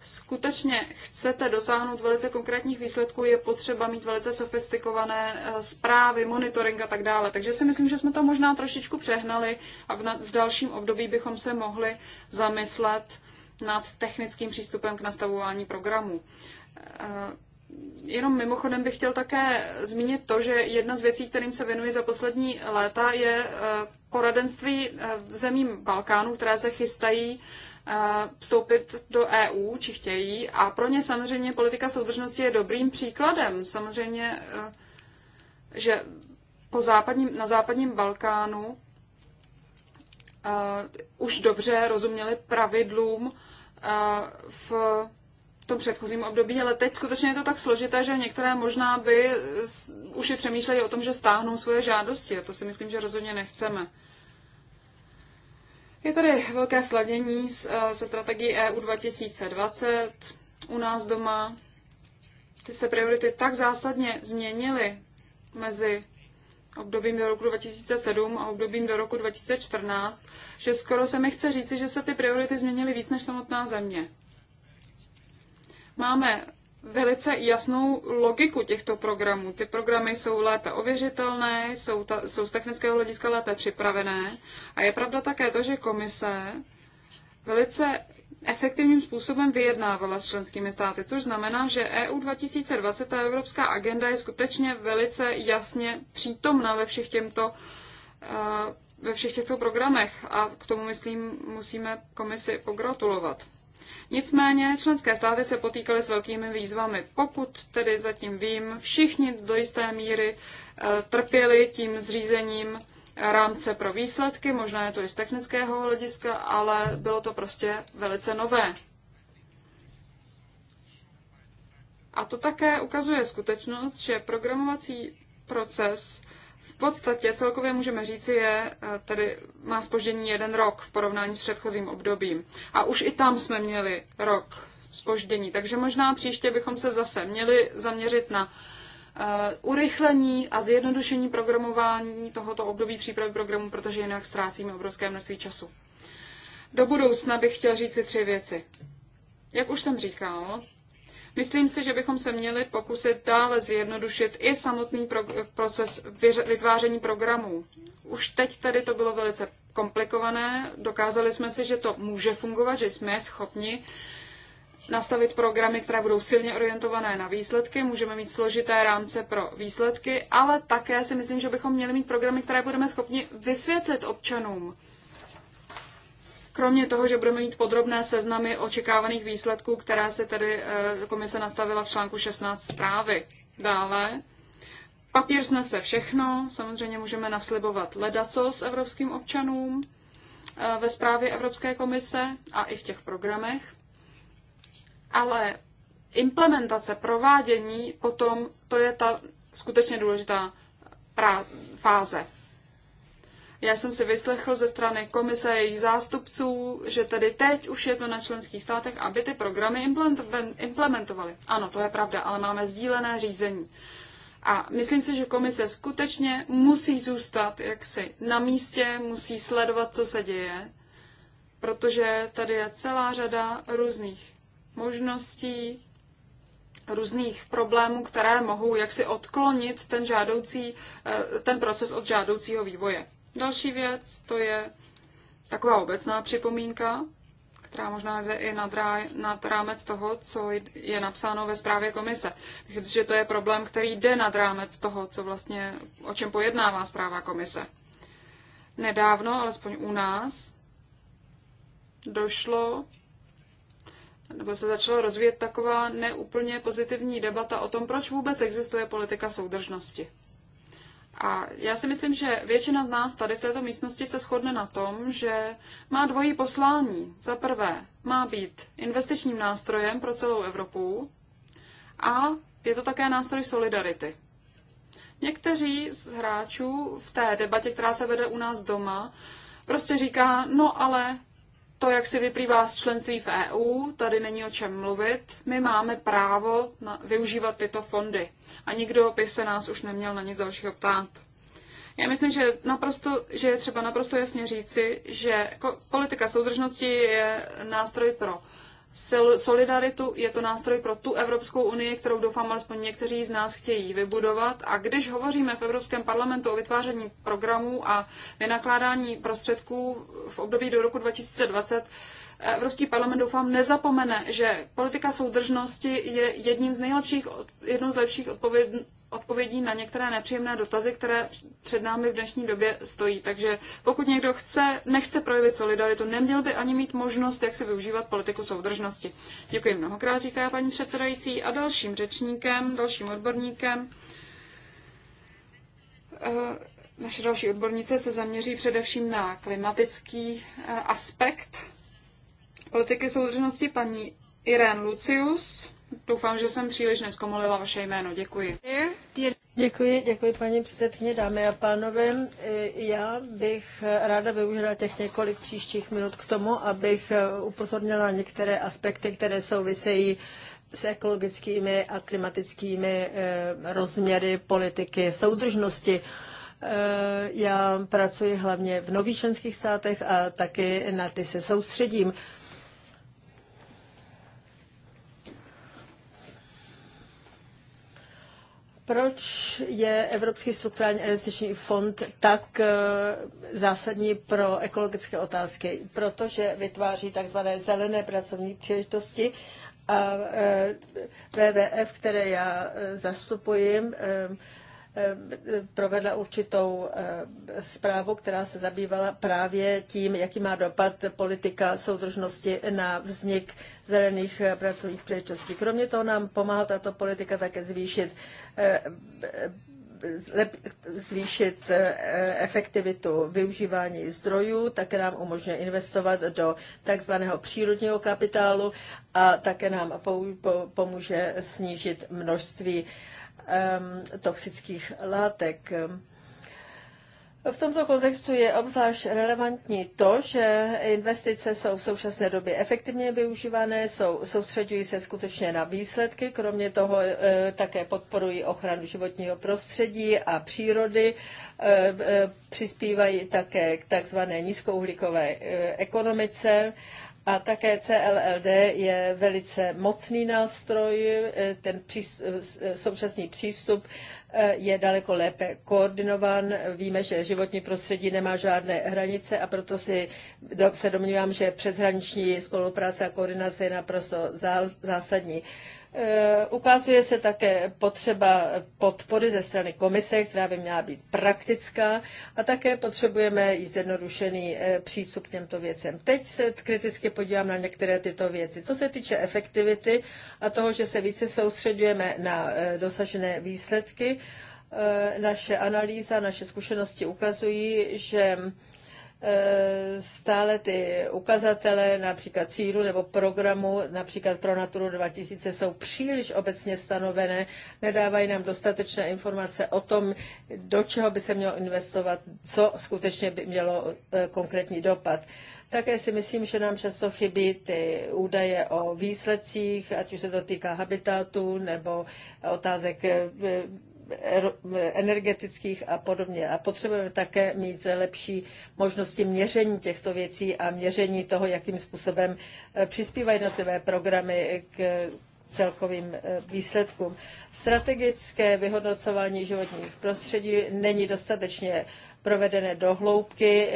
skutečně chcete dosáhnout velice konkrétních výsledků, je potřeba mít velice sofistikované eh, zprávy, monitoring a tak dále. Takže si myslím, že jsme to možná trošičku přehnali a v, na, v dalším období bychom se mohli zamyslet nad technickým přístupem k nastavování programu. Eh, Jenom mimochodem bych chtěl také zmínit to, že jedna z věcí, kterým se věnuji za poslední léta, je eh, poradenství eh, zemím Balkánu, které se chystají eh, vstoupit do EU, či chtějí. A pro ně samozřejmě politika soudržnosti je dobrým příkladem. Samozřejmě, že po západním, na západním Balkánu už dobře rozuměli pravidlům v tom předchozím období, ale teď skutečně je to tak složité, že některé možná by už je přemýšlejí o tom, že stáhnou svoje žádosti a to si myslím, že rozhodně nechceme. Je tady velké sladění eh, se strategií EU 2020 u nás doma. Ty se priority tak zásadně změnily mezi obdobím do roku 2007 a obdobím do roku 2014, že skoro se mi chce říci, že se ty priority změnily víc než samotná země. Máme velice jasnou logiku těchto programů. Ty programy jsou lépe ověřitelné, jsou, ta, jsou z technického hlediska lépe připravené a je pravda také to, že komise velice efektivním způsobem vyjednávala s členskými státy, což znamená, že EU 2020, ta evropská agenda, je skutečně velice jasně přítomna ve všech, těmto, eh, ve všech těchto programech a k tomu, myslím, musíme komisi pogratulovat. Nicméně členské státy se potýkaly s velkými výzvami. Pokud tedy zatím vím, všichni do jisté míry eh, trpěli tím zřízením rámce pro výsledky, možná je to i z technického hlediska, ale bylo to prostě velice nové. A to také ukazuje skutečnost, že programovací proces v podstatě celkově můžeme říci, je, eh, tedy má spoždění jeden rok v porovnání s předchozím obdobím. A už i tam jsme měli rok spoždění, takže možná příště bychom se zase měli zaměřit na eh, urychlení a zjednodušení programování tohoto období přípravy programu, protože jinak ztrácíme obrovské množství času. Do budoucna bych chtěl říci tři věci. Jak už jsem říkal, Myslím si, že bychom se měli pokusit dále zjednodušit i samotný proces vytváření programů. Už teď tady to bylo velice komplikované, dokázali jsme si, že to může fungovat, že jsme schopni nastavit programy, které budou silně orientované na výsledky, můžeme mít složité rámce pro výsledky, ale také si myslím, že bychom měli mít programy, které budeme schopni vysvětlit občanům Kromě toho, že budeme mít podrobné seznamy očekávaných výsledků, které se tedy eh, komise nastavila v článku 16 zprávy. Dále, papír snese všechno, samozřejmě můžeme naslibovat ledaco s evropským občanům eh, ve zprávě Evropské komise a i v těch programech, ale implementace, provádění, potom to je ta skutečně důležitá fáze. Já jsem si vyslechl ze strany komise jejich zástupců, že tedy teď už je to na členských státech, aby ty programy implementovaly. Ano, to je pravda, ale máme sdílené řízení. A myslím si, že komise skutečně musí zůstat jaksi na místě, musí sledovat, co se děje, protože tady je celá řada různých možností, různých problémů, které mohou jaksi odklonit ten, žádoucí, eh, ten proces od žádoucího vývoje. Další věc, to je taková obecná připomínka, která možná jde i nad, rá, nad rámec toho, co je napsáno ve zprávě komise. Myslím že to je problém, který jde nad rámec toho, co vlastně, o čem pojednává zpráva komise. Nedávno, alespoň u nás, došlo nebo se začala rozvíjet taková neúplně pozitivní debata o tom, proč vůbec existuje politika soudržnosti. A já si myslím, že většina z nás tady v této místnosti se shodne na tom, že má dvojí poslání. Za prvé, má být investičním nástrojem pro celou Evropu a je to také nástroj solidarity. Někteří z hráčů v té debatě, která se vede u nás doma, prostě říká, no ale to, jak si vyplývá z členství v EU, tady není o čem mluvit. My máme právo na, využívat tyto fondy a nikdo by se nás už neměl na nic dalšího ptát. Já myslím, že, naprosto, že je třeba naprosto jasně říci, že politika soudržnosti je nástroj pro solidaritu, je to nástroj pro tu Evropskou unii, kterou doufám alespoň někteří z nás chtějí vybudovat. A když hovoříme v Evropském parlamentu o vytváření programů a vynakládání prostředků v období do roku 2020, Evropský parlament doufám nezapomene, že politika soudržnosti je jedním z nejlepších, jednou z lepších odpověd, odpovědí na některé nepříjemné dotazy, které před námi v dnešní době stojí. Takže pokud někdo chce, nechce projevit solidaritu, neměl by ani mít možnost, jak si využívat politiku soudržnosti. Děkuji mnohokrát, říká paní předsedající. A dalším řečníkem, dalším odborníkem, eh, naše další odbornice se zaměří především na klimatický eh, aspekt politiky soudržnosti paní Irene Lucius Doufám, že jsem příliš neskomolila vaše jméno. Děkuji. Děkuji, děkuji paní předsedkyně, dámy a pánové. E, já bych ráda využila těch několik příštích minut k tomu, abych e, upozornila některé aspekty, které souvisejí s ekologickými a klimatickými e, rozměry politiky soudržnosti. Já pracuji hlavně v nových členských státech a taky na ty se soustředím. Proč je Evropský strukturální investiční fond tak eh, zásadní pro ekologické otázky? Protože vytváří takzvané zelené pracovní příležitosti a WWF, eh, které já eh, zastupuji, provedla určitou eh, zprávu, která se zabývala právě tím, jaký má dopad politika soudržnosti na vznik zelených eh, pracovních příležitostí. Kromě toho nám pomáhá tato politika také zvýšit eh, zvýšit efektivitu využívání zdrojů, také nám umožňuje investovat do takzvaného přírodního kapitálu a také nám pomůže snížit množství Ehm, toxických látek. V tomto kontextu je obzvlášť relevantní to, že investice jsou v současné době efektivně využívané, jsou, soustředují se skutečně na výsledky, kromě toho e, také podporují ochranu životního prostředí a přírody, e, e, přispívají také k takzvané nízkouhlíkové ekonomice a také CLLD je velice mocný nástroj, e, ten přístup, e, e, současný přístup je daleko lépe koordinovan. Víme, že životní prostředí nemá žádné hranice a proto si se domnívám, že přeshraniční spolupráce a koordinace je naprosto zásadní. Eh, ukazuje se také potřeba podpory ze strany komise, která by měla být praktická a také potřebujeme i zjednodušený eh, přístup k těmto věcem. Teď se kriticky podívám na některé tyto věci. Co se týče efektivity a toho, že se více soustředujeme na eh, dosažené výsledky, naše analýza, naše zkušenosti ukazují, že Eh, stále ty ukazatele, například cílu nebo programu, například pro Naturu 2000, jsou příliš obecně stanovené, nedávají nám dostatečné informace o tom, do čeho by se mělo investovat, co skutečně by mělo eh, konkrétní dopad. Také si myslím, že nám často chybí ty údaje o výsledcích, ať už se to týká habitatu nebo otázek eh, energetických a podobně. A potřebujeme také mít lepší možnosti měření těchto věcí a měření toho, jakým způsobem eh, přispívají jednotlivé programy k eh, celkovým eh, výsledkům. Strategické vyhodnocování životních prostředí není dostatečně provedené do hloubky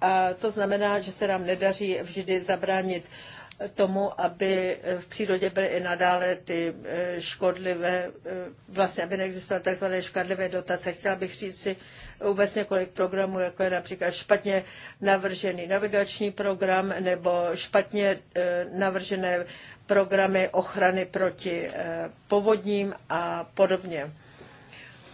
a to znamená, že se nám nedaří vždy zabránit tomu, aby eh, v přírodě byly i nadále ty eh, škodlivé, eh, vlastně aby neexistovaly tzv. škodlivé dotace. Chtěla bych říct si vůbec několik programů, jako je například špatně navržený navigační program nebo špatně navržené programy ochrany proti povodním a podobně.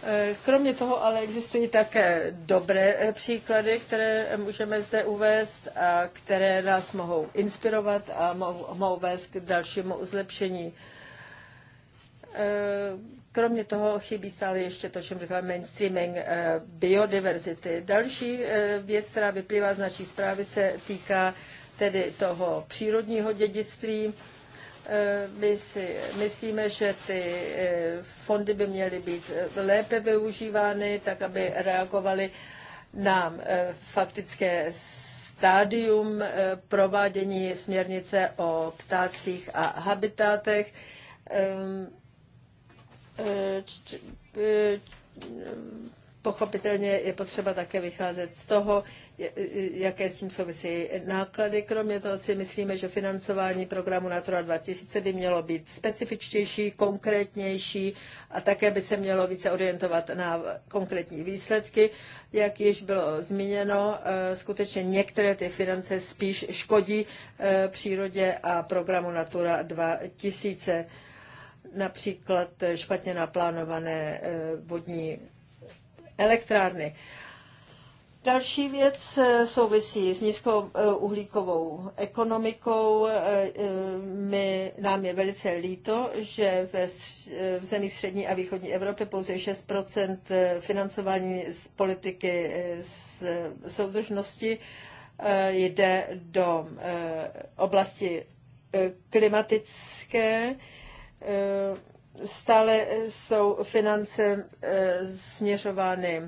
Eh, kromě toho ale existují také dobré eh, příklady, které můžeme zde uvést a které nás mohou inspirovat a mohou vést k dalšímu zlepšení. Eh, kromě toho chybí stále ještě to, čemu říkáme mainstreaming biodiverzity. Další věc, která vyplývá z naší zprávy, se týká tedy toho přírodního dědictví. Eh, my si myslíme, že ty eh, fondy by měly být eh, lépe využívány, tak aby reagovaly na faktické stádium provádění směrnice o ptácích a habitátech. Pochopitelně je potřeba také vycházet z toho, jaké s tím souvisí náklady. Kromě toho si myslíme, že financování programu Natura 2000 by mělo být specifičtější, konkrétnější a také by se mělo více orientovat na konkrétní výsledky. Jak již bylo zmíněno, eh, skutečně některé ty finance spíš škodí eh, přírodě a programu Natura 2000 například špatně naplánované eh, vodní elektrárny. Další věc eh, souvisí s nízkou eh, uhlíkovou ekonomikou. Eh, my, nám je velice líto, že ve, v zemích střední a východní Evropy pouze 6 financování z politiky z soudržnosti jde do oblasti klimatické. Stále jsou finance směřovány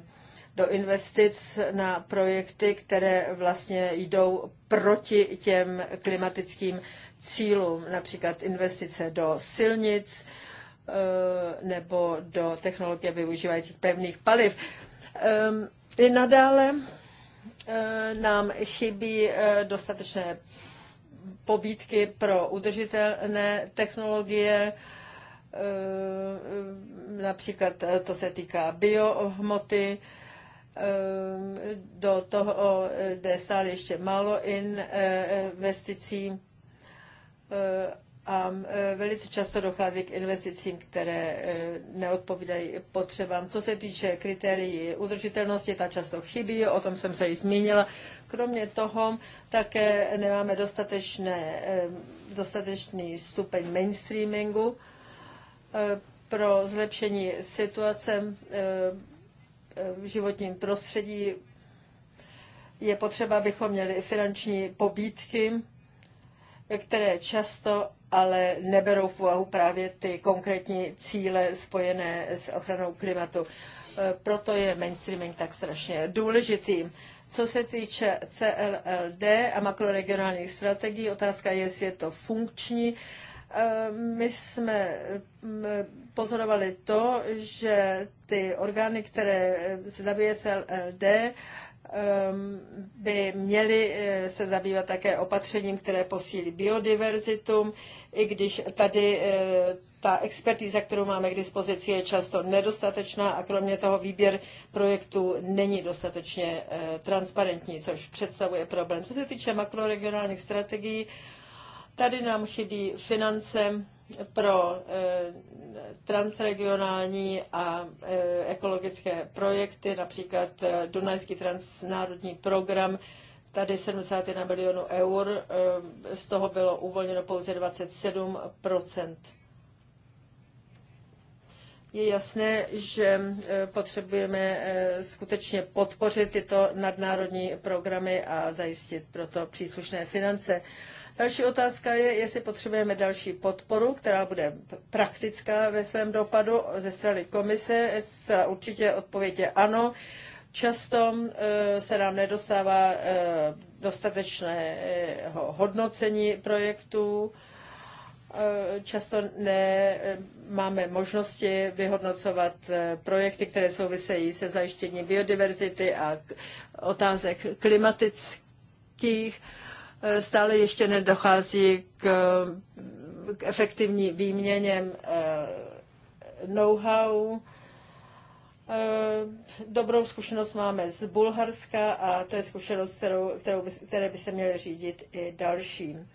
do investic na projekty, které vlastně jdou proti těm klimatickým cílům, například investice do silnic eh, nebo do technologie využívajících pevných paliv. Eh, I nadále eh, nám chybí dostatečné pobídky pro udržitelné technologie, například to se týká biohmoty, Ehm, do toho jde stále ještě málo eh, investicí eh, a eh, velice často dochází k investicím, které neodpovídají potřebám. Co se týče kritérií udržitelnosti, ta často chybí, o tom jsem se i zmínila. Kromě toho také nemáme dostatečné, dostatečný stupeň mainstreamingu pro zlepšení situace životním prostředí. Je potřeba, abychom měli finanční pobídky, které často ale neberou v úvahu právě ty konkrétní cíle spojené s ochranou klimatu. E, proto je mainstreaming tak strašně důležitý. Co se týče CLLD a makroregionálních strategií, otázka je, jestli je to funkční Ehm, my jsme mm, pozorovali to, že ty orgány, které eh, se zabije CLD, ehm, by měly eh, se zabývat také opatřením, které posílí biodiverzitu, i když tady eh, ta expertíza, kterou máme k dispozici, je často nedostatečná a kromě toho výběr projektů není dostatečně transparentní, což představuje problém. Co se týče makroregionálních strategií, Tady nám chybí finance pro eh, transregionální a eh, ekologické projekty, například eh, Dunajský transnárodní program, tady 71 milionů eur, z toho bylo uvolněno pouze 27 je jasné, že potřebujeme skutečně podpořit tyto nadnárodní programy a zajistit proto příslušné finance. Další otázka je, jestli potřebujeme další podporu, která bude praktická ve svém dopadu ze strany komise. Určitě odpověď je ano. Často e, se nám nedostává e, dostatečného hodnocení projektů e, často nemáme možnosti vyhodnocovat projekty, které souvisejí se zajištěním biodiverzity a otázek klimatických. Eh, stále ještě nedochází k, k efektivní výměně eh, know-how. Eh, dobrou zkušenost máme z Bulharska a to je zkušenost, kterou, kterou by, které by se měly řídit i dalším.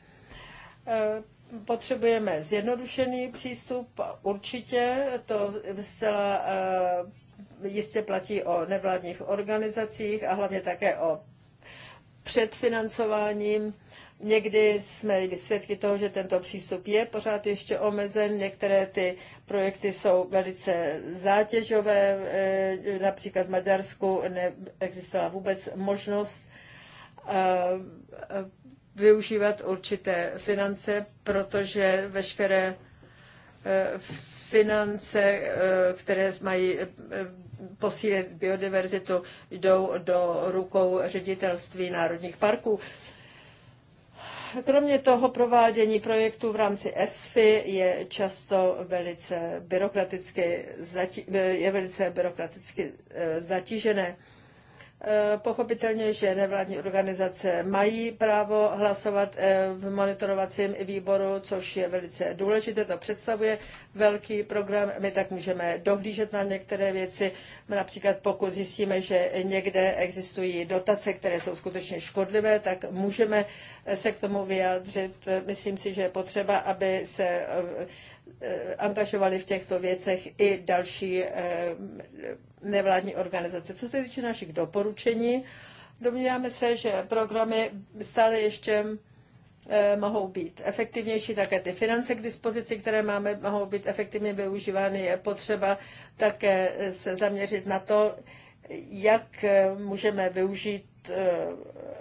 Potřebujeme zjednodušený přístup, určitě, to zcela jistě platí o nevládních organizacích a hlavně také o před financováním. Někdy jsme svědky toho, že tento přístup je pořád ještě omezen. Některé ty projekty jsou velice zátěžové. Eh, například v Maďarsku neexistovala vůbec možnost eh, využívat určité finance, protože veškeré eh, finance, eh, které mají eh, posílit biodiverzitu, jdou do rukou ředitelství národních parků. Kromě toho provádění projektů v rámci ESFI je často velice byrokraticky, eh, je velice byrokraticky zatížené. Eh, pochopitelně, že nevládní organizace mají právo hlasovat eh, v monitorovacím výboru, což je velice důležité, to představuje velký program. My tak můžeme dohlížet na některé věci, například pokud zjistíme, že někde existují dotace, které jsou skutečně škodlivé, tak můžeme se k tomu vyjádřit. Myslím si, že je potřeba, aby se eh, Eh, angažovali v těchto věcech i další eh, nevládní organizace. Co se týče našich doporučení, domníváme se, že programy stále ještě eh, mohou být efektivnější, také ty finance k dispozici, které máme, mohou být efektivně využívány. Je potřeba také se zaměřit na to, jak můžeme využít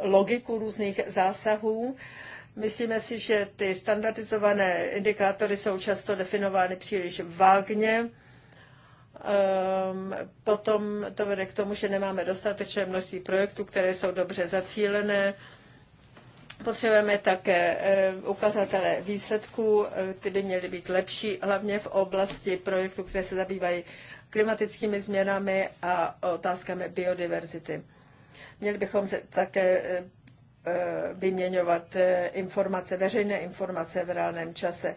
logiku různých zásahů Myslíme si, že ty standardizované indikátory jsou často definovány příliš vágně. Ehm, potom to vede k tomu, že nemáme dostatečné množství projektů, které jsou dobře zacílené. Potřebujeme také ehm, ukazatele výsledků, ehm, ty by měly být lepší, hlavně v oblasti projektů, které se zabývají klimatickými změnami a otázkami biodiverzity. Měli bychom se také Eh, vyměňovat eh, informace, veřejné informace v reálném čase.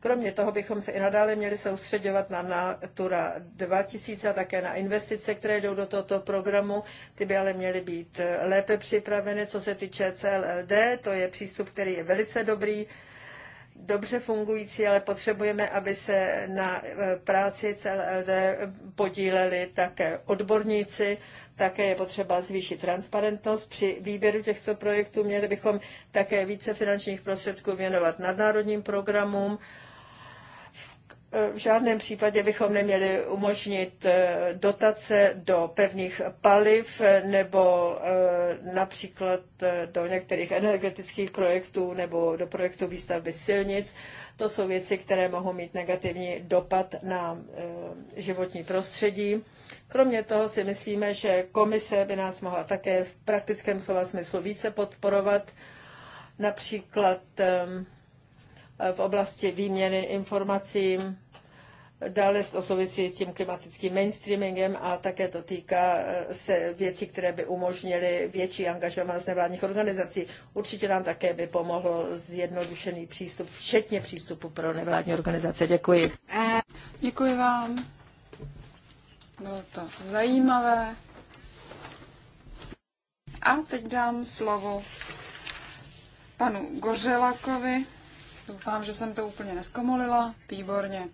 Kromě toho bychom se i nadále měli soustředovat na Natura 2000 a také na investice, které jdou do tohoto programu. Ty by ale měly být eh, lépe připraveny. Co se týče CLLD, to je přístup, který je velice dobrý dobře fungující, ale potřebujeme, aby se na e, práci CLLD podíleli také odborníci, také je potřeba zvýšit transparentnost. Při výběru těchto projektů měli bychom také více finančních prostředků věnovat nadnárodním programům v žádném případě bychom neměli umožnit eh, dotace do pevných paliv nebo eh, například eh, do některých energetických projektů nebo do projektu výstavby silnic. To jsou věci, které mohou mít negativní dopad na životní prostředí. Kromě toho si myslíme, že komise by nás mohla také v praktickém slova smyslu více podporovat, například v oblasti výměny informací Dále to souvisí s tím klimatickým mainstreamingem a také to týká eh, se věcí, které by umožnily větší angažovanost nevládních organizací. Určitě nám také by pomohlo zjednodušený přístup, včetně přístupu pro nevládní organizace. Děkuji. Děkuji vám. Bylo to zajímavé. A teď dám slovo panu Gořelakovi. Doufám, že jsem to úplně neskomolila. Výborně.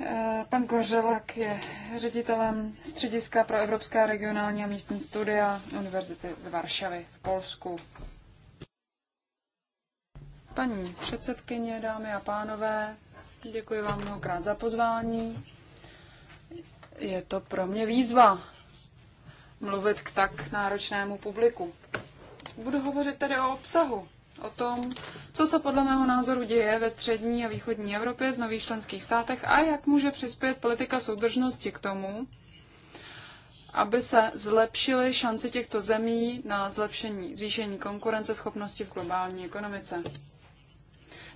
Eh, pan Kořelak je ředitelem Střediska pro evropská regionální a místní studia Univerzity z Varšavy v Polsku. Paní předsedkyně, dámy a pánové, děkuji vám mnohokrát za pozvání. Je to pro mě výzva mluvit k tak náročnému publiku. Budu hovořit tedy o obsahu o tom, co se podle mého názoru děje ve střední a východní Evropě z nových členských státech a jak může přispět politika soudržnosti k tomu, aby se zlepšily šance těchto zemí na zlepšení, zvýšení konkurenceschopnosti v globální ekonomice.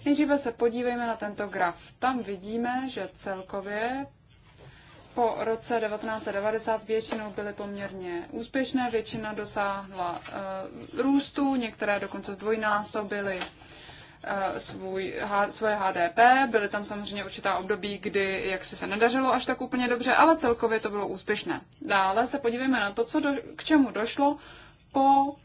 Nejdříve se podívejme na tento graf. Tam vidíme, že celkově po roce 1990 většinou byly poměrně úspěšné, většina dosáhla uh, růstu, některé dokonce zdvojnásobily eh, svůj, h, svoje HDP. Byly tam samozřejmě určitá období, kdy jak si se nedařilo až tak úplně dobře, ale celkově to bylo úspěšné. Dále se podívejme na to, co do, k čemu došlo po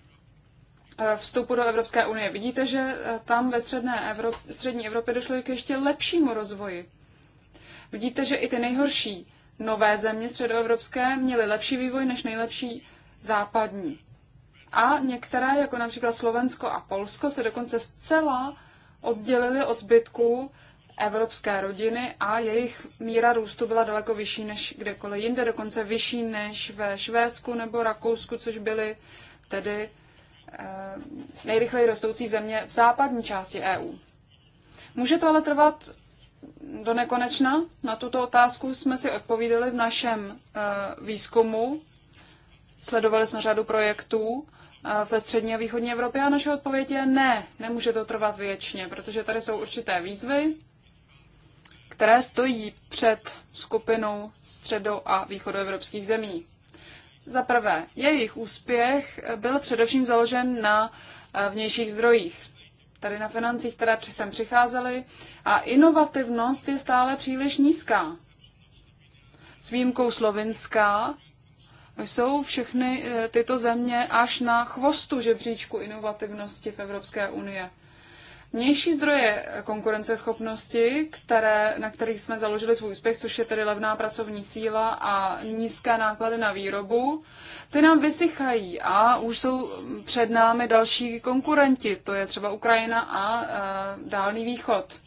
eh, vstupu do Evropské unie. Vidíte, že tam ve středné Evrop, střední Evropě došlo k ještě lepšímu rozvoji. Vidíte, že i ty nejhorší nové země středoevropské měly lepší vývoj než nejlepší západní. A některé, jako například Slovensko a Polsko, se dokonce zcela oddělily od zbytků evropské rodiny a jejich míra růstu byla daleko vyšší než kdekoliv jinde, dokonce vyšší než ve Švédsku nebo Rakousku, což byly tedy eh, nejrychleji rostoucí země v západní části EU. Může to ale trvat do nekonečna. Na tuto otázku jsme si odpovídali v našem eh, výzkumu. Sledovali jsme řadu projektů eh, ve střední a východní Evropě a naše odpověď je ne, nemůže to trvat věčně, protože tady jsou určité výzvy, které stojí před skupinou středo- a východoevropských zemí. Za prvé, jejich úspěch byl především založen na eh, vnějších zdrojích tady na financích, které sem přicházely, a inovativnost je stále příliš nízká. S výjimkou Slovinska jsou všechny eh, tyto země až na chvostu žebříčku inovativnosti v Evropské unie. Vnější zdroje konkurenceschopnosti, které, na kterých jsme založili svůj úspěch, což je tedy levná pracovní síla a nízké náklady na výrobu, ty nám vysychají a už jsou před námi další konkurenti, to je třeba Ukrajina a e, Dálný východ.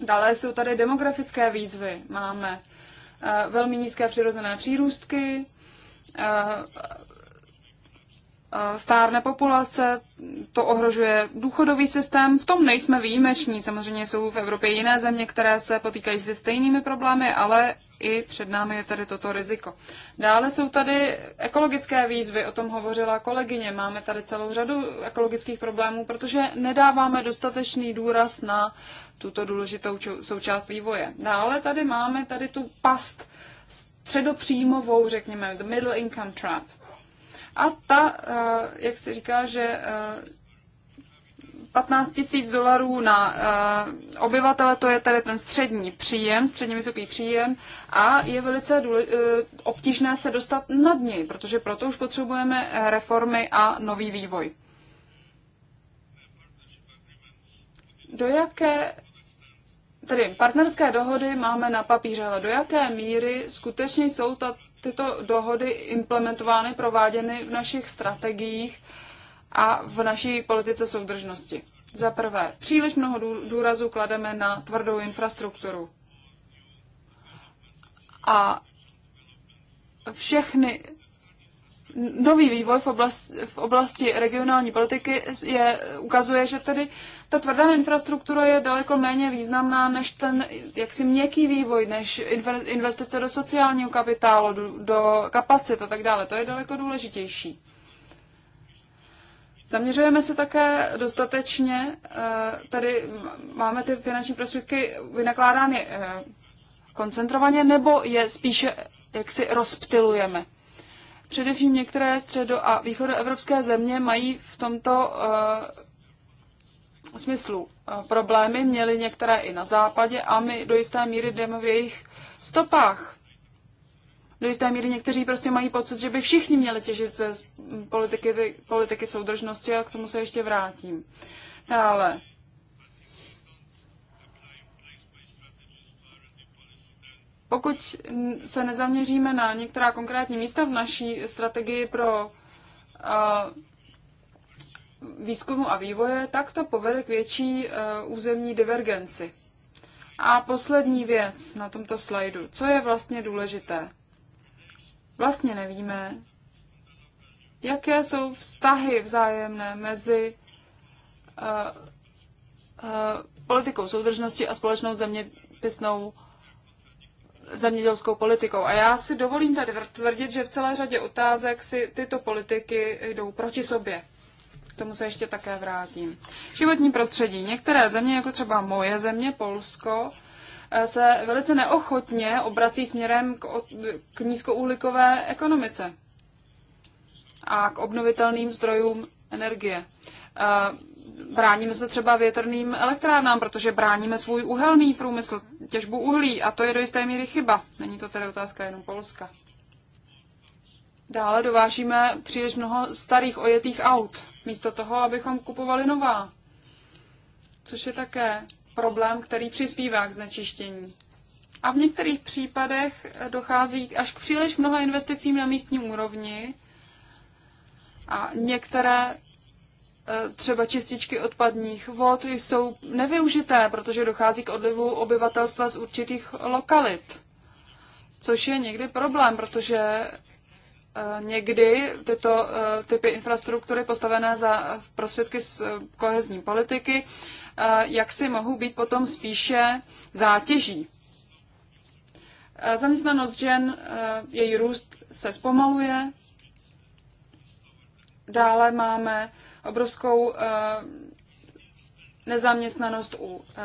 Dále jsou tady demografické výzvy. Máme e, velmi nízké přirozené přírůstky, e, Eh, stárne populace, to ohrožuje důchodový systém. V tom nejsme výjimeční. Samozřejmě jsou v Evropě jiné země, které se potýkají se stejnými problémy, ale i před námi je tady toto riziko. Dále jsou tady ekologické výzvy, o tom hovořila kolegyně. Máme tady celou řadu ekologických problémů, protože nedáváme dostatečný důraz na tuto důležitou součást vývoje. Dále tady máme tady tu past středopříjmovou, řekněme, the middle income trap – a ta, eh, jak se říká, že 15 eh, tisíc dolarů na eh, obyvatele, to je tady ten střední příjem, středně vysoký příjem a je velice obtížné se dostat nad něj, protože proto už potřebujeme reformy a nový vývoj. Do jaké, tedy partnerské dohody máme na papíře, ale do jaké míry skutečně jsou ta, tyto dohody implementovány, prováděny v našich strategiích a v naší politice soudržnosti. Za prvé, příliš mnoho důrazu klademe na tvrdou infrastrukturu. A všechny nový vývoj v oblasti, v oblasti regionální politiky je, ukazuje, že tedy ta tvrdá infrastruktura je daleko méně významná než ten jaksi měkký vývoj, než investice do sociálního kapitálu, do, do kapacit a tak dále. To je daleko důležitější. Zaměřujeme se také dostatečně, eh, tady máme ty finanční prostředky vynakládány eh, koncentrovaně, nebo je spíše, jak si rozptilujeme. Především některé středo- a východoevropské země mají v tomto uh, smyslu uh, problémy, měly některé i na západě a my do jisté míry jdeme v jejich stopách. Do jisté míry někteří prostě mají pocit, že by všichni měli těžit ze politiky, politiky soudržnosti a k tomu se ještě vrátím. Dále, Pokud se nezaměříme na některá konkrétní místa v naší strategii pro výzkumu a vývoje, tak to povede k větší e, územní divergenci. A poslední věc na tomto slajdu. Co je vlastně důležité? Vlastně nevíme, jaké jsou vztahy vzájemné mezi uh, uh, politikou soudržnosti a společnou zeměpisnou zemědělskou politikou. A já si dovolím tady tvrdit, že v celé řadě otázek si tyto politiky jdou proti sobě. K tomu se ještě také vrátím. Životní prostředí. Některé země, jako třeba moje země, Polsko, eh, se velice neochotně obrací směrem k, k nízkouhlíkové ekonomice a k obnovitelným zdrojům energie. Eh, bráníme se třeba větrným elektrárnám, protože bráníme svůj uhelný průmysl, těžbu uhlí a to je do jisté míry chyba. Není to tedy otázka jenom Polska. Dále dovážíme příliš mnoho starých ojetých aut, místo toho, abychom kupovali nová. Což je také problém, který přispívá k znečištění. A v některých případech dochází až k příliš mnoha investicím na místní úrovni a některé Eh, třeba čističky odpadních vod jsou nevyužité, protože dochází k odlivu obyvatelstva z určitých lokalit. Což je někdy problém, protože eh, někdy tyto eh, typy infrastruktury postavené za prostředky z kohezní politiky, jak si mohou být potom spíše zátěží. Zaměstnanost žen, její růst se zpomaluje. Dále máme obrovskou eh, nezaměstnanost u eh,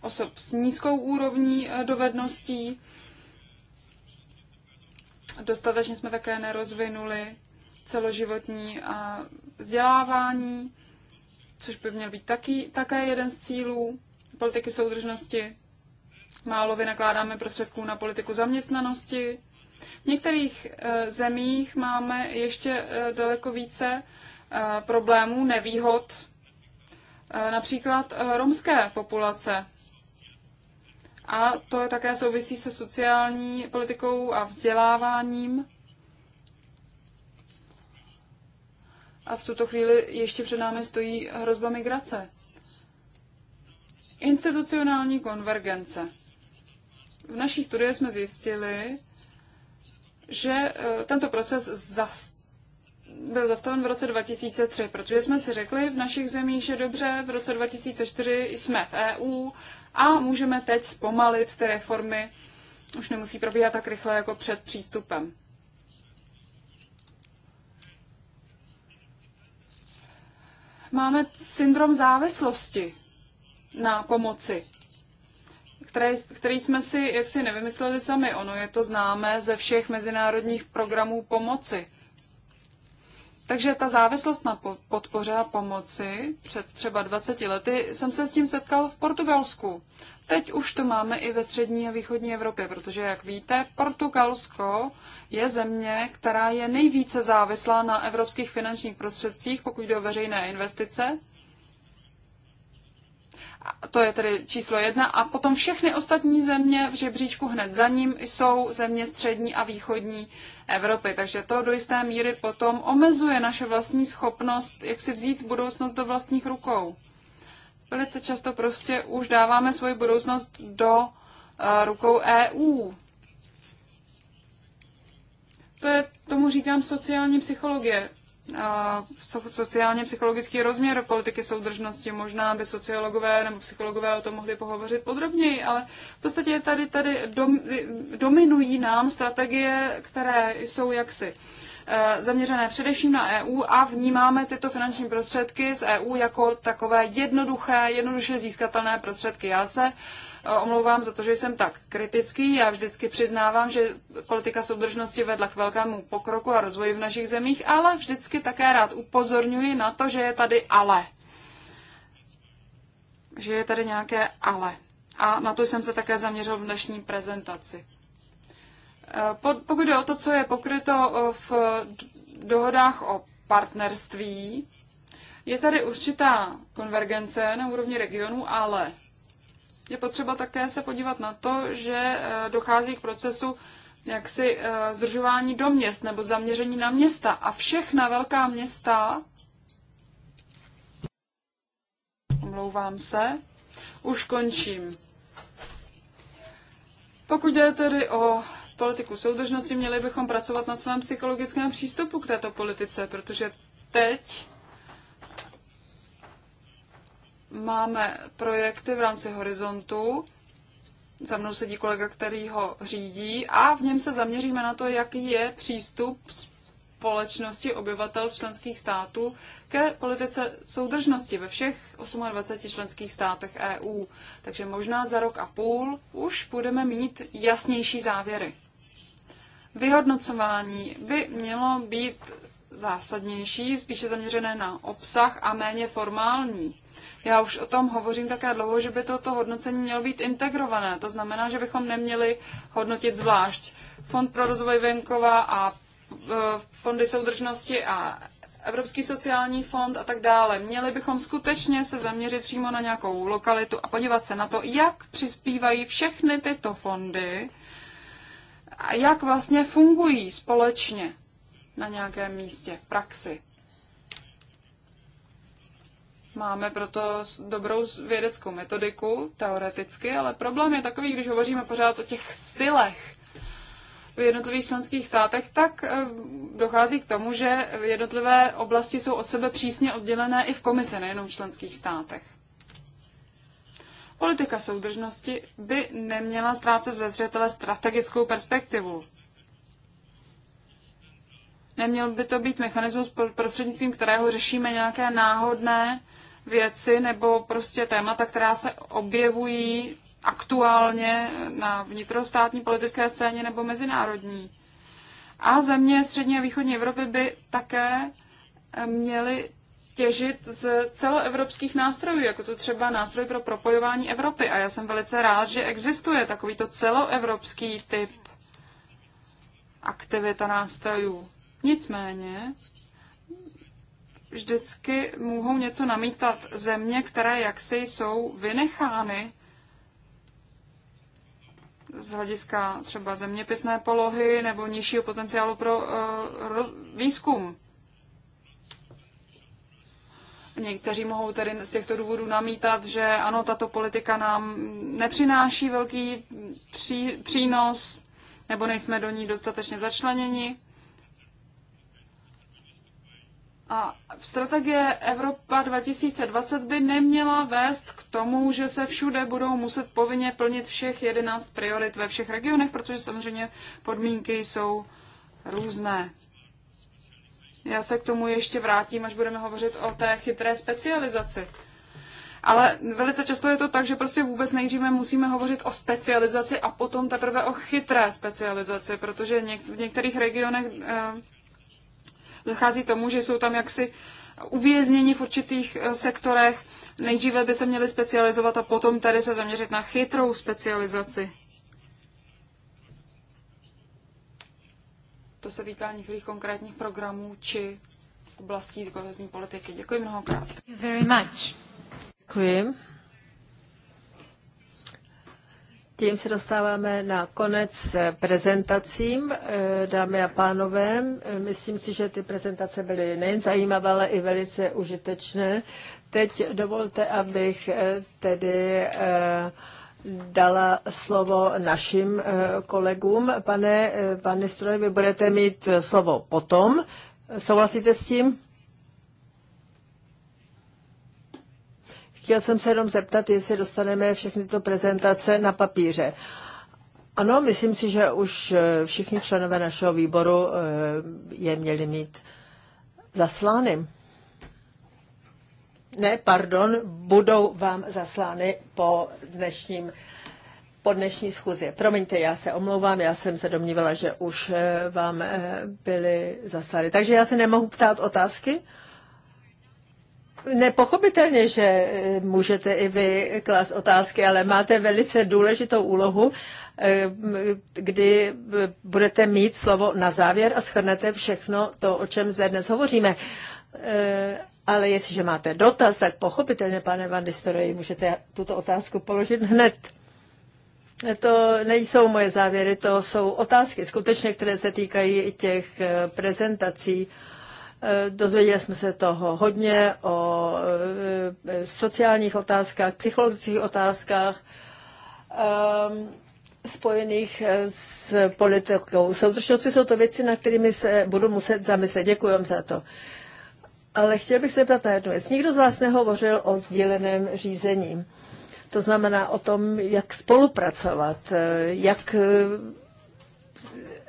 osob s nízkou úrovní eh, dovedností. Dostatečně jsme také nerozvinuli celoživotní vzdělávání, což by měl být taky, také jeden z cílů politiky soudržnosti. Málo vynakládáme prostředků na politiku zaměstnanosti. V některých zemích máme ještě daleko více Eh, problémů, nevýhod eh, například eh, romské populace. A to je také souvisí se sociální politikou a vzděláváním. A v tuto chvíli ještě před námi stojí hrozba migrace. Institucionální konvergence. V naší studii jsme zjistili, že tento proces zastává byl zastaven v roce 2003, protože jsme si řekli v našich zemích, že dobře, v roce 2004 jsme v EU a můžeme teď zpomalit ty reformy, už nemusí probíhat tak rychle jako před přístupem. Máme syndrom závislosti na pomoci, které, který jsme si si nevymysleli sami. Ono je to známé ze všech mezinárodních programů pomoci. Takže ta závislost na podpoře a pomoci před třeba 20 lety jsem se s tím setkal v Portugalsku. Teď už to máme i ve střední a východní Evropě, protože, jak víte, Portugalsko je země, která je nejvíce závislá na evropských finančních prostředcích, pokud jde o veřejné investice to je tedy číslo jedna, a potom všechny ostatní země v žebříčku hned za ním jsou země střední a východní Evropy. Takže to do jisté míry potom omezuje naše vlastní schopnost, jak si vzít budoucnost do vlastních rukou. Velice často prostě už dáváme svoji budoucnost do uh, rukou EU. To je, tomu říkám sociální psychologie sociálně psychologický rozměr politiky soudržnosti. Možná by sociologové nebo psychologové o tom mohli pohovořit podrobněji, ale v podstatě tady, tady dom, dominují nám strategie, které jsou jaksi e, zaměřené především na EU a vnímáme tyto finanční prostředky z EU jako takové jednoduché, jednoduše získatelné prostředky. Já se uh, omlouvám za to, že jsem tak kritický. Já vždycky přiznávám, že politika soudržnosti vedla k velkému pokroku a rozvoji v našich zemích, ale vždycky také rád upozorňuji na to, že je tady ale. Že je tady nějaké ale. A na to jsem se také zaměřil v dnešní prezentaci. E, pokud jde o to, co je pokryto e, v dohodách o partnerství, je tady určitá konvergence na úrovni regionu, ale je potřeba také se podívat na to, že eh, dochází k procesu jaksi eh, združování do měst nebo zaměření na města. A všechna velká města, omlouvám se, už končím. Pokud jde tedy o politiku soudržnosti, měli bychom pracovat na svém psychologickém přístupu k této politice, protože teď Máme projekty v rámci Horizontu, za mnou sedí kolega, který ho řídí a v něm se zaměříme na to, jaký je přístup společnosti obyvatel členských států ke politice soudržnosti ve všech 28 členských státech EU. Takže možná za rok a půl už budeme mít jasnější závěry. Vyhodnocování by mělo být zásadnější, spíše zaměřené na obsah a méně formální. Já už o tom hovořím také dlouho, že by toto hodnocení mělo být integrované. To znamená, že bychom neměli hodnotit zvlášť Fond pro rozvoj venkova a e, fondy soudržnosti a Evropský sociální fond a tak dále. Měli bychom skutečně se zaměřit přímo na nějakou lokalitu a podívat se na to, jak přispívají všechny tyto fondy a jak vlastně fungují společně na nějakém místě v praxi. Máme proto dobrou vědeckou metodiku, teoreticky, ale problém je takový, když hovoříme pořád o těch silech v jednotlivých členských státech, tak eh, dochází k tomu, že jednotlivé oblasti jsou od sebe přísně oddělené i v komise, nejenom v členských státech. Politika soudržnosti by neměla ztrácet ze zřetele strategickou perspektivu. Neměl by to být mechanismus, prostřednictvím kterého řešíme nějaké náhodné věci nebo prostě témata, která se objevují aktuálně na vnitrostátní politické scéně nebo mezinárodní. A země střední a východní Evropy by také eh, měly těžit z celoevropských nástrojů, jako to třeba nástroj pro propojování Evropy. A já jsem velice rád, že existuje takovýto celoevropský typ aktivita nástrojů. Nicméně vždycky mohou něco namítat země, které jaksi jsou vynechány z hlediska třeba zeměpisné polohy nebo nižšího potenciálu pro uh, roz, výzkum. Někteří mohou tedy z těchto důvodů namítat, že ano, tato politika nám nepřináší velký pří, přínos, nebo nejsme do ní dostatečně začleněni. A strategie Evropa 2020 by neměla vést k tomu, že se všude budou muset povinně plnit všech 11 priorit ve všech regionech, protože samozřejmě podmínky jsou různé. Já se k tomu ještě vrátím, až budeme hovořit o té chytré specializaci. Ale velice často je to tak, že prostě vůbec nejdříve musíme hovořit o specializaci a potom teprve o chytré specializaci, protože v některých regionech eh, dochází tomu, že jsou tam jaksi uvězněni v určitých eh, sektorech. Nejdříve by se měli specializovat a potom tady se zaměřit na chytrou specializaci. To se týká některých konkrétních programů či oblastí kohezní politiky. Děkuji mnohokrát. Děkuji. Tím se dostáváme na konec prezentacím. Eh, dámy a pánové, myslím si, že ty prezentace byly nejen zajímavé, ale i velice užitečné. Teď dovolte, abych eh, tedy eh, dala slovo našim kolegům. Pane, pane Stroj, vy budete mít slovo potom. Souhlasíte s tím? Chtěl jsem se jenom zeptat, jestli dostaneme všechny to prezentace na papíře. Ano, myslím si, že už eh, všichni členové našeho výboru eh, je měli mít zaslány. Ne, pardon, budou vám zaslány po dnešním po dnešní schůzi. Promiňte, já se omlouvám, já jsem se domnívala, že už eh, vám byly zaslány. Takže já se nemohu ptát otázky. Nepochopitelně, že eh, můžete i vy klas otázky, ale máte velice důležitou úlohu, eh, kdy eh, budete mít slovo na závěr a schrnete všechno to, o čem zde dnes hovoříme. Ale jestliže máte dotaz, tak pochopitelně, pane Van Distoroji, můžete tuto otázku položit hned. To nejsou moje závěry, to jsou otázky skutečně, které se týkají těch prezentací. Eh, dozvěděli jsme se toho hodně o eh, eh, sociálních otázkách, psychologických otázkách ehm, spojených s politikou soudržnosti. Jsou to věci, na kterými se budu muset zamyslet. Děkuji vám za to. Ale chtěl bych se zeptat na jednu věc. Nikdo z vás nehovořil o sdíleném řízení. To znamená o tom, jak spolupracovat, jak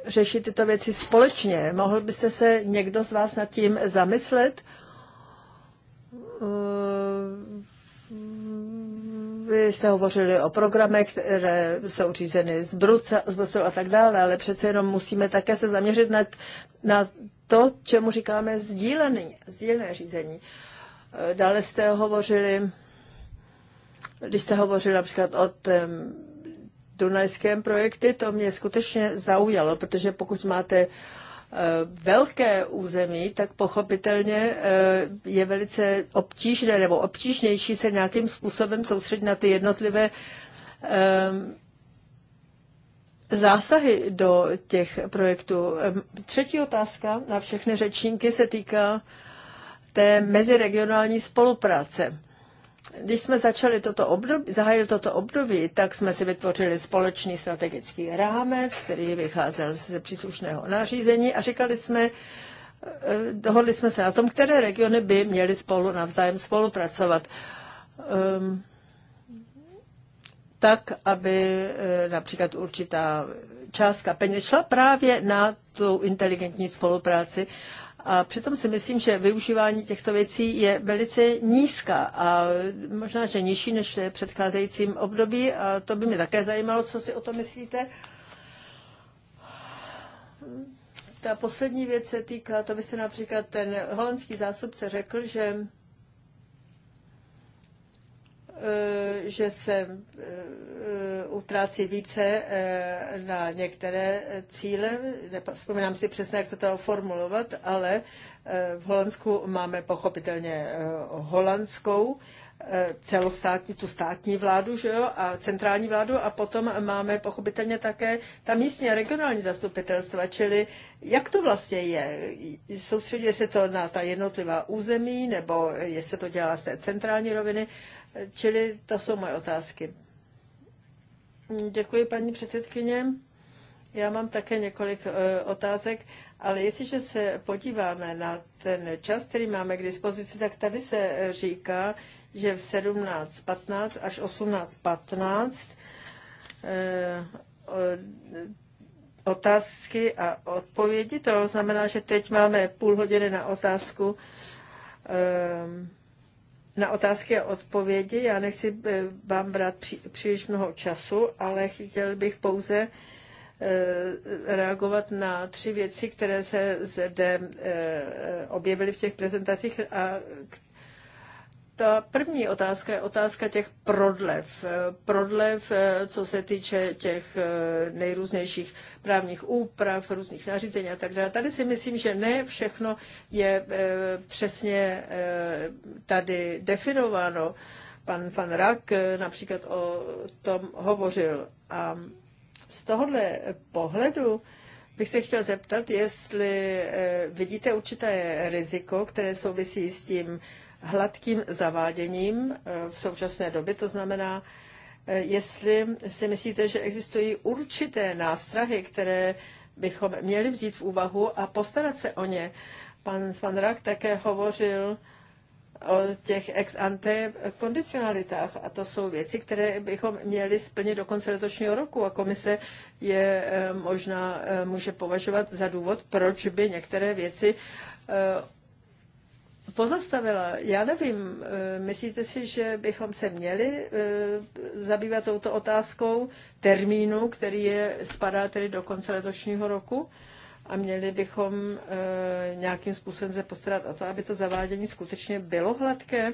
řešit tyto věci společně. Mohl byste se někdo z vás nad tím zamyslet? Eh, vy jste hovořili o programech, které jsou řízeny z Bruselu a tak dále, ale přece jenom musíme také se zaměřit na, na to, čemu říkáme sdílené, sdílené řízení. Eh, dále jste hovořili, když jste hovořili například o tém dunajském projekty, to mě skutečně zaujalo, protože pokud máte eh, velké území, tak pochopitelně eh, je velice obtížné nebo obtížnější se nějakým způsobem soustředit na ty jednotlivé eh, zásahy do těch projektů. Třetí otázka na všechny řečníky se týká té meziregionální spolupráce když jsme začali toto období, zahájili toto období, tak jsme si vytvořili společný strategický rámec, který vycházel ze příslušného nařízení a říkali jsme, eh, dohodli jsme se na tom, které regiony by měly spolu navzájem spolupracovat. Um, tak, aby eh, například určitá částka peněz šla právě na tu inteligentní spolupráci a přitom si myslím, že využívání těchto věcí je velice nízká a možná, že nižší než v předcházejícím období. A to by mě také zajímalo, co si o to myslíte. Ta poslední věc se týká, to byste například ten holandský zásobce řekl, že Eh, že se eh, eh, utrácí více na některé cíle. Vzpomínám si přesně, jak se to formulovat, ale v Holandsku máme pochopitelně holandskou celostátní, tu státní vládu že jo, a centrální vládu a potom máme pochopitelně také ta místní a regionální zastupitelstva, čili jak to vlastně je? Soustředuje se to na ta jednotlivá území nebo jestli se to dělá z té centrální roviny? Čili to jsou moje otázky. Děkuji, paní předsedkyně. Já mám také několik e, otázek, ale jestliže se podíváme na ten čas, který máme k dispozici, tak tady se říká, že v 17.15 až 18.15 e, otázky a odpovědi. To znamená, že teď máme půl hodiny na otázku. E, na otázky a odpovědi. Já nechci eh, vám brát příliš mnoho času, ale chtěl bych pouze eh, reagovat na tři věci, které se zde eh, objevily v těch prezentacích a ta první otázka je otázka těch prodlev. Prodlev, eh, co se týče těch eh, nejrůznějších právních úprav, různých nařízení a tak dále. Tady si myslím, že ne všechno je eh, přesně tady definováno. Pan Van Rak například o tom hovořil. A z tohohle pohledu bych se chtěl zeptat, jestli vidíte určité riziko, které souvisí s tím, hladkým zaváděním eh, v současné době. To znamená, eh, jestli si myslíte, že existují určité nástrahy, které bychom měli vzít v úvahu a postarat se o ně. Pan Van Rack také hovořil o těch ex ante kondicionalitách a to jsou věci, které bychom měli splnit do konce letošního roku a komise je eh, možná může považovat za důvod, proč by některé věci pozastavila. Já nevím, eh, myslíte si, že bychom se měli eh, zabývat touto otázkou termínu, který je, spadá tedy do konce letošního roku a měli bychom eh, nějakým způsobem se postarat o to, aby to zavádění skutečně bylo hladké?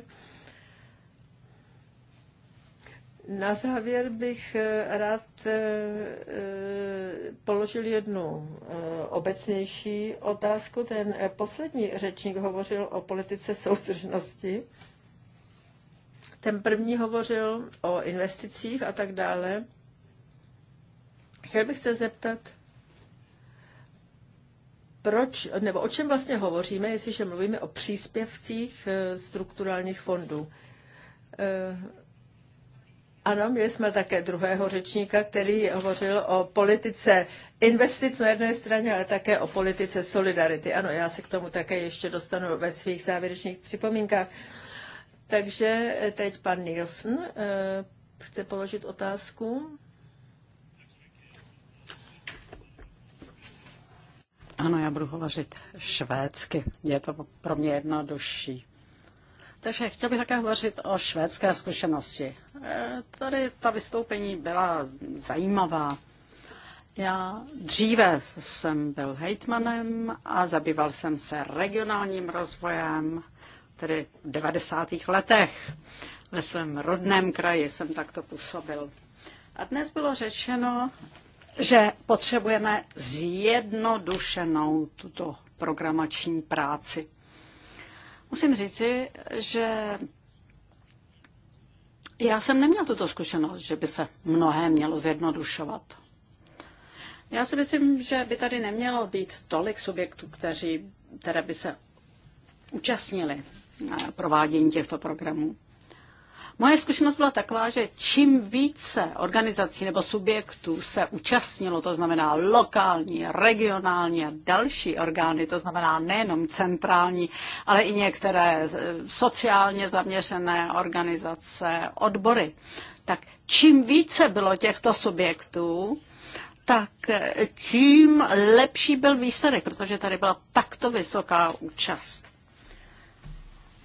Na závěr bych eh, rád eh, eh, položil jednu obecnější otázku. Ten poslední řečník hovořil o politice soudržnosti. Ten první hovořil o investicích a tak dále. Chtěl bych se zeptat, proč, nebo o čem vlastně hovoříme, jestliže mluvíme o příspěvcích strukturálních fondů ano, měli jsme také druhého řečníka, který hovořil o politice investic na jedné straně, ale také o politice solidarity. Ano, já se k tomu také ještě dostanu ve svých závěrečných připomínkách. Takže teď pan Nielsen eh, chce položit otázku. Ano, já budu hovořit švédsky. Je to pro mě jednodušší. Takže chtěl bych také hovořit o švédské zkušenosti. E, tady ta vystoupení byla zajímavá. Já dříve jsem byl hejtmanem a zabýval jsem se regionálním rozvojem, tedy v 90. letech. Ve svém rodném kraji jsem takto působil. A dnes bylo řečeno, že potřebujeme zjednodušenou tuto programační práci. Musím říci, že já jsem neměla tuto zkušenost, že by se mnohé mělo zjednodušovat. Já si myslím, že by tady nemělo být tolik subjektů, kteří, které by se účastnili eh, provádění těchto programů. Moje zkušenost byla taková, že čím více organizací nebo subjektů se účastnilo, to znamená lokální, regionální a další orgány, to znamená nejenom centrální, ale i některé sociálně zaměřené organizace, odbory, tak čím více bylo těchto subjektů, tak tím lepší byl výsledek, protože tady byla takto vysoká účast.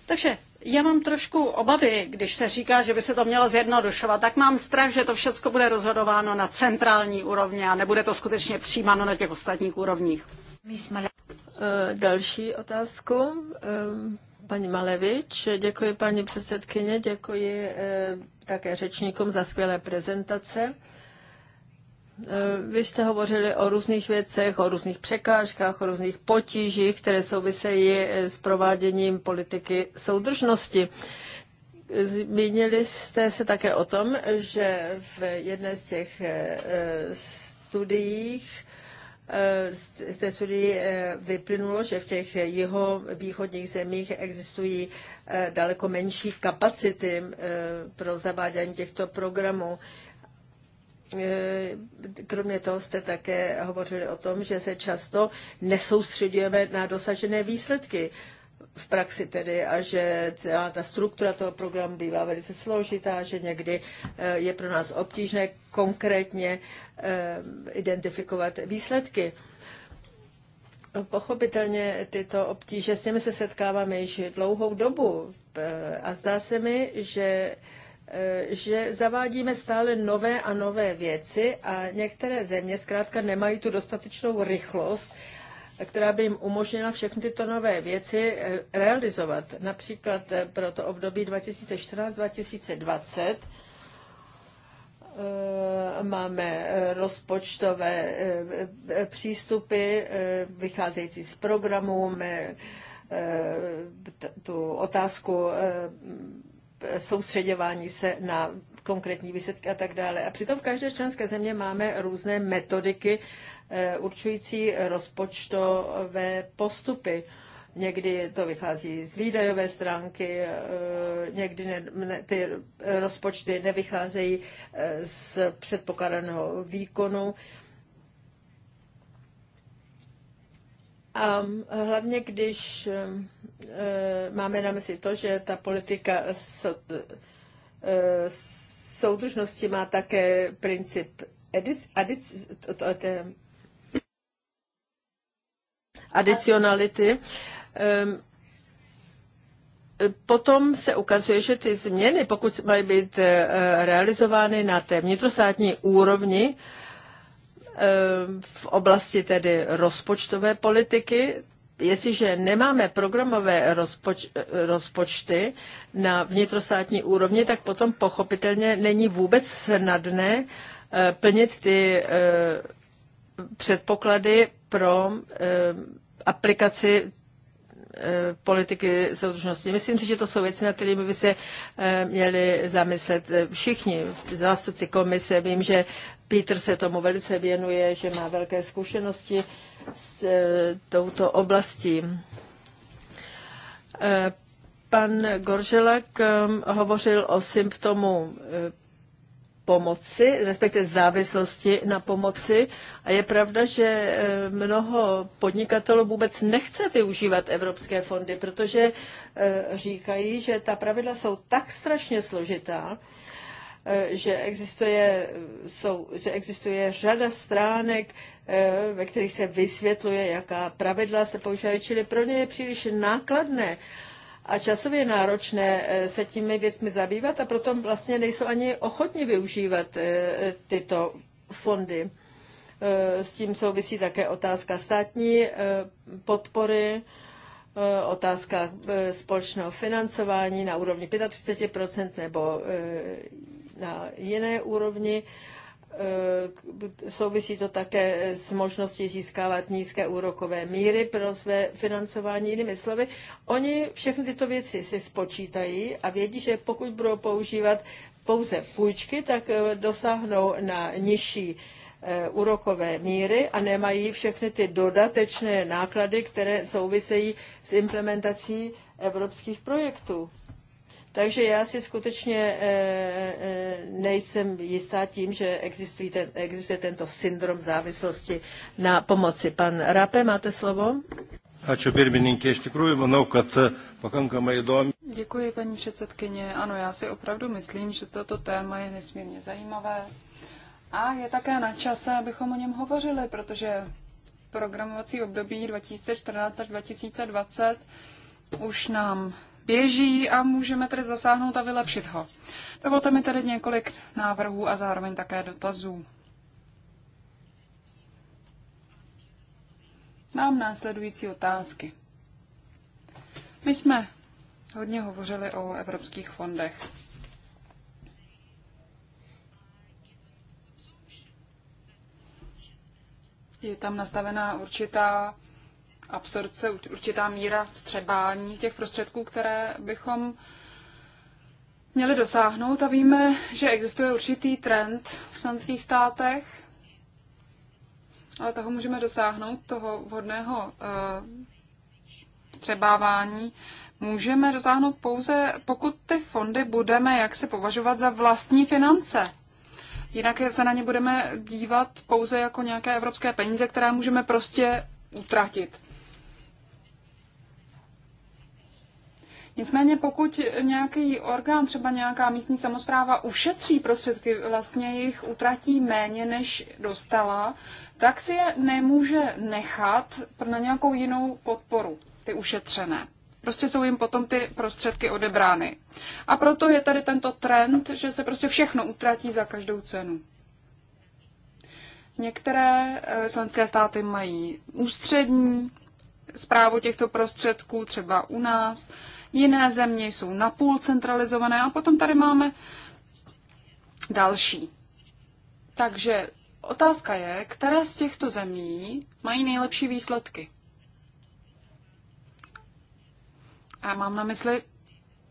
Takže já mám trošku obavy, když se říká, že by se to mělo zjednodušovat, tak mám strach, že to všechno bude rozhodováno na centrální úrovni a nebude to skutečně přijímáno na těch ostatních úrovních. Eh, další otázku. Eh, paní Malevič, děkuji paní předsedkyně, děkuji eh, také řečníkům za skvělé prezentace. Eh, vy jste hovořili o různých věcech, o různých překážkách, o různých potížích, které souvisejí eh, s prováděním politiky soudržnosti. Zmínili jste se také o tom, že v jedné z těch eh, studiích z té studii vyplynulo, že v těch jeho východních zemích existují daleko menší kapacity pro zavádění těchto programů. Eh, kromě toho jste také hovořili o tom, že se často nesoustředujeme na dosažené výsledky v praxi tedy a že celá ta struktura toho programu bývá velice složitá, že někdy eh, je pro nás obtížné konkrétně eh, identifikovat výsledky. Pochopitelně tyto obtíže, s nimi se setkáváme již dlouhou dobu a zdá se mi, že Eh, že zavádíme stále nové a nové věci a některé země zkrátka nemají tu dostatečnou rychlost, která by jim umožnila všechny tyto nové věci eh, realizovat. Například eh, pro to období 2014-2020 máme rozpočtové přístupy vycházející z programů, tu otázku soustředěvání se na konkrétní výsledky a tak dále. A přitom v každé členské země máme různé metodiky eh, určující rozpočtové postupy. Někdy to vychází z výdajové stránky, eh, někdy ne, ne, ty rozpočty nevycházejí eh, z předpokladaného výkonu. A hlavně, když Eh, máme na mysli to, že ta politika eh, soudržnosti má také princip adicionality. Ehm, potom se ukazuje, že ty změny, pokud mají být eh, realizovány na té vnitrostátní úrovni, ehm, v oblasti tedy rozpočtové politiky, jestliže nemáme programové rozpoč, rozpočty na vnitrostátní úrovni, tak potom pochopitelně není vůbec snadné eh, plnit ty eh, předpoklady pro eh, aplikaci politiky soudržnosti. Myslím si, že to jsou věci, na kterými by se měli zamyslet všichni zástupci komise. Vím, že Peter se tomu velice věnuje, že má velké zkušenosti s e, touto oblastí. E, pan Gorželak e, hovořil o symptomu pomoci, respektive závislosti na pomoci. A je pravda, že mnoho podnikatelů vůbec nechce využívat evropské fondy, protože říkají, že ta pravidla jsou tak strašně složitá, Eh, že existuje, eh, jsou, že existuje řada stránek, eh, ve kterých se vysvětluje, jaká pravidla se používají, čili pro ně je příliš nákladné a časově náročné se těmi věcmi zabývat a proto vlastně nejsou ani ochotni využívat tyto fondy. S tím souvisí také otázka státní podpory, otázka společného financování na úrovni 35 nebo na jiné úrovni. E, souvisí to také s možností získávat nízké úrokové míry pro své financování. Jinými slovy, oni všechny tyto věci si spočítají a vědí, že pokud budou používat pouze půjčky, tak e, dosáhnou na nižší e, úrokové míry a nemají všechny ty dodatečné náklady, které souvisejí s implementací evropských projektů. Takže já si skutečně eh, eh, nejsem jistá tím, že existuje, ten, existuje tento syndrom závislosti na pomoci. Pan Rape, máte slovo? Ačiū pirmininkė, iš tikrųjų manau, kad eh, pakankamai įdomi. Děkuji, paní předsedkyně. Ano, já si opravdu myslím, že toto téma je nesmírně zajímavé. A je také na čase, abychom o něm hovořili, protože programovací období 2014 až 2020 už nám běží a můžeme tedy zasáhnout a vylepšit ho. Dovolte mi tedy několik návrhů a zároveň také dotazů. Mám následující otázky. My jsme hodně hovořili o evropských fondech. Je tam nastavená určitá Absorce určitá míra vstřebání těch prostředků, které bychom měli dosáhnout. A víme, že existuje určitý trend v členských státech, ale toho můžeme dosáhnout, toho vhodného eh, vstřebávání, můžeme dosáhnout pouze, pokud ty fondy budeme jak se považovat za vlastní finance. Jinak se na ně budeme dívat pouze jako nějaké evropské peníze, které můžeme prostě utratit. Nicméně pokud nějaký orgán, třeba nějaká místní samozpráva ušetří prostředky, vlastně jich utratí méně, než dostala, tak si je nemůže nechat na nějakou jinou podporu, ty ušetřené. Prostě jsou jim potom ty prostředky odebrány. A proto je tady tento trend, že se prostě všechno utratí za každou cenu. Některé eh, členské státy mají ústřední zprávu těchto prostředků, třeba u nás. Jiné země jsou napůl centralizované a potom tady máme další. Takže otázka je, které z těchto zemí mají nejlepší výsledky. A mám na mysli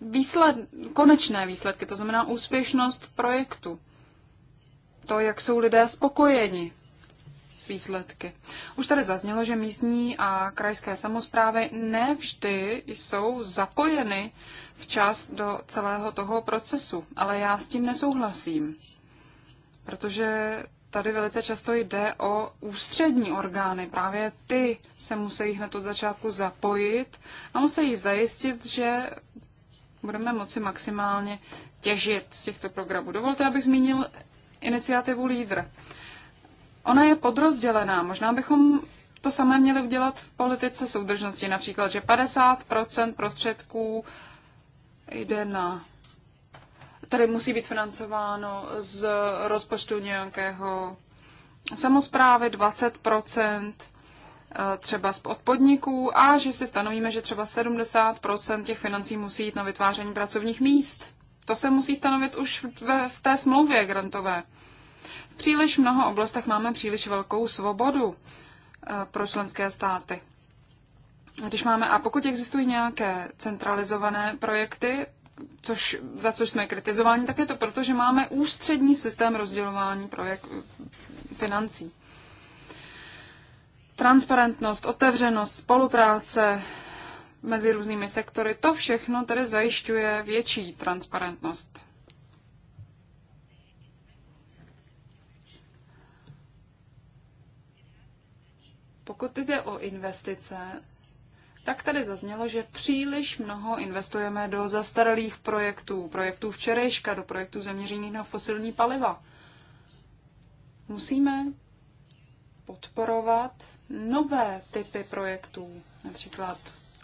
výsled, konečné výsledky, to znamená úspěšnost projektu. To, jak jsou lidé spokojeni výsledky. Už tady zaznělo, že místní a krajské samozprávy nevždy jsou zapojeny včas do celého toho procesu, ale já s tím nesouhlasím, protože tady velice často jde o ústřední orgány. Právě ty se musí hned od začátku zapojit a musí zajistit, že budeme moci maximálně těžit z těchto programů. Dovolte, abych zmínil iniciativu LEADER. Ona je podrozdělená. Možná bychom to samé měli udělat v politice soudržnosti, například, že 50% prostředků jde na tady musí být financováno z rozpočtu nějakého samozprávy 20% eh, třeba z podniků a že si stanovíme, že třeba 70% těch financí musí jít na vytváření pracovních míst. To se musí stanovit už v té smlouvě grantové příliš mnoho oblastech máme příliš velkou svobodu eh, pro členské státy. Když máme, a pokud existují nějaké centralizované projekty, což, za což jsme kritizováni, tak je to proto, že máme ústřední systém rozdělování projekt, financí. Transparentnost, otevřenost, spolupráce mezi různými sektory, to všechno tedy zajišťuje větší transparentnost Pokud jde o investice, tak tady zaznělo, že příliš mnoho investujeme do zastaralých projektů, projektů včerejška, do projektů zaměřených na fosilní paliva. Musíme podporovat nové typy projektů, například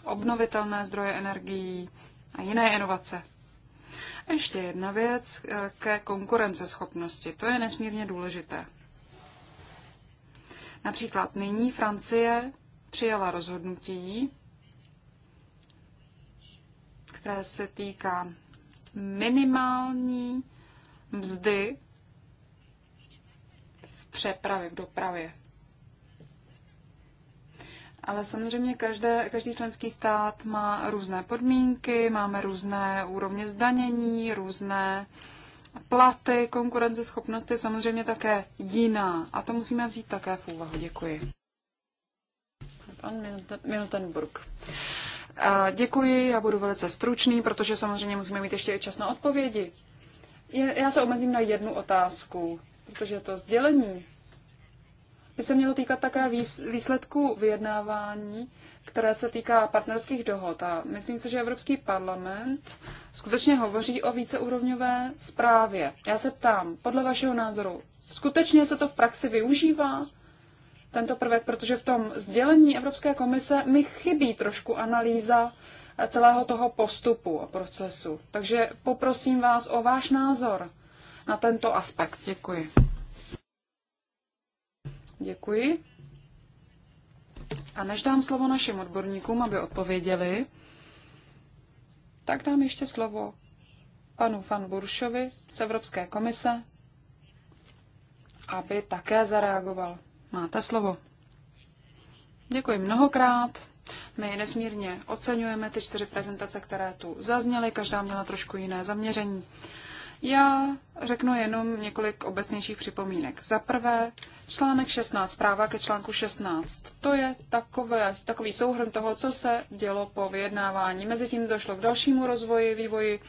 obnovitelné zdroje energií a jiné inovace. A ještě jedna věc eh, ke konkurenceschopnosti. To je nesmírně důležité. Například nyní Francie přijala rozhodnutí, které se týká minimální mzdy v přepravě, v dopravě. Ale samozřejmě každé, každý členský stát má různé podmínky, máme různé úrovně zdanění, různé uh, platy, konkurenceschopnost je samozřejmě také jiná a to musíme vzít také v úvahu. Děkuji. Pan Miltenburg. Děkuji, já budu velice stručný, protože samozřejmě musíme mít ještě i čas na odpovědi. Já se omezím na jednu otázku, protože to sdělení by se mělo týkat také výsledku vyjednávání které se týká partnerských dohod. A myslím si, že Evropský parlament skutečně hovoří o víceúrovňové zprávě. Já se ptám, podle vašeho názoru, skutečně se to v praxi využívá? Tento prvek, protože v tom sdělení Evropské komise mi chybí trošku analýza celého toho postupu a procesu. Takže poprosím vás o váš názor na tento aspekt. Děkuji. Děkuji. A než dám slovo našim odborníkům, aby odpověděli, tak dám ještě slovo panu Van Buršovi z Evropské komise, aby také zareagoval. Máte slovo. Děkuji mnohokrát. My nesmírně oceňujeme ty čtyři prezentace, které tu zazněly, každá měla trošku jiné zaměření. Já řeknu jenom několik obecnějších připomínek. Za prvé, článek 16, zpráva ke článku 16. To je takové, takový souhrn toho, co se dělo po vyjednávání. Mezitím došlo k dalšímu rozvoji, vývoji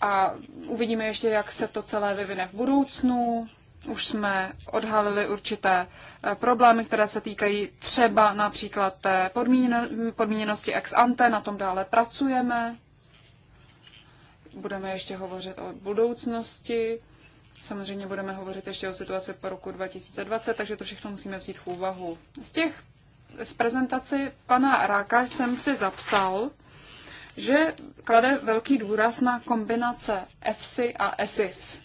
a uvidíme ještě, jak se to celé vyvine v budoucnu. Už jsme odhalili určité eh, problémy, které se týkají třeba například té podmíněnosti ex ante, na tom dále pracujeme budeme ještě hovořit o budoucnosti, samozřejmě budeme hovořit ještě o situaci po roku 2020, takže to všechno musíme vzít v úvahu. Z těch z prezentaci pana Ráka jsem si zapsal, že klade velký důraz na kombinace EFSI a ESIF.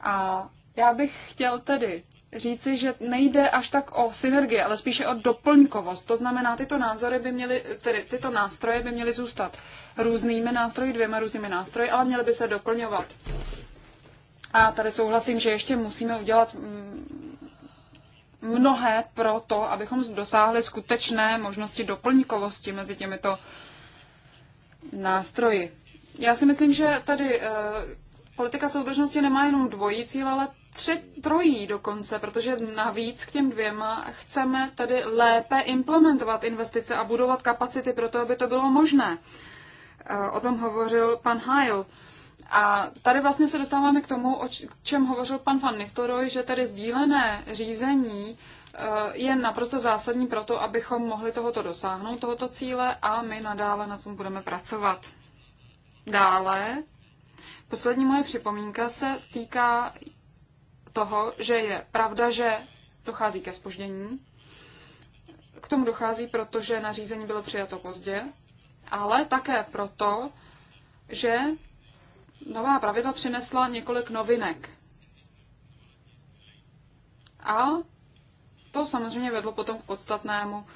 A já bych chtěl tedy říci, že nejde až tak o synergie, ale spíše o doplňkovost. To znamená, tyto názory by měly, tedy tyto nástroje by měly zůstat různými nástroji, dvěma různými nástroji, ale měly by se doplňovat. A tady souhlasím, že ještě musíme udělat mm, mnohé pro to, abychom dosáhli skutečné možnosti doplňkovosti mezi těmito nástroji. Já si myslím, že tady eh, politika soudržnosti nemá jenom dvojí cíl, ale tři, trojí dokonce, protože navíc k těm dvěma chceme tady lépe implementovat investice a budovat kapacity pro to, aby to bylo možné. E, o tom hovořil pan Heil. A tady vlastně se dostáváme k tomu, o čem hovořil pan Van Nistelrooy, že tady sdílené řízení e, je naprosto zásadní pro to, abychom mohli tohoto dosáhnout, tohoto cíle a my nadále na tom budeme pracovat. Dále Poslední moje připomínka se týká toho, že je pravda, že dochází ke spoždění. K tomu dochází, protože nařízení bylo přijato pozdě, ale také proto, že nová pravidla přinesla několik novinek. A to samozřejmě vedlo potom k podstatnému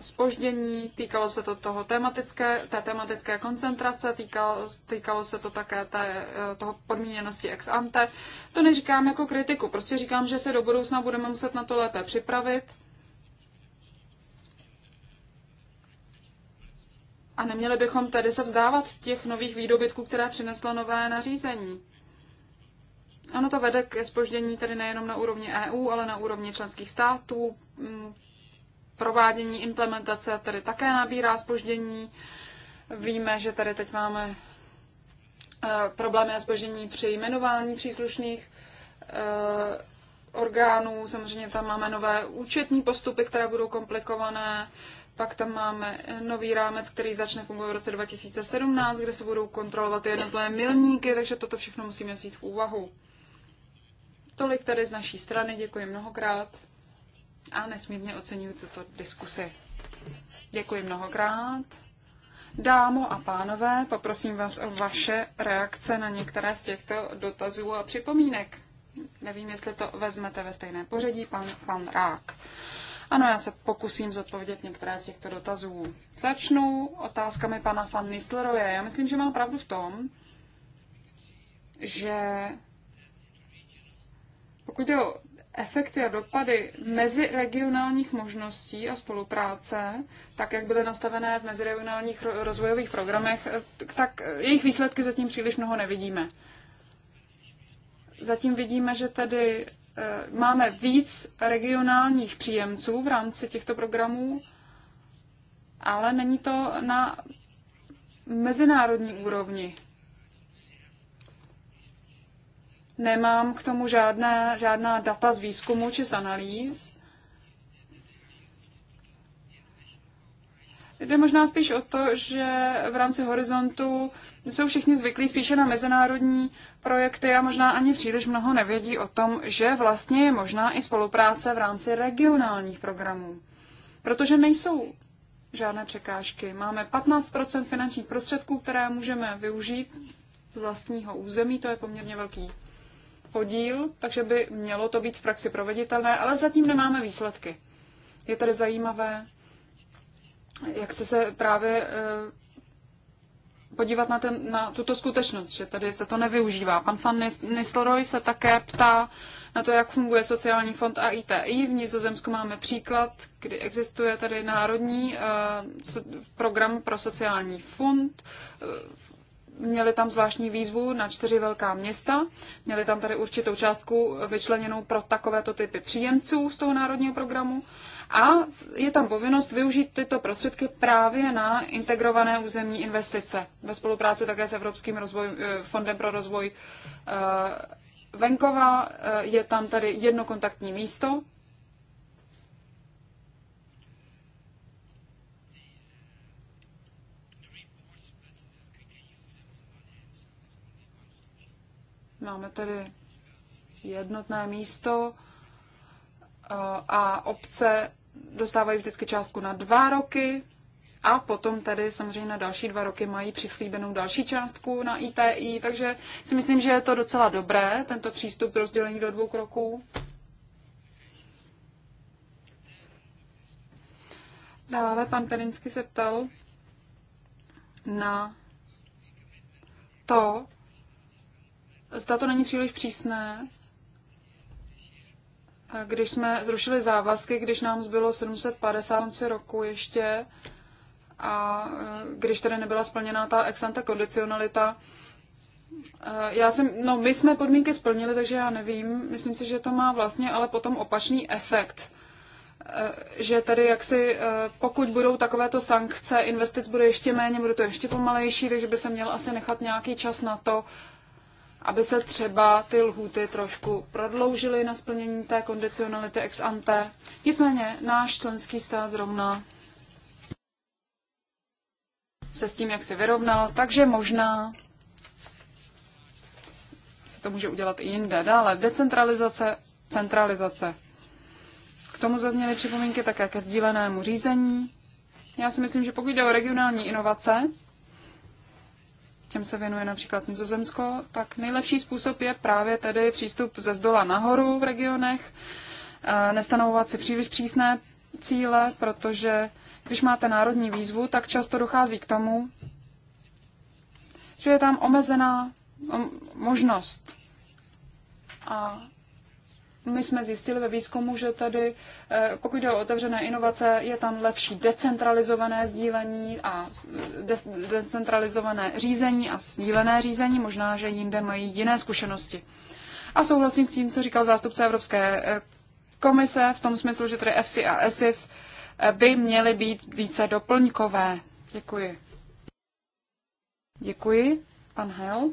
spoždění, týkalo se to toho tematické, té tematické koncentrace, týkalo, týkalo se to také té, e, toho podmíněnosti ex ante. To neříkám jako kritiku, prostě říkám, že se do budoucna budeme muset na to lépe připravit. A neměli bychom tedy se vzdávat těch nových výdobytků, které přineslo nové nařízení. Ano, to vede ke spoždění tedy nejenom na úrovni EU, ale na úrovni členských států, provádění implementace tedy také nabírá spoždění. Víme, že tady teď máme eh, problémy a spoždění při jmenování příslušných eh, orgánů. Samozřejmě tam máme nové účetní postupy, které budou komplikované. Pak tam máme nový rámec, který začne fungovat v roce 2017, kde se budou kontrolovat jednotlivé milníky, takže toto všechno musíme vzít v úvahu. Tolik tady z naší strany, děkuji mnohokrát a nesmírně oceňuji tuto diskusi. Děkuji mnohokrát. Dámo a pánové, poprosím vás o vaše reakce na některé z těchto dotazů a připomínek. Nevím, jestli to vezmete ve stejné pořadí, pan, pan Rák. Ano, já se pokusím zodpovědět některé z těchto dotazů. Začnu otázkami pana van Nistleroje. Já myslím, že má pravdu v tom, že pokud jde o efekty a dopady meziregionálních možností a spolupráce, tak jak byly nastavené v meziregionálních rozvojových programech, tak jejich výsledky zatím příliš mnoho nevidíme. Zatím vidíme, že tady eh, máme víc regionálních příjemců v rámci těchto programů, ale není to na mezinárodní úrovni. Nemám k tomu žádná, žádná data z výzkumu či z analýz. Jde možná spíš o to, že v rámci horizontu jsou všichni zvyklí spíše na mezinárodní projekty a možná ani příliš mnoho nevědí o tom, že vlastně je možná i spolupráce v rámci regionálních programů. Protože nejsou žádné překážky. Máme 15 finančních prostředků, které můžeme využít vlastního území, to je poměrně velký podíl, takže by mělo to být v praxi proveditelné, ale zatím nemáme výsledky. Je tady zajímavé, jak se se právě eh, podívat na, ten, na tuto skutečnost, že tady se to nevyužívá. Pan Van Nistelrooy se také ptá na to, jak funguje sociální fond a ITI. V Nizozemsku máme příklad, kdy existuje tady národní eh, program pro sociální fond, v eh, měli tam zvláštní výzvu na čtyři velká města, měli tam tady určitou částku vyčleněnou pro takovéto typy příjemců z toho národního programu a je tam povinnost využít tyto prostředky právě na integrované územní investice ve spolupráci také s Evropským rozvoj, eh, fondem pro rozvoj eh, venkova. Eh, je tam tady jedno kontaktní místo Máme tady jednotné místo eh, a obce dostávají vždycky částku na dva roky a potom tady samozřejmě na další dva roky mají přislíbenou další částku na ITI, takže si myslím, že je to docela dobré, tento přístup rozdělení do dvou kroků. Dále pan Perinsky se ptal na to, Zda to není příliš přísné, když jsme zrušili závazky, když nám zbylo 750 konci roku ještě a e, když tedy nebyla splněná ta exanta kondicionalita, e, já jsem, no my jsme podmínky splnili, takže já nevím, myslím si, že to má vlastně ale potom opačný efekt, e, že tady jaksi, pokud budou takovéto sankce, investic bude ještě méně, bude to ještě pomalejší, takže by se měl asi nechat nějaký čas na to, aby se třeba ty lhůty trošku prodloužily na splnění té kondicionality ex ante. Nicméně náš členský stát zrovna se s tím, jak se vyrovnal, takže možná se to může udělat i jinde. Dále decentralizace, centralizace. K tomu zazněly připomínky také ke sdílenému řízení. Já si myslím, že pokud jde o regionální inovace, těm se věnuje například Nizozemsko, tak nejlepší způsob je právě tedy přístup ze zdola nahoru v regionech, eh, nestanovovat si příliš přísné cíle, protože když máte národní výzvu, tak často dochází k tomu, že je tam omezená možnost. A my jsme zjistili ve výzkumu, že tady, eh, pokud jde o otevřené inovace, je tam lepší decentralizované sdílení a de- decentralizované řízení a sdílené řízení. Možná, že jinde mají jiné zkušenosti. A souhlasím s tím, co říkal zástupce Evropské eh, komise, v tom smyslu, že tady FC a ESIF eh, by měly být více doplňkové. Děkuji. Děkuji. Pan Hel.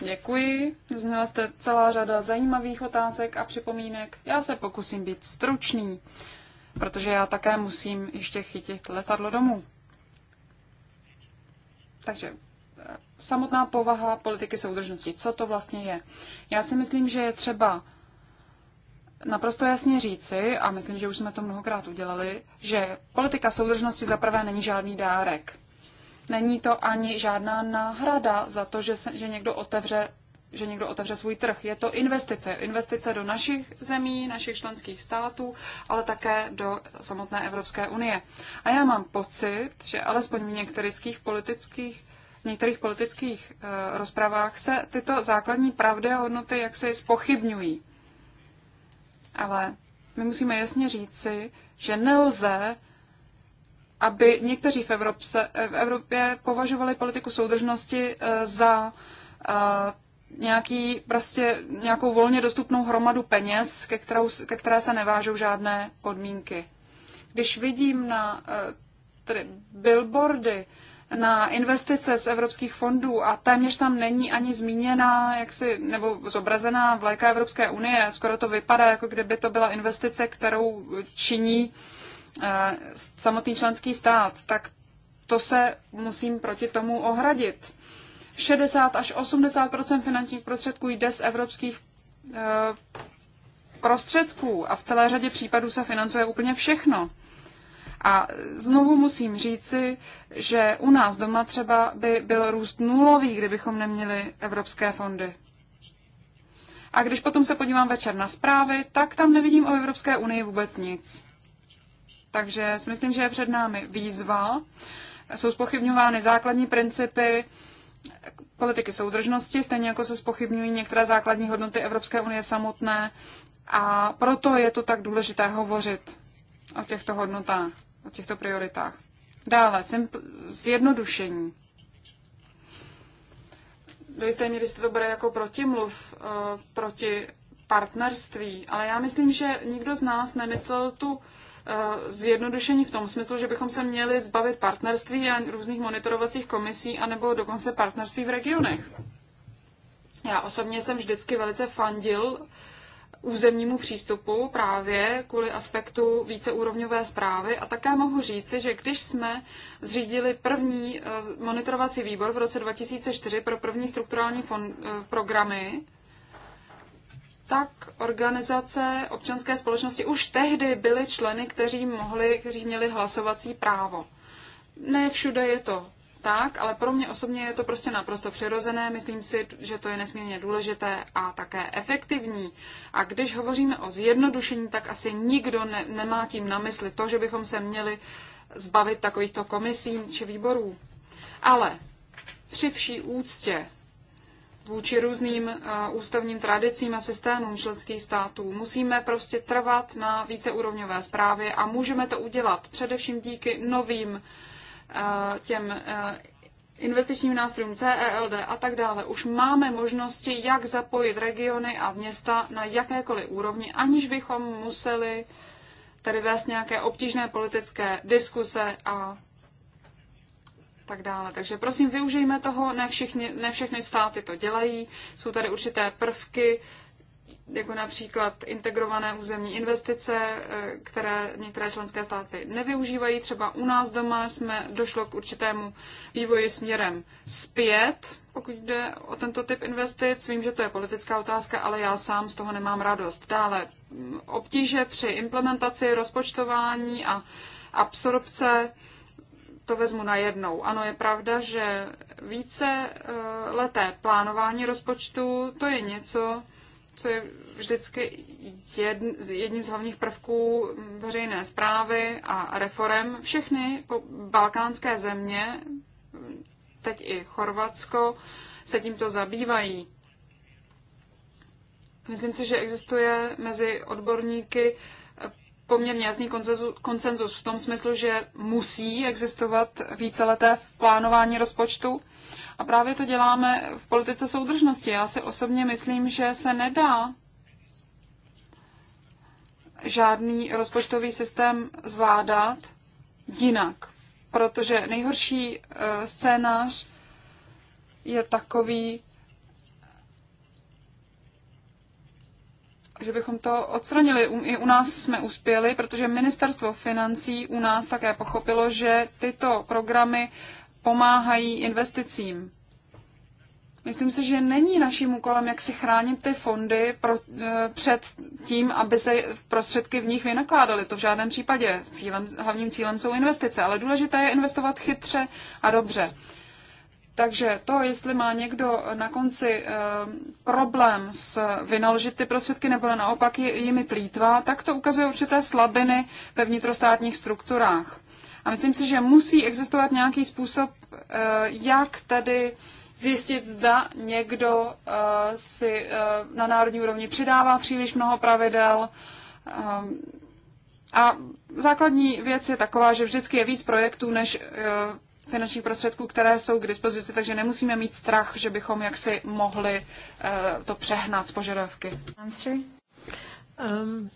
Děkuji. Zněla jste celá řada zajímavých otázek a připomínek. Já se pokusím být stručný, protože já také musím ještě chytit letadlo domů. Takže eh, samotná povaha politiky soudržnosti. Co to vlastně je? Já si myslím, že je třeba naprosto jasně říci, a myslím, že už jsme to mnohokrát udělali, že politika soudržnosti zaprvé není žádný dárek. Není to ani žádná náhrada za to, že, se, že někdo otevře že někdo otevře svůj trh. Je to investice. Investice do našich zemí, našich členských států, ale také do samotné Evropské unie. A já mám pocit, že alespoň v některých politických v některých politických e, rozpravách se tyto základní pravdy a hodnoty jak se spochybňují. Ale my musíme jasně říci, že nelze aby někteří v Evropě, v Evropě považovali politiku soudržnosti eh, za eh, nějaký, prostě nějakou volně dostupnou hromadu peněz, ke, kterou, ke které se nevážou žádné podmínky. Když vidím na eh, tedy billboardy na investice z evropských fondů a téměř tam není ani zmíněná, jaksi, nebo zobrazená vlajka Evropské unie, skoro to vypadá, jako kdyby to byla investice, kterou činí Eh, samotný členský stát, tak to se musím proti tomu ohradit. 60 až 80 finančních prostředků jde z evropských eh, prostředků a v celé řadě případů se financuje úplně všechno. A znovu musím říci, že u nás doma třeba by byl růst nulový, kdybychom neměli evropské fondy. A když potom se podívám večer na zprávy, tak tam nevidím o Evropské unii vůbec nic. Takže si myslím, že je před námi výzva. Jsou spochybňovány základní principy politiky soudržnosti, stejně jako se spochybňují některé základní hodnoty Evropské unie samotné. A proto je to tak důležité hovořit o těchto hodnotách, o těchto prioritách. Dále, zjednodušení. Do jisté míry se to bude jako protimluv uh, proti partnerství, ale já myslím, že nikdo z nás nemyslel tu Eh, zjednodušení v tom smyslu, že bychom se měli zbavit partnerství a různých monitorovacích komisí, anebo dokonce partnerství v regionech. Já osobně jsem vždycky velice fandil územnímu přístupu právě kvůli aspektu víceúrovňové zprávy a také mohu říci, že když jsme zřídili první eh, monitorovací výbor v roce 2004 pro první strukturální fond, eh, programy, tak organizace občanské společnosti už tehdy byly členy, kteří, mohli, kteří měli hlasovací právo. Ne všude je to tak, ale pro mě osobně je to prostě naprosto přirozené. Myslím si, že to je nesmírně důležité a také efektivní. A když hovoříme o zjednodušení, tak asi nikdo ne, nemá tím na mysli to, že bychom se měli zbavit takovýchto komisí či výborů. Ale při vší úctě vůči různým eh, ústavním tradicím a systémům členských států. Musíme prostě trvat na víceúrovňové zprávě a můžeme to udělat především díky novým eh, těm eh, investičním nástrojům CELD a tak dále. Už máme možnosti, jak zapojit regiony a města na jakékoliv úrovni, aniž bychom museli tedy vést nějaké obtížné politické diskuse a tak dále. Takže prosím, využijme toho, ne, všichni, ne všechny státy to dělají, jsou tady určité prvky, jako například integrované územní investice, eh, které některé členské státy nevyužívají. Třeba u nás doma jsme došlo k určitému vývoji směrem zpět, pokud jde o tento typ investic. Vím, že to je politická otázka, ale já sám z toho nemám radost. Dále mm, obtíže při implementaci, rozpočtování a absorpce to vezmu na jednou. Ano, je pravda, že více eh, leté plánování rozpočtu, to je něco, co je vždycky jedn, jedním z hlavních prvků veřejné zprávy a reform. Všechny balkánské země, teď i Chorvatsko, se tímto zabývají. Myslím si, že existuje mezi odborníky uh, poměrně jasný koncenzus v tom smyslu, že musí existovat víceleté plánování rozpočtu. A právě to děláme v politice soudržnosti. Já si osobně myslím, že se nedá žádný rozpočtový systém zvládat jinak. Protože nejhorší eh, scénář je takový, že bychom to odstranili. I u nás jsme uspěli, protože ministerstvo financí u nás také pochopilo, že tyto programy pomáhají investicím. Myslím si, že není naším úkolem, jak si chránit ty fondy pro, e, před tím, aby se prostředky v nich vynakládaly. To v žádném případě. Cílem, hlavním cílem jsou investice, ale důležité je investovat chytře a dobře. Takže to, jestli má někdo na konci eh, problém s vynaložit ty prostředky nebo naopak jimi plítvá, tak to ukazuje určité slabiny ve vnitrostátních strukturách. A myslím si, že musí existovat nějaký způsob, eh, jak tedy zjistit, zda někdo eh, si na národní úrovni přidává příliš mnoho pravidel. A základní věc je taková, že vždycky je víc projektů, než finančních prostředků, které jsou k dispozici, takže nemusíme mít strach, že bychom jaksi mohli eh, to přehnat z požadavky. Um,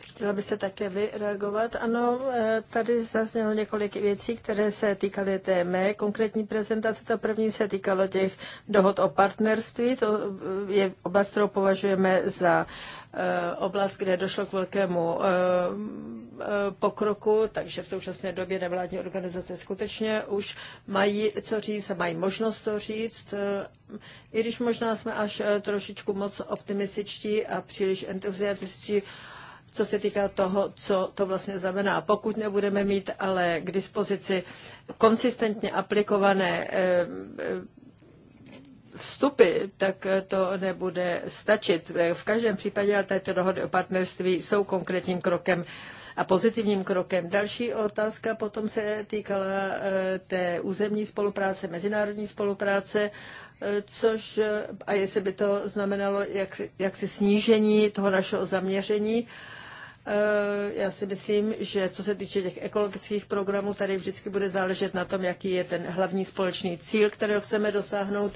chtěla byste také vy reagovat? Ano, eh, tady zaznělo několik věcí, které se týkaly té mé konkrétní prezentace. To první se týkalo těch dohod o partnerství. To eh, je oblast, kterou považujeme za uh, Eh, oblast, kde došlo k velkému eh, pokroku, takže v současné době nevládní organizace skutečně už mají co říct a mají možnost to říct. Eh, I když možná jsme až trošičku moc optimističtí a příliš entuziastičtí, co se týká toho, co to vlastně znamená. Pokud nebudeme mít ale k dispozici konsistentně aplikované vstupy, tak to nebude stačit. V každém případě ale této dohody o partnerství jsou konkrétním krokem a pozitivním krokem. Další otázka potom se týkala eh, té územní spolupráce, mezinárodní spolupráce, eh, což eh, a jestli by to znamenalo jak, jaksi snížení toho našeho zaměření. Já si myslím, že co se týče těch ekologických programů, tady vždycky bude záležet na tom, jaký je ten hlavní společný cíl, kterého chceme dosáhnout.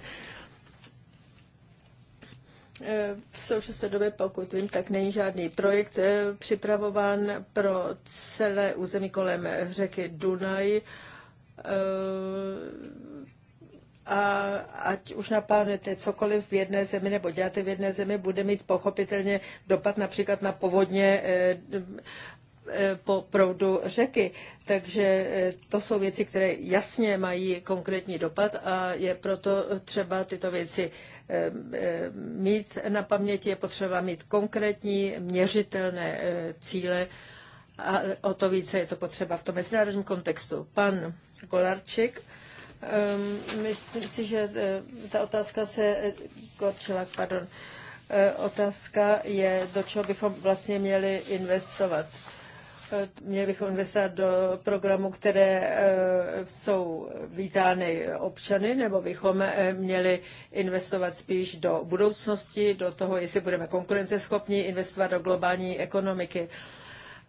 Eh, v současné době, pokud vím, tak není žádný projekt eh, připravován pro celé území kolem řeky Dunaj. Eh, a ať už naplánujete cokoliv v jedné zemi nebo děláte v jedné zemi, bude mít pochopitelně dopad například na povodně E, po proudu řeky. Takže e, to jsou věci, které jasně mají konkrétní dopad a je proto třeba tyto věci e, mít na paměti, je potřeba mít konkrétní měřitelné cíle a o to více je to potřeba v tom mezinárodním kontextu. Pan Golarčik, myslím si, že ta otázka se, Gorčilák, pardon, otázka je, do čeho bychom vlastně měli investovat. Měli bychom investovat do programů, které e, jsou vítány občany, nebo bychom e, měli investovat spíš do budoucnosti, do toho, jestli budeme konkurenceschopní, investovat do globální ekonomiky.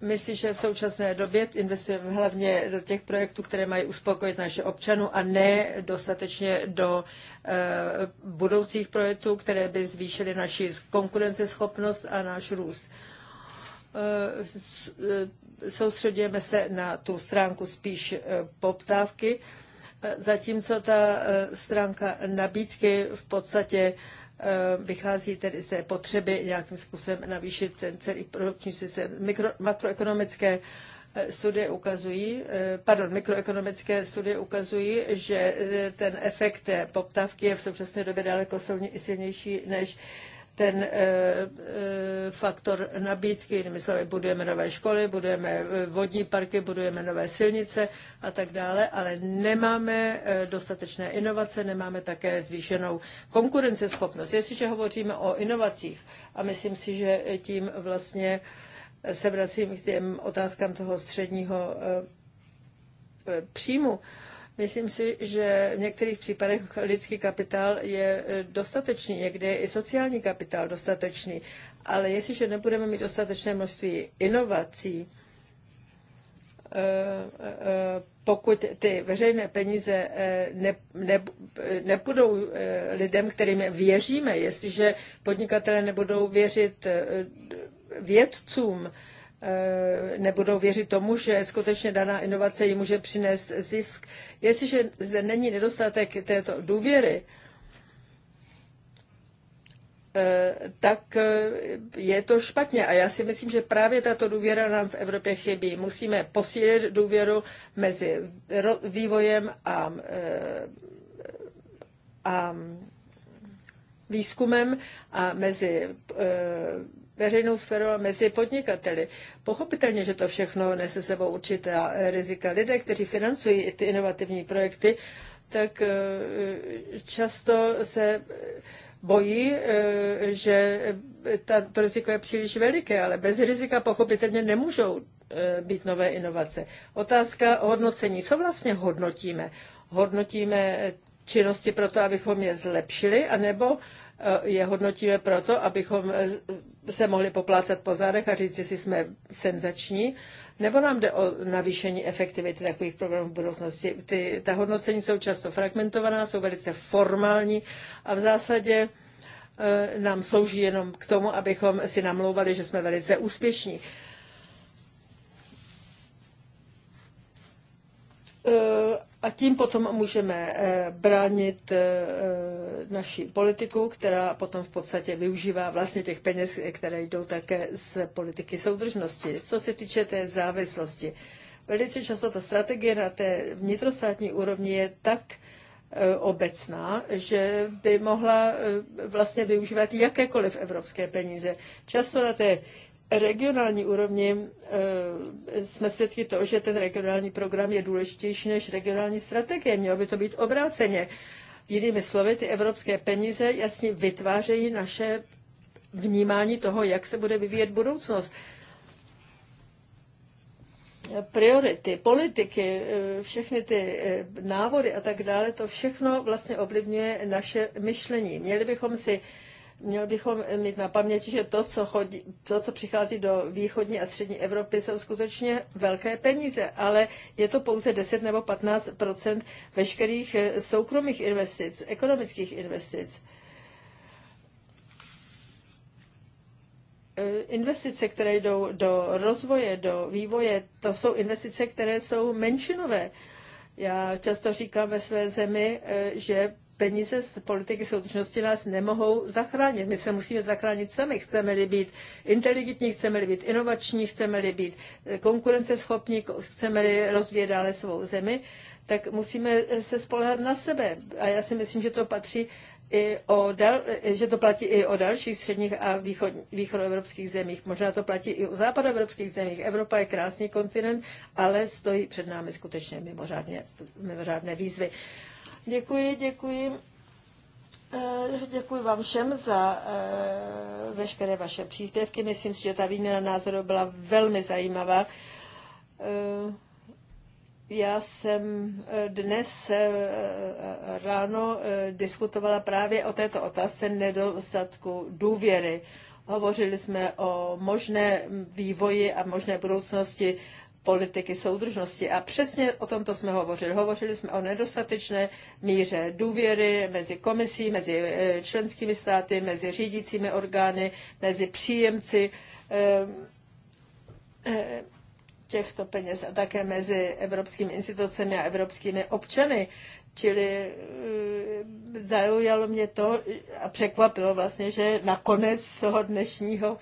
Myslím, že v současné době investujeme hlavně do těch projektů, které mají uspokojit naše občanů a ne dostatečně do e, budoucích projektů, které by zvýšily naši konkurenceschopnost a náš růst. Eh, eh, soustředujeme se na tu stránku spíš eh, poptávky, zatímco ta stránka nabídky v podstatě vychází tedy z té potřeby nějakým způsobem navýšit ten celý produkční systém. Mikro, makroekonomické studie ukazují, pardon, mikroekonomické studie ukazují, že ten efekt té poptávky je v současné době daleko silnější než ten eh, eh, faktor nabídky, jinými slovy, budujeme nové školy, budujeme eh, vodní parky, budujeme nové silnice a tak dále, ale nemáme dostatečné inovace, nemáme také zvýšenou konkurenceschopnost. Jestliže hovoříme o inovacích, a myslím si, že tím vlastně se vracím k těm otázkám toho středního příjmu, Myslím si, že v některých případech lidský kapitál je eh, dostatečný, někde je i sociální kapitál dostatečný, ale jestliže nebudeme mít dostatečné množství inovací, eh, eh, pokud ty veřejné peníze ne, ne, nebudou lidem, kterým věříme, jestliže podnikatelé nebudou věřit vědcům, Eh, nebudou věřit tomu, že skutečně daná inovace jim může přinést zisk. Jestliže zde není nedostatek této důvěry, eh, tak eh, je to špatně. A já si myslím, že právě tato důvěra nám v Evropě chybí. Musíme posílit důvěru mezi vývojem a, a výzkumem a mezi veřejnou sférou a mezi podnikateli. Pochopitelně, že to všechno nese sebou určitá rizika. Lidé, kteří financují ty inovativní projekty, tak eh, často se bojí, eh, že ta, to riziko je příliš veliké, ale bez rizika pochopitelně nemůžou eh, být nové inovace. Otázka o hodnocení. Co vlastně hodnotíme? Hodnotíme činnosti pro to, abychom je zlepšili, anebo Eh, je hodnotíme proto, abychom eh, se mohli poplácat po zádech a říct, jestli jsme senzační, nebo nám jde o navýšení efektivity takových programů v budoucnosti. Ty, ta hodnocení jsou často fragmentovaná, jsou velice formální a v zásadě eh, nám slouží jenom k tomu, abychom si namlouvali, že jsme velice úspěšní. A tím potom můžeme eh, bránit eh, eh, naši politiku, která potom v podstatě využívá vlastně těch peněz, které jdou také z politiky soudržnosti. Co se týče té závislosti, velice často ta strategie na té vnitrostátní úrovni je tak obecná, že by mohla vlastně využívat jakékoliv evropské peníze. Často na té regionální úrovni eh, jsme svědky toho, že ten regionální program je důležitější než regionální strategie. Mělo by to být obráceně. Jinými slovy, ty evropské peníze jasně vytvářejí naše vnímání toho, jak se bude vyvíjet budoucnost. Priority, politiky, eh, všechny ty eh, návody a tak dále, to všechno vlastně ovlivňuje naše myšlení. Měli bychom si uh, Měl bychom mít na paměti, že to co, chodí, to, co přichází do východní a střední Evropy, jsou skutečně velké peníze, ale je to pouze 10 nebo 15 veškerých eh, soukromých investic, ekonomických investic. Eh, investice, které jdou do rozvoje, do vývoje, to jsou investice, které jsou menšinové. Já často říkám ve své zemi, eh, že peníze z politiky soudržnosti nás nemohou zachránit. My se musíme zachránit sami. Chceme-li být inteligentní, chceme-li být inovační, chceme-li být eh, konkurenceschopní, chceme-li rozvíjet dále svou zemi, tak musíme eh, se spolehat na sebe. A já si myslím, že to patří i o dal, eh, že to platí i o dalších středních a východ, východoevropských zemích. Možná to platí i o západoevropských zemích. Evropa je krásný kontinent, ale stojí před námi skutečně mimořádně, mimořádné výzvy. Děkuji, děkuji. Eh, děkuji vám všem za eh, veškeré vaše příspěvky. Myslím si, že ta výměna názoru byla velmi zajímavá. Eh, já jsem dnes ráno diskutovala právě o této otázce nedostatku důvěry. Hovořili jsme o možné vývoji a možné budoucnosti politiky soudržnosti. A přesně o tomto jsme hovořili. Hovořili jsme o nedostatečné míře důvěry mezi komisí, mezi eh, členskými státy, mezi řídícími orgány, mezi příjemci eh, eh, těchto peněz a také mezi evropskými institucemi a evropskými občany. Čili zaujalo mě to a překvapilo vlastně, že nakonec toho dnešního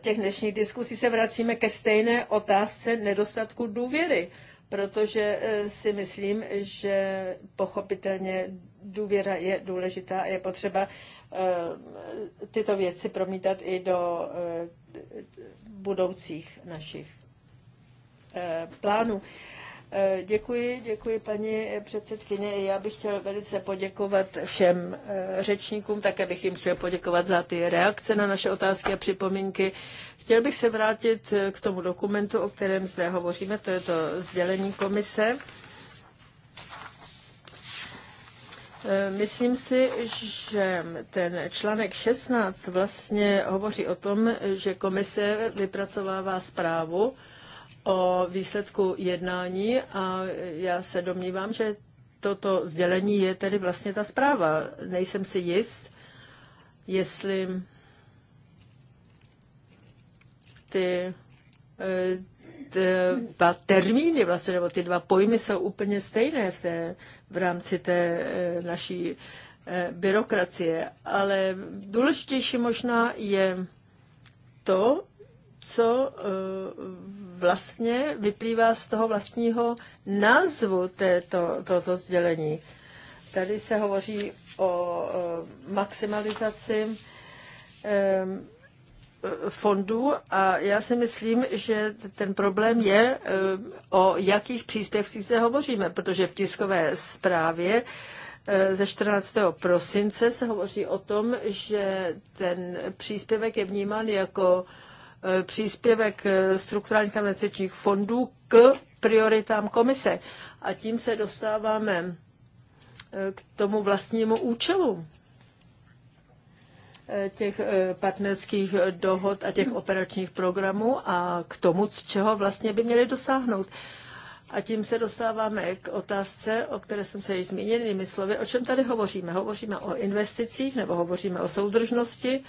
těch dnešních diskusí se vracíme ke stejné otázce nedostatku důvěry, protože eh, si myslím, že pochopitelně důvěra je důležitá a je potřeba eh, tyto věci promítat i do eh, budoucích našich plánů. Eh, děkuji, děkuji paní předsedkyně. Já bych chtěl velice poděkovat všem eh, řečníkům, také bych jim chtěl poděkovat za ty reakce na naše otázky a připomínky. Chtěl bych se vrátit eh, k tomu dokumentu, o kterém zde hovoříme, to je to sdělení komise. Myslím si, že ten článek 16 vlastně hovoří o tom, že komise vypracovává zprávu, o výsledku jednání a já se domnívám, že toto sdělení je tedy vlastně ta zpráva. Nejsem si jist, jestli ty, eh, ty dva termíny, vlastně, nebo ty dva pojmy jsou úplně stejné v, té, v rámci té eh, naší eh, byrokracie. Ale důležitější možná je to, co vlastně vyplývá z toho vlastního názvu této, tohoto sdělení. Tady se hovoří o maximalizaci fondů a já si myslím, že ten problém je, o jakých příspěvcích se hovoříme, protože v tiskové zprávě ze 14. prosince se hovoří o tom, že ten příspěvek je vnímán jako Eh, příspěvek eh, strukturálních investičních fondů k prioritám komise. A tím se dostáváme eh, k tomu vlastnímu účelu těch partnerských dohod a těch operačních programů a k tomu, z čeho vlastně by měli dosáhnout. A tím se dostáváme k otázce, o které jsem se již zmínil, jinými slovy, o čem tady hovoříme. Hovoříme o investicích, nebo hovoříme o soudržnosti,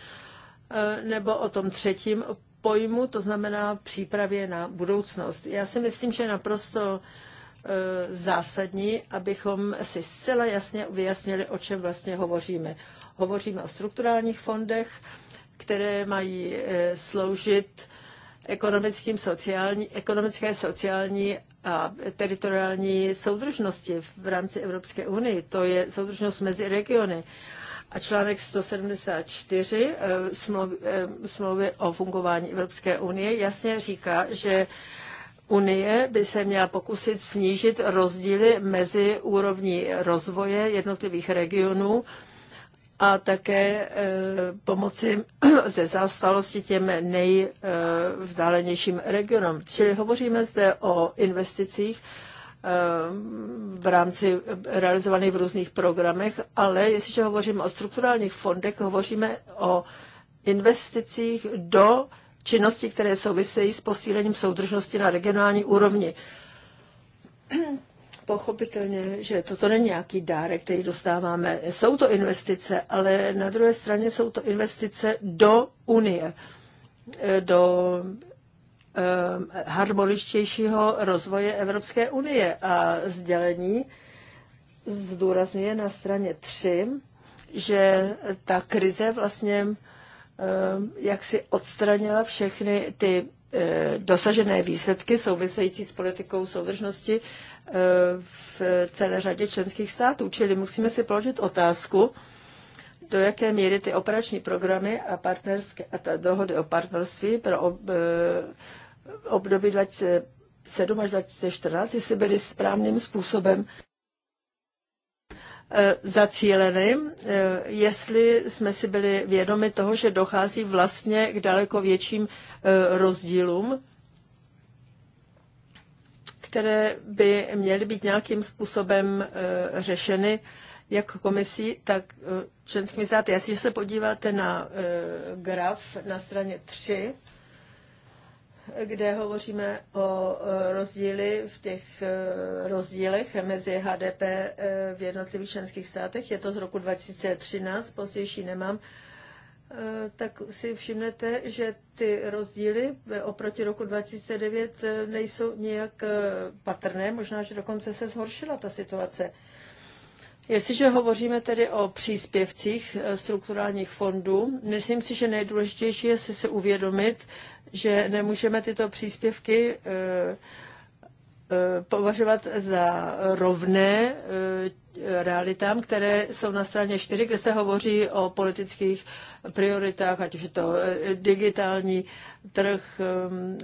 nebo o tom třetím pojmu, to znamená přípravě na budoucnost. Já si myslím, že naprosto e, zásadní, abychom si zcela jasně vyjasnili, o čem vlastně hovoříme. Hovoříme o strukturálních fondech, které mají e, sloužit ekonomickým, sociální, ekonomické, sociální a teritoriální soudržnosti v rámci Evropské unie. To je soudržnost mezi regiony a článek 174 eh, smlouvy, eh, smlouvy o fungování Evropské unie jasně říká, že Unie by se měla pokusit snížit rozdíly mezi úrovní rozvoje jednotlivých regionů a také eh, pomoci [CLEARS THROAT] ze zaostalosti těm nejvzdálenějším regionům. Čili hovoříme zde o investicích, v rámci realizovaných v různých programech, ale jestliže hovoříme o strukturálních fondech, hovoříme o investicích do činností, které souvisejí s posílením soudržnosti na regionální úrovni. Pochopitelně, že toto není nějaký dárek, který dostáváme. Jsou to investice, ale na druhé straně jsou to investice do Unie, do Eh, harmoničtějšího rozvoje Evropské unie a sdělení zdůrazňuje na straně 3, že ta krize vlastně eh, jak si odstranila všechny ty eh, dosažené výsledky související s politikou soudržnosti v celé řadě členských států. Čili musíme si položit otázku, do jaké míry ty operační programy a, partnerské, a ta dohody o partnerství pro ob, období 2007 až 2014, jestli byly správným způsobem eh, zacíleny, eh, jestli jsme si byli vědomi toho, že dochází vlastně k daleko větším eh, rozdílům, které by měly být nějakým způsobem řešeny jak komisí, tak členskými státy. Jestliže se podíváte na graf na straně 3, kde hovoříme o e, rozdíly v těch e, rozdílech mezi HDP e, v jednotlivých členských státech. Je to z roku 2013, pozdější nemám. Tak si všimnete, že ty rozdíly oproti roku 2009 nejsou nijak patrné, možná, že dokonce se zhoršila ta situace. Jestliže hovoříme tedy o příspěvcích strukturálních fondů, myslím si, že nejdůležitější je si se uvědomit, že nemůžeme tyto příspěvky eh, eh, považovat za rovné eh, realitám, které jsou na straně 4, kde se hovoří o politických prioritách, ať už je to digitální trh ehm,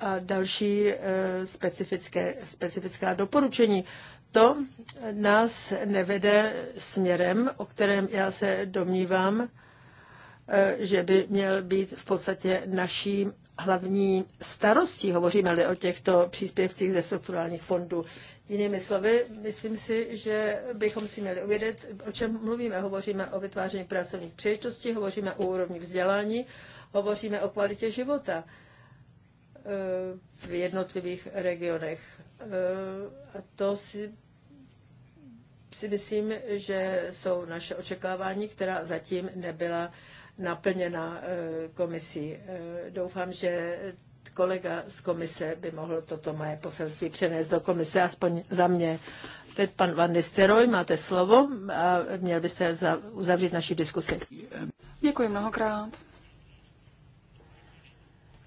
a další specifické, specifická doporučení. To nás nevede směrem, o kterém já se domnívám, Eh, že by měl být v podstatě naším hlavní starostí, hovoříme-li o těchto příspěvcích ze strukturálních fondů. Jinými slovy, myslím si, že bychom si měli uvědět, o čem mluvíme. Hovoříme o vytváření pracovních příležitostí, hovoříme o úrovni vzdělání, hovoříme o kvalitě života eh, v jednotlivých regionech. Eh, a to si, si myslím, že jsou naše očekávání, která zatím nebyla naplněna eh, komisí. Eh, doufám, že kolega z komise by mohl toto moje poselství přenést do komise, aspoň za mě. Teď pan Van Nisteroj, máte slovo a měl byste uzavřít naši diskusi. Děkuji mnohokrát.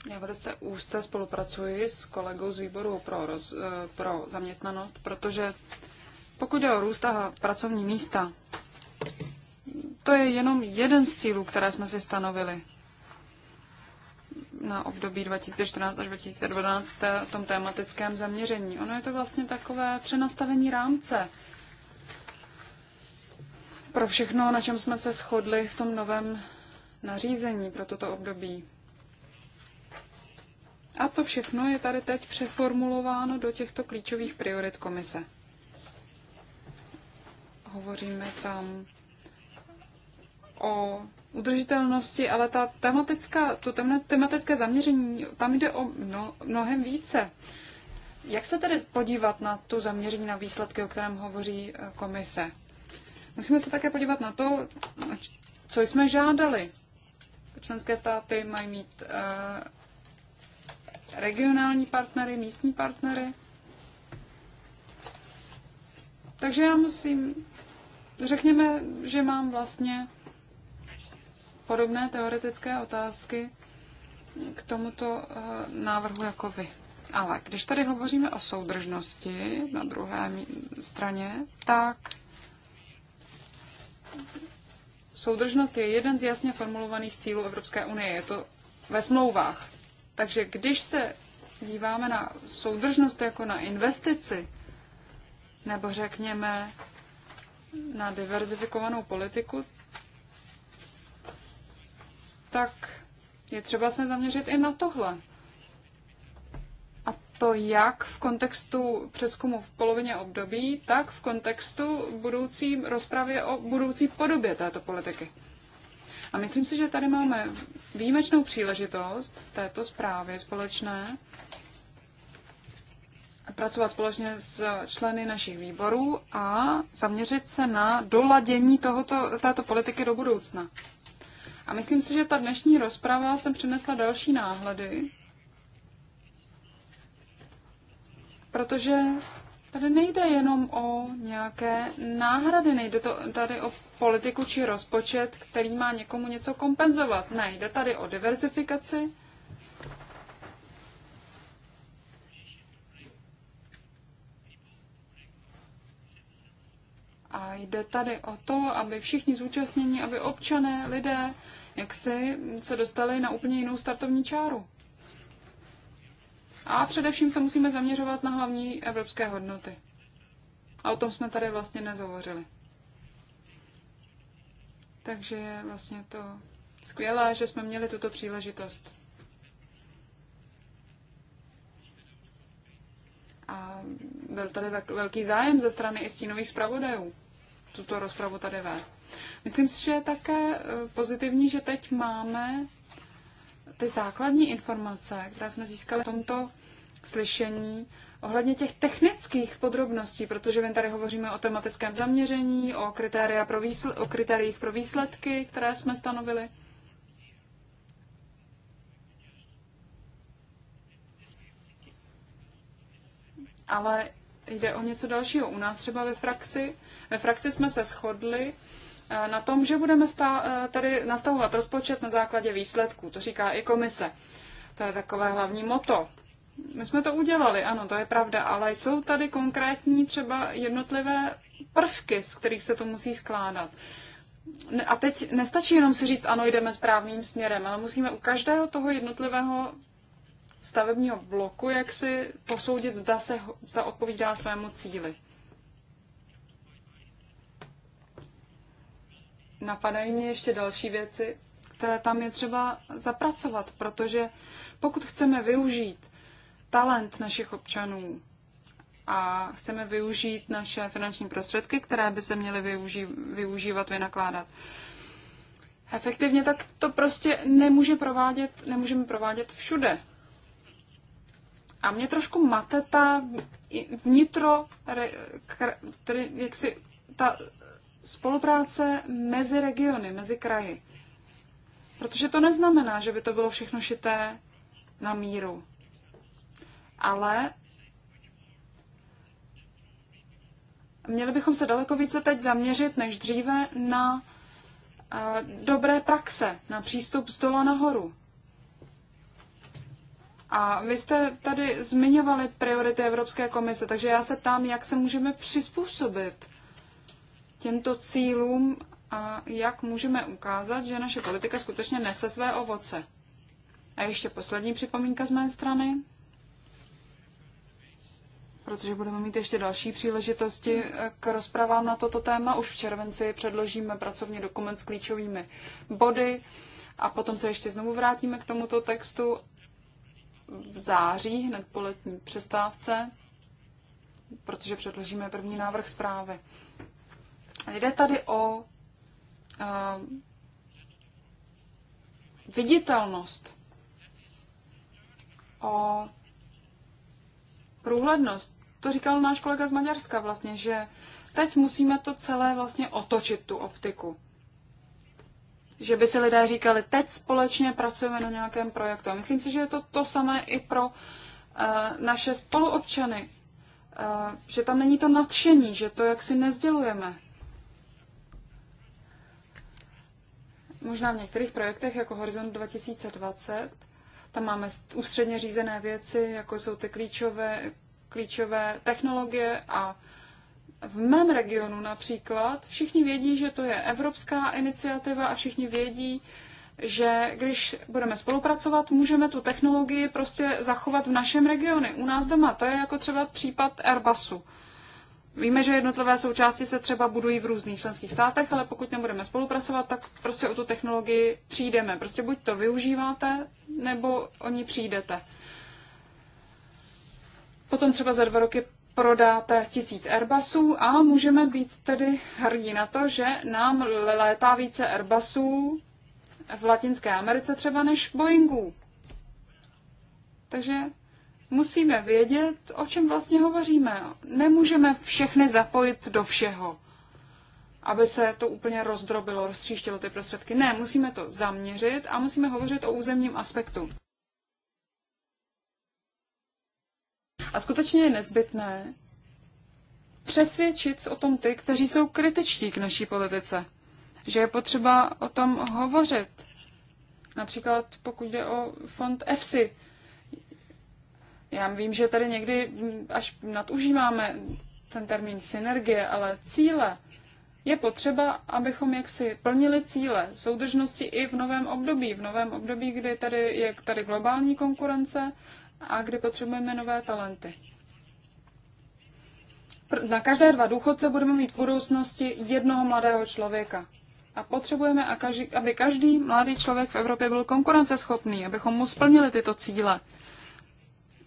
Já velice úzce spolupracuji s kolegou z výboru pro, roz, eh, pro zaměstnanost, protože pokud je o růst a pracovní místa, to je jenom jeden z cílů, které jsme si stanovili na období 2014 až 2012 v tom tématickém zaměření. Ono je to vlastně takové přenastavení rámce pro všechno, na čem jsme se shodli v tom novém nařízení pro toto období. A to všechno je tady teď přeformulováno do těchto klíčových priorit komise. Hovoříme tam o udržitelnosti, ale ta tematická, to tematické zaměření, tam jde o mno, mnohem více. Jak se tedy podívat na to zaměření na výsledky, o kterém hovoří eh, komise? Musíme se také podívat na to, co jsme žádali. Členské státy mají mít eh, regionální partnery, místní partnery. Takže já musím, řekněme, že mám vlastně podobné teoretické otázky k tomuto eh, návrhu jako vy. Ale když tady hovoříme o soudržnosti na druhé straně, tak soudržnost je jeden z jasně formulovaných cílů Evropské unie. Je to ve smlouvách. Takže když se díváme na soudržnost jako na investici, nebo řekněme na diverzifikovanou politiku, tak je třeba se zaměřit i na tohle. A to jak v kontextu přeskumu v polovině období, tak v kontextu budoucí rozpravy o budoucí podobě této politiky. A myslím si, že tady máme výjimečnou příležitost v této zprávě společné pracovat společně s členy našich výborů a zaměřit se na doladění tohoto, této politiky do budoucna. A myslím si, že ta dnešní rozprava jsem přinesla další náhledy, protože tady nejde jenom o nějaké náhrady, nejde to tady o politiku či rozpočet, který má někomu něco kompenzovat. Ne, jde tady o diverzifikaci, A jde tady o to, aby všichni zúčastnění, aby občané, lidé jak si se dostali na úplně jinou startovní čáru. A především se musíme zaměřovat na hlavní evropské hodnoty. A o tom jsme tady vlastně nezovořili. Takže je vlastně to skvělé, že jsme měli tuto příležitost. A byl tady velký zájem ze strany i stínových zpravodajů tuto rozpravu tady vést. Myslím si, že je také eh, pozitivní, že teď máme ty základní informace, které jsme získali v tomto slyšení, ohledně těch technických podrobností, protože my tady hovoříme o tematickém zaměření, o, kritéria pro výsl- o kritériích pro výsledky, které jsme stanovili. Ale jde o něco dalšího. U nás třeba ve frakci, ve frakci jsme se shodli eh, na tom, že budeme stá, eh, tady nastavovat rozpočet na základě výsledků. To říká i komise. To je takové hlavní moto. My jsme to udělali, ano, to je pravda, ale jsou tady konkrétní třeba jednotlivé prvky, z kterých se to musí skládat. A teď nestačí jenom si říct, ano, jdeme správným směrem, ale musíme u každého toho jednotlivého stavebního bloku, jak si posoudit, zda se zda odpovídá svému cíli. Napadají mě ještě další věci, které tam je třeba zapracovat, protože pokud chceme využít talent našich občanů a chceme využít naše finanční prostředky, které by se měly využí, využívat, vynakládat, efektivně, tak to prostě nemůže provádět, nemůžeme provádět všude. A mě trošku mate ta vnitro, tedy jaksi ta spolupráce mezi regiony, mezi kraji. Protože to neznamená, že by to bylo všechno šité na míru. Ale měli bychom se daleko více teď zaměřit než dříve na eh, dobré praxe, na přístup z dola nahoru. A vy jste tady zmiňovali priority Evropské komise, takže já se ptám, jak se můžeme přizpůsobit těmto cílům a jak můžeme ukázat, že naše politika skutečně nese své ovoce. A ještě poslední připomínka z mé strany, protože budeme mít ještě další příležitosti eh, k rozpravám na toto téma. Už v červenci předložíme pracovní dokument s klíčovými body a potom se ještě znovu vrátíme k tomuto textu v září, hned po letní přestávce, protože předložíme první návrh zprávy. Jde tady o uh, viditelnost, o průhlednost. To říkal náš kolega z Maďarska vlastně, že teď musíme to celé vlastně otočit, tu optiku že by si lidé říkali, teď společně pracujeme na nějakém projektu. A myslím si, že je to to samé i pro uh, naše spoluobčany, uh, že tam není to nadšení, že to jaksi nezdělujeme. Možná v některých projektech, jako Horizon 2020, tam máme ústředně řízené věci, jako jsou ty klíčové, klíčové technologie a v mém regionu například všichni vědí, že to je evropská iniciativa a všichni vědí, že když budeme spolupracovat, můžeme tu technologii prostě zachovat v našem regionu, u nás doma. To je jako třeba případ Airbusu. Víme, že jednotlivé součásti se třeba budují v různých členských státech, ale pokud nebudeme spolupracovat, tak prostě o tu technologii přijdeme. Prostě buď to využíváte, nebo o ní přijdete. Potom třeba za dva roky prodáte tisíc Airbusů a můžeme být tedy hrdí na to, že nám létá více Airbusů v Latinské Americe třeba než Boeingů. Takže musíme vědět, o čem vlastně hovoříme. Nemůžeme všechny zapojit do všeho, aby se to úplně rozdrobilo, roztříštilo ty prostředky. Ne, musíme to zaměřit a musíme hovořit o územním aspektu. A skutečně je nezbytné přesvědčit o tom ty, kteří jsou kritičtí k naší politice. Že je potřeba o tom hovořit. Například pokud jde o fond EFSI. Já vím, že tady někdy až nadužíváme ten termín synergie, ale cíle. Je potřeba, abychom jaksi plnili cíle soudržnosti i v novém období. V novém období, kdy tady je tady globální konkurence a kde potřebujeme nové talenty. Na každé dva důchodce budeme mít v budoucnosti jednoho mladého člověka. A potřebujeme, aby každý mladý člověk v Evropě byl konkurenceschopný, abychom mu splnili tyto cíle.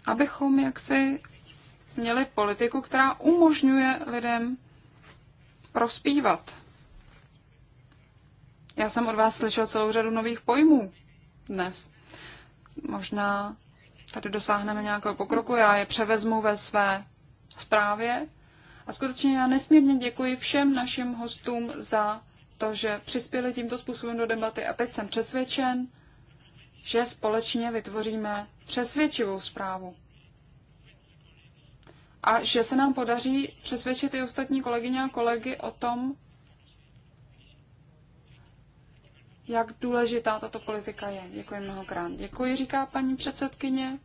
Abychom jaksi měli politiku, která umožňuje lidem prospívat. Já jsem od vás slyšel celou řadu nových pojmů dnes. Možná tady dosáhneme nějakého pokroku. Já je převezmu ve své zprávě. A skutečně já nesmírně děkuji všem našim hostům za to, že přispěli tímto způsobem do debaty. A teď jsem přesvědčen, že společně vytvoříme přesvědčivou zprávu. A že se nám podaří přesvědčit i ostatní kolegyně a kolegy o tom, jak důležitá tato politika je. Děkuji mnohokrát. Děkuji, říká paní předsedkyně.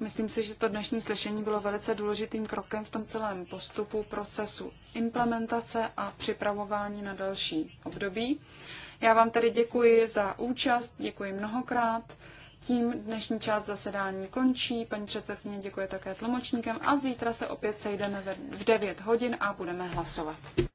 Myslím si, že to dnešní slyšení bylo velice důležitým krokem v tom celém postupu, procesu implementace a připravování na další období. Já vám tedy děkuji za účast, děkuji mnohokrát. Tím dnešní část zasedání končí. Paní předsedkyně děkuje také tlumočníkem a zítra se opět sejdeme v 9 hodin a budeme hlasovat.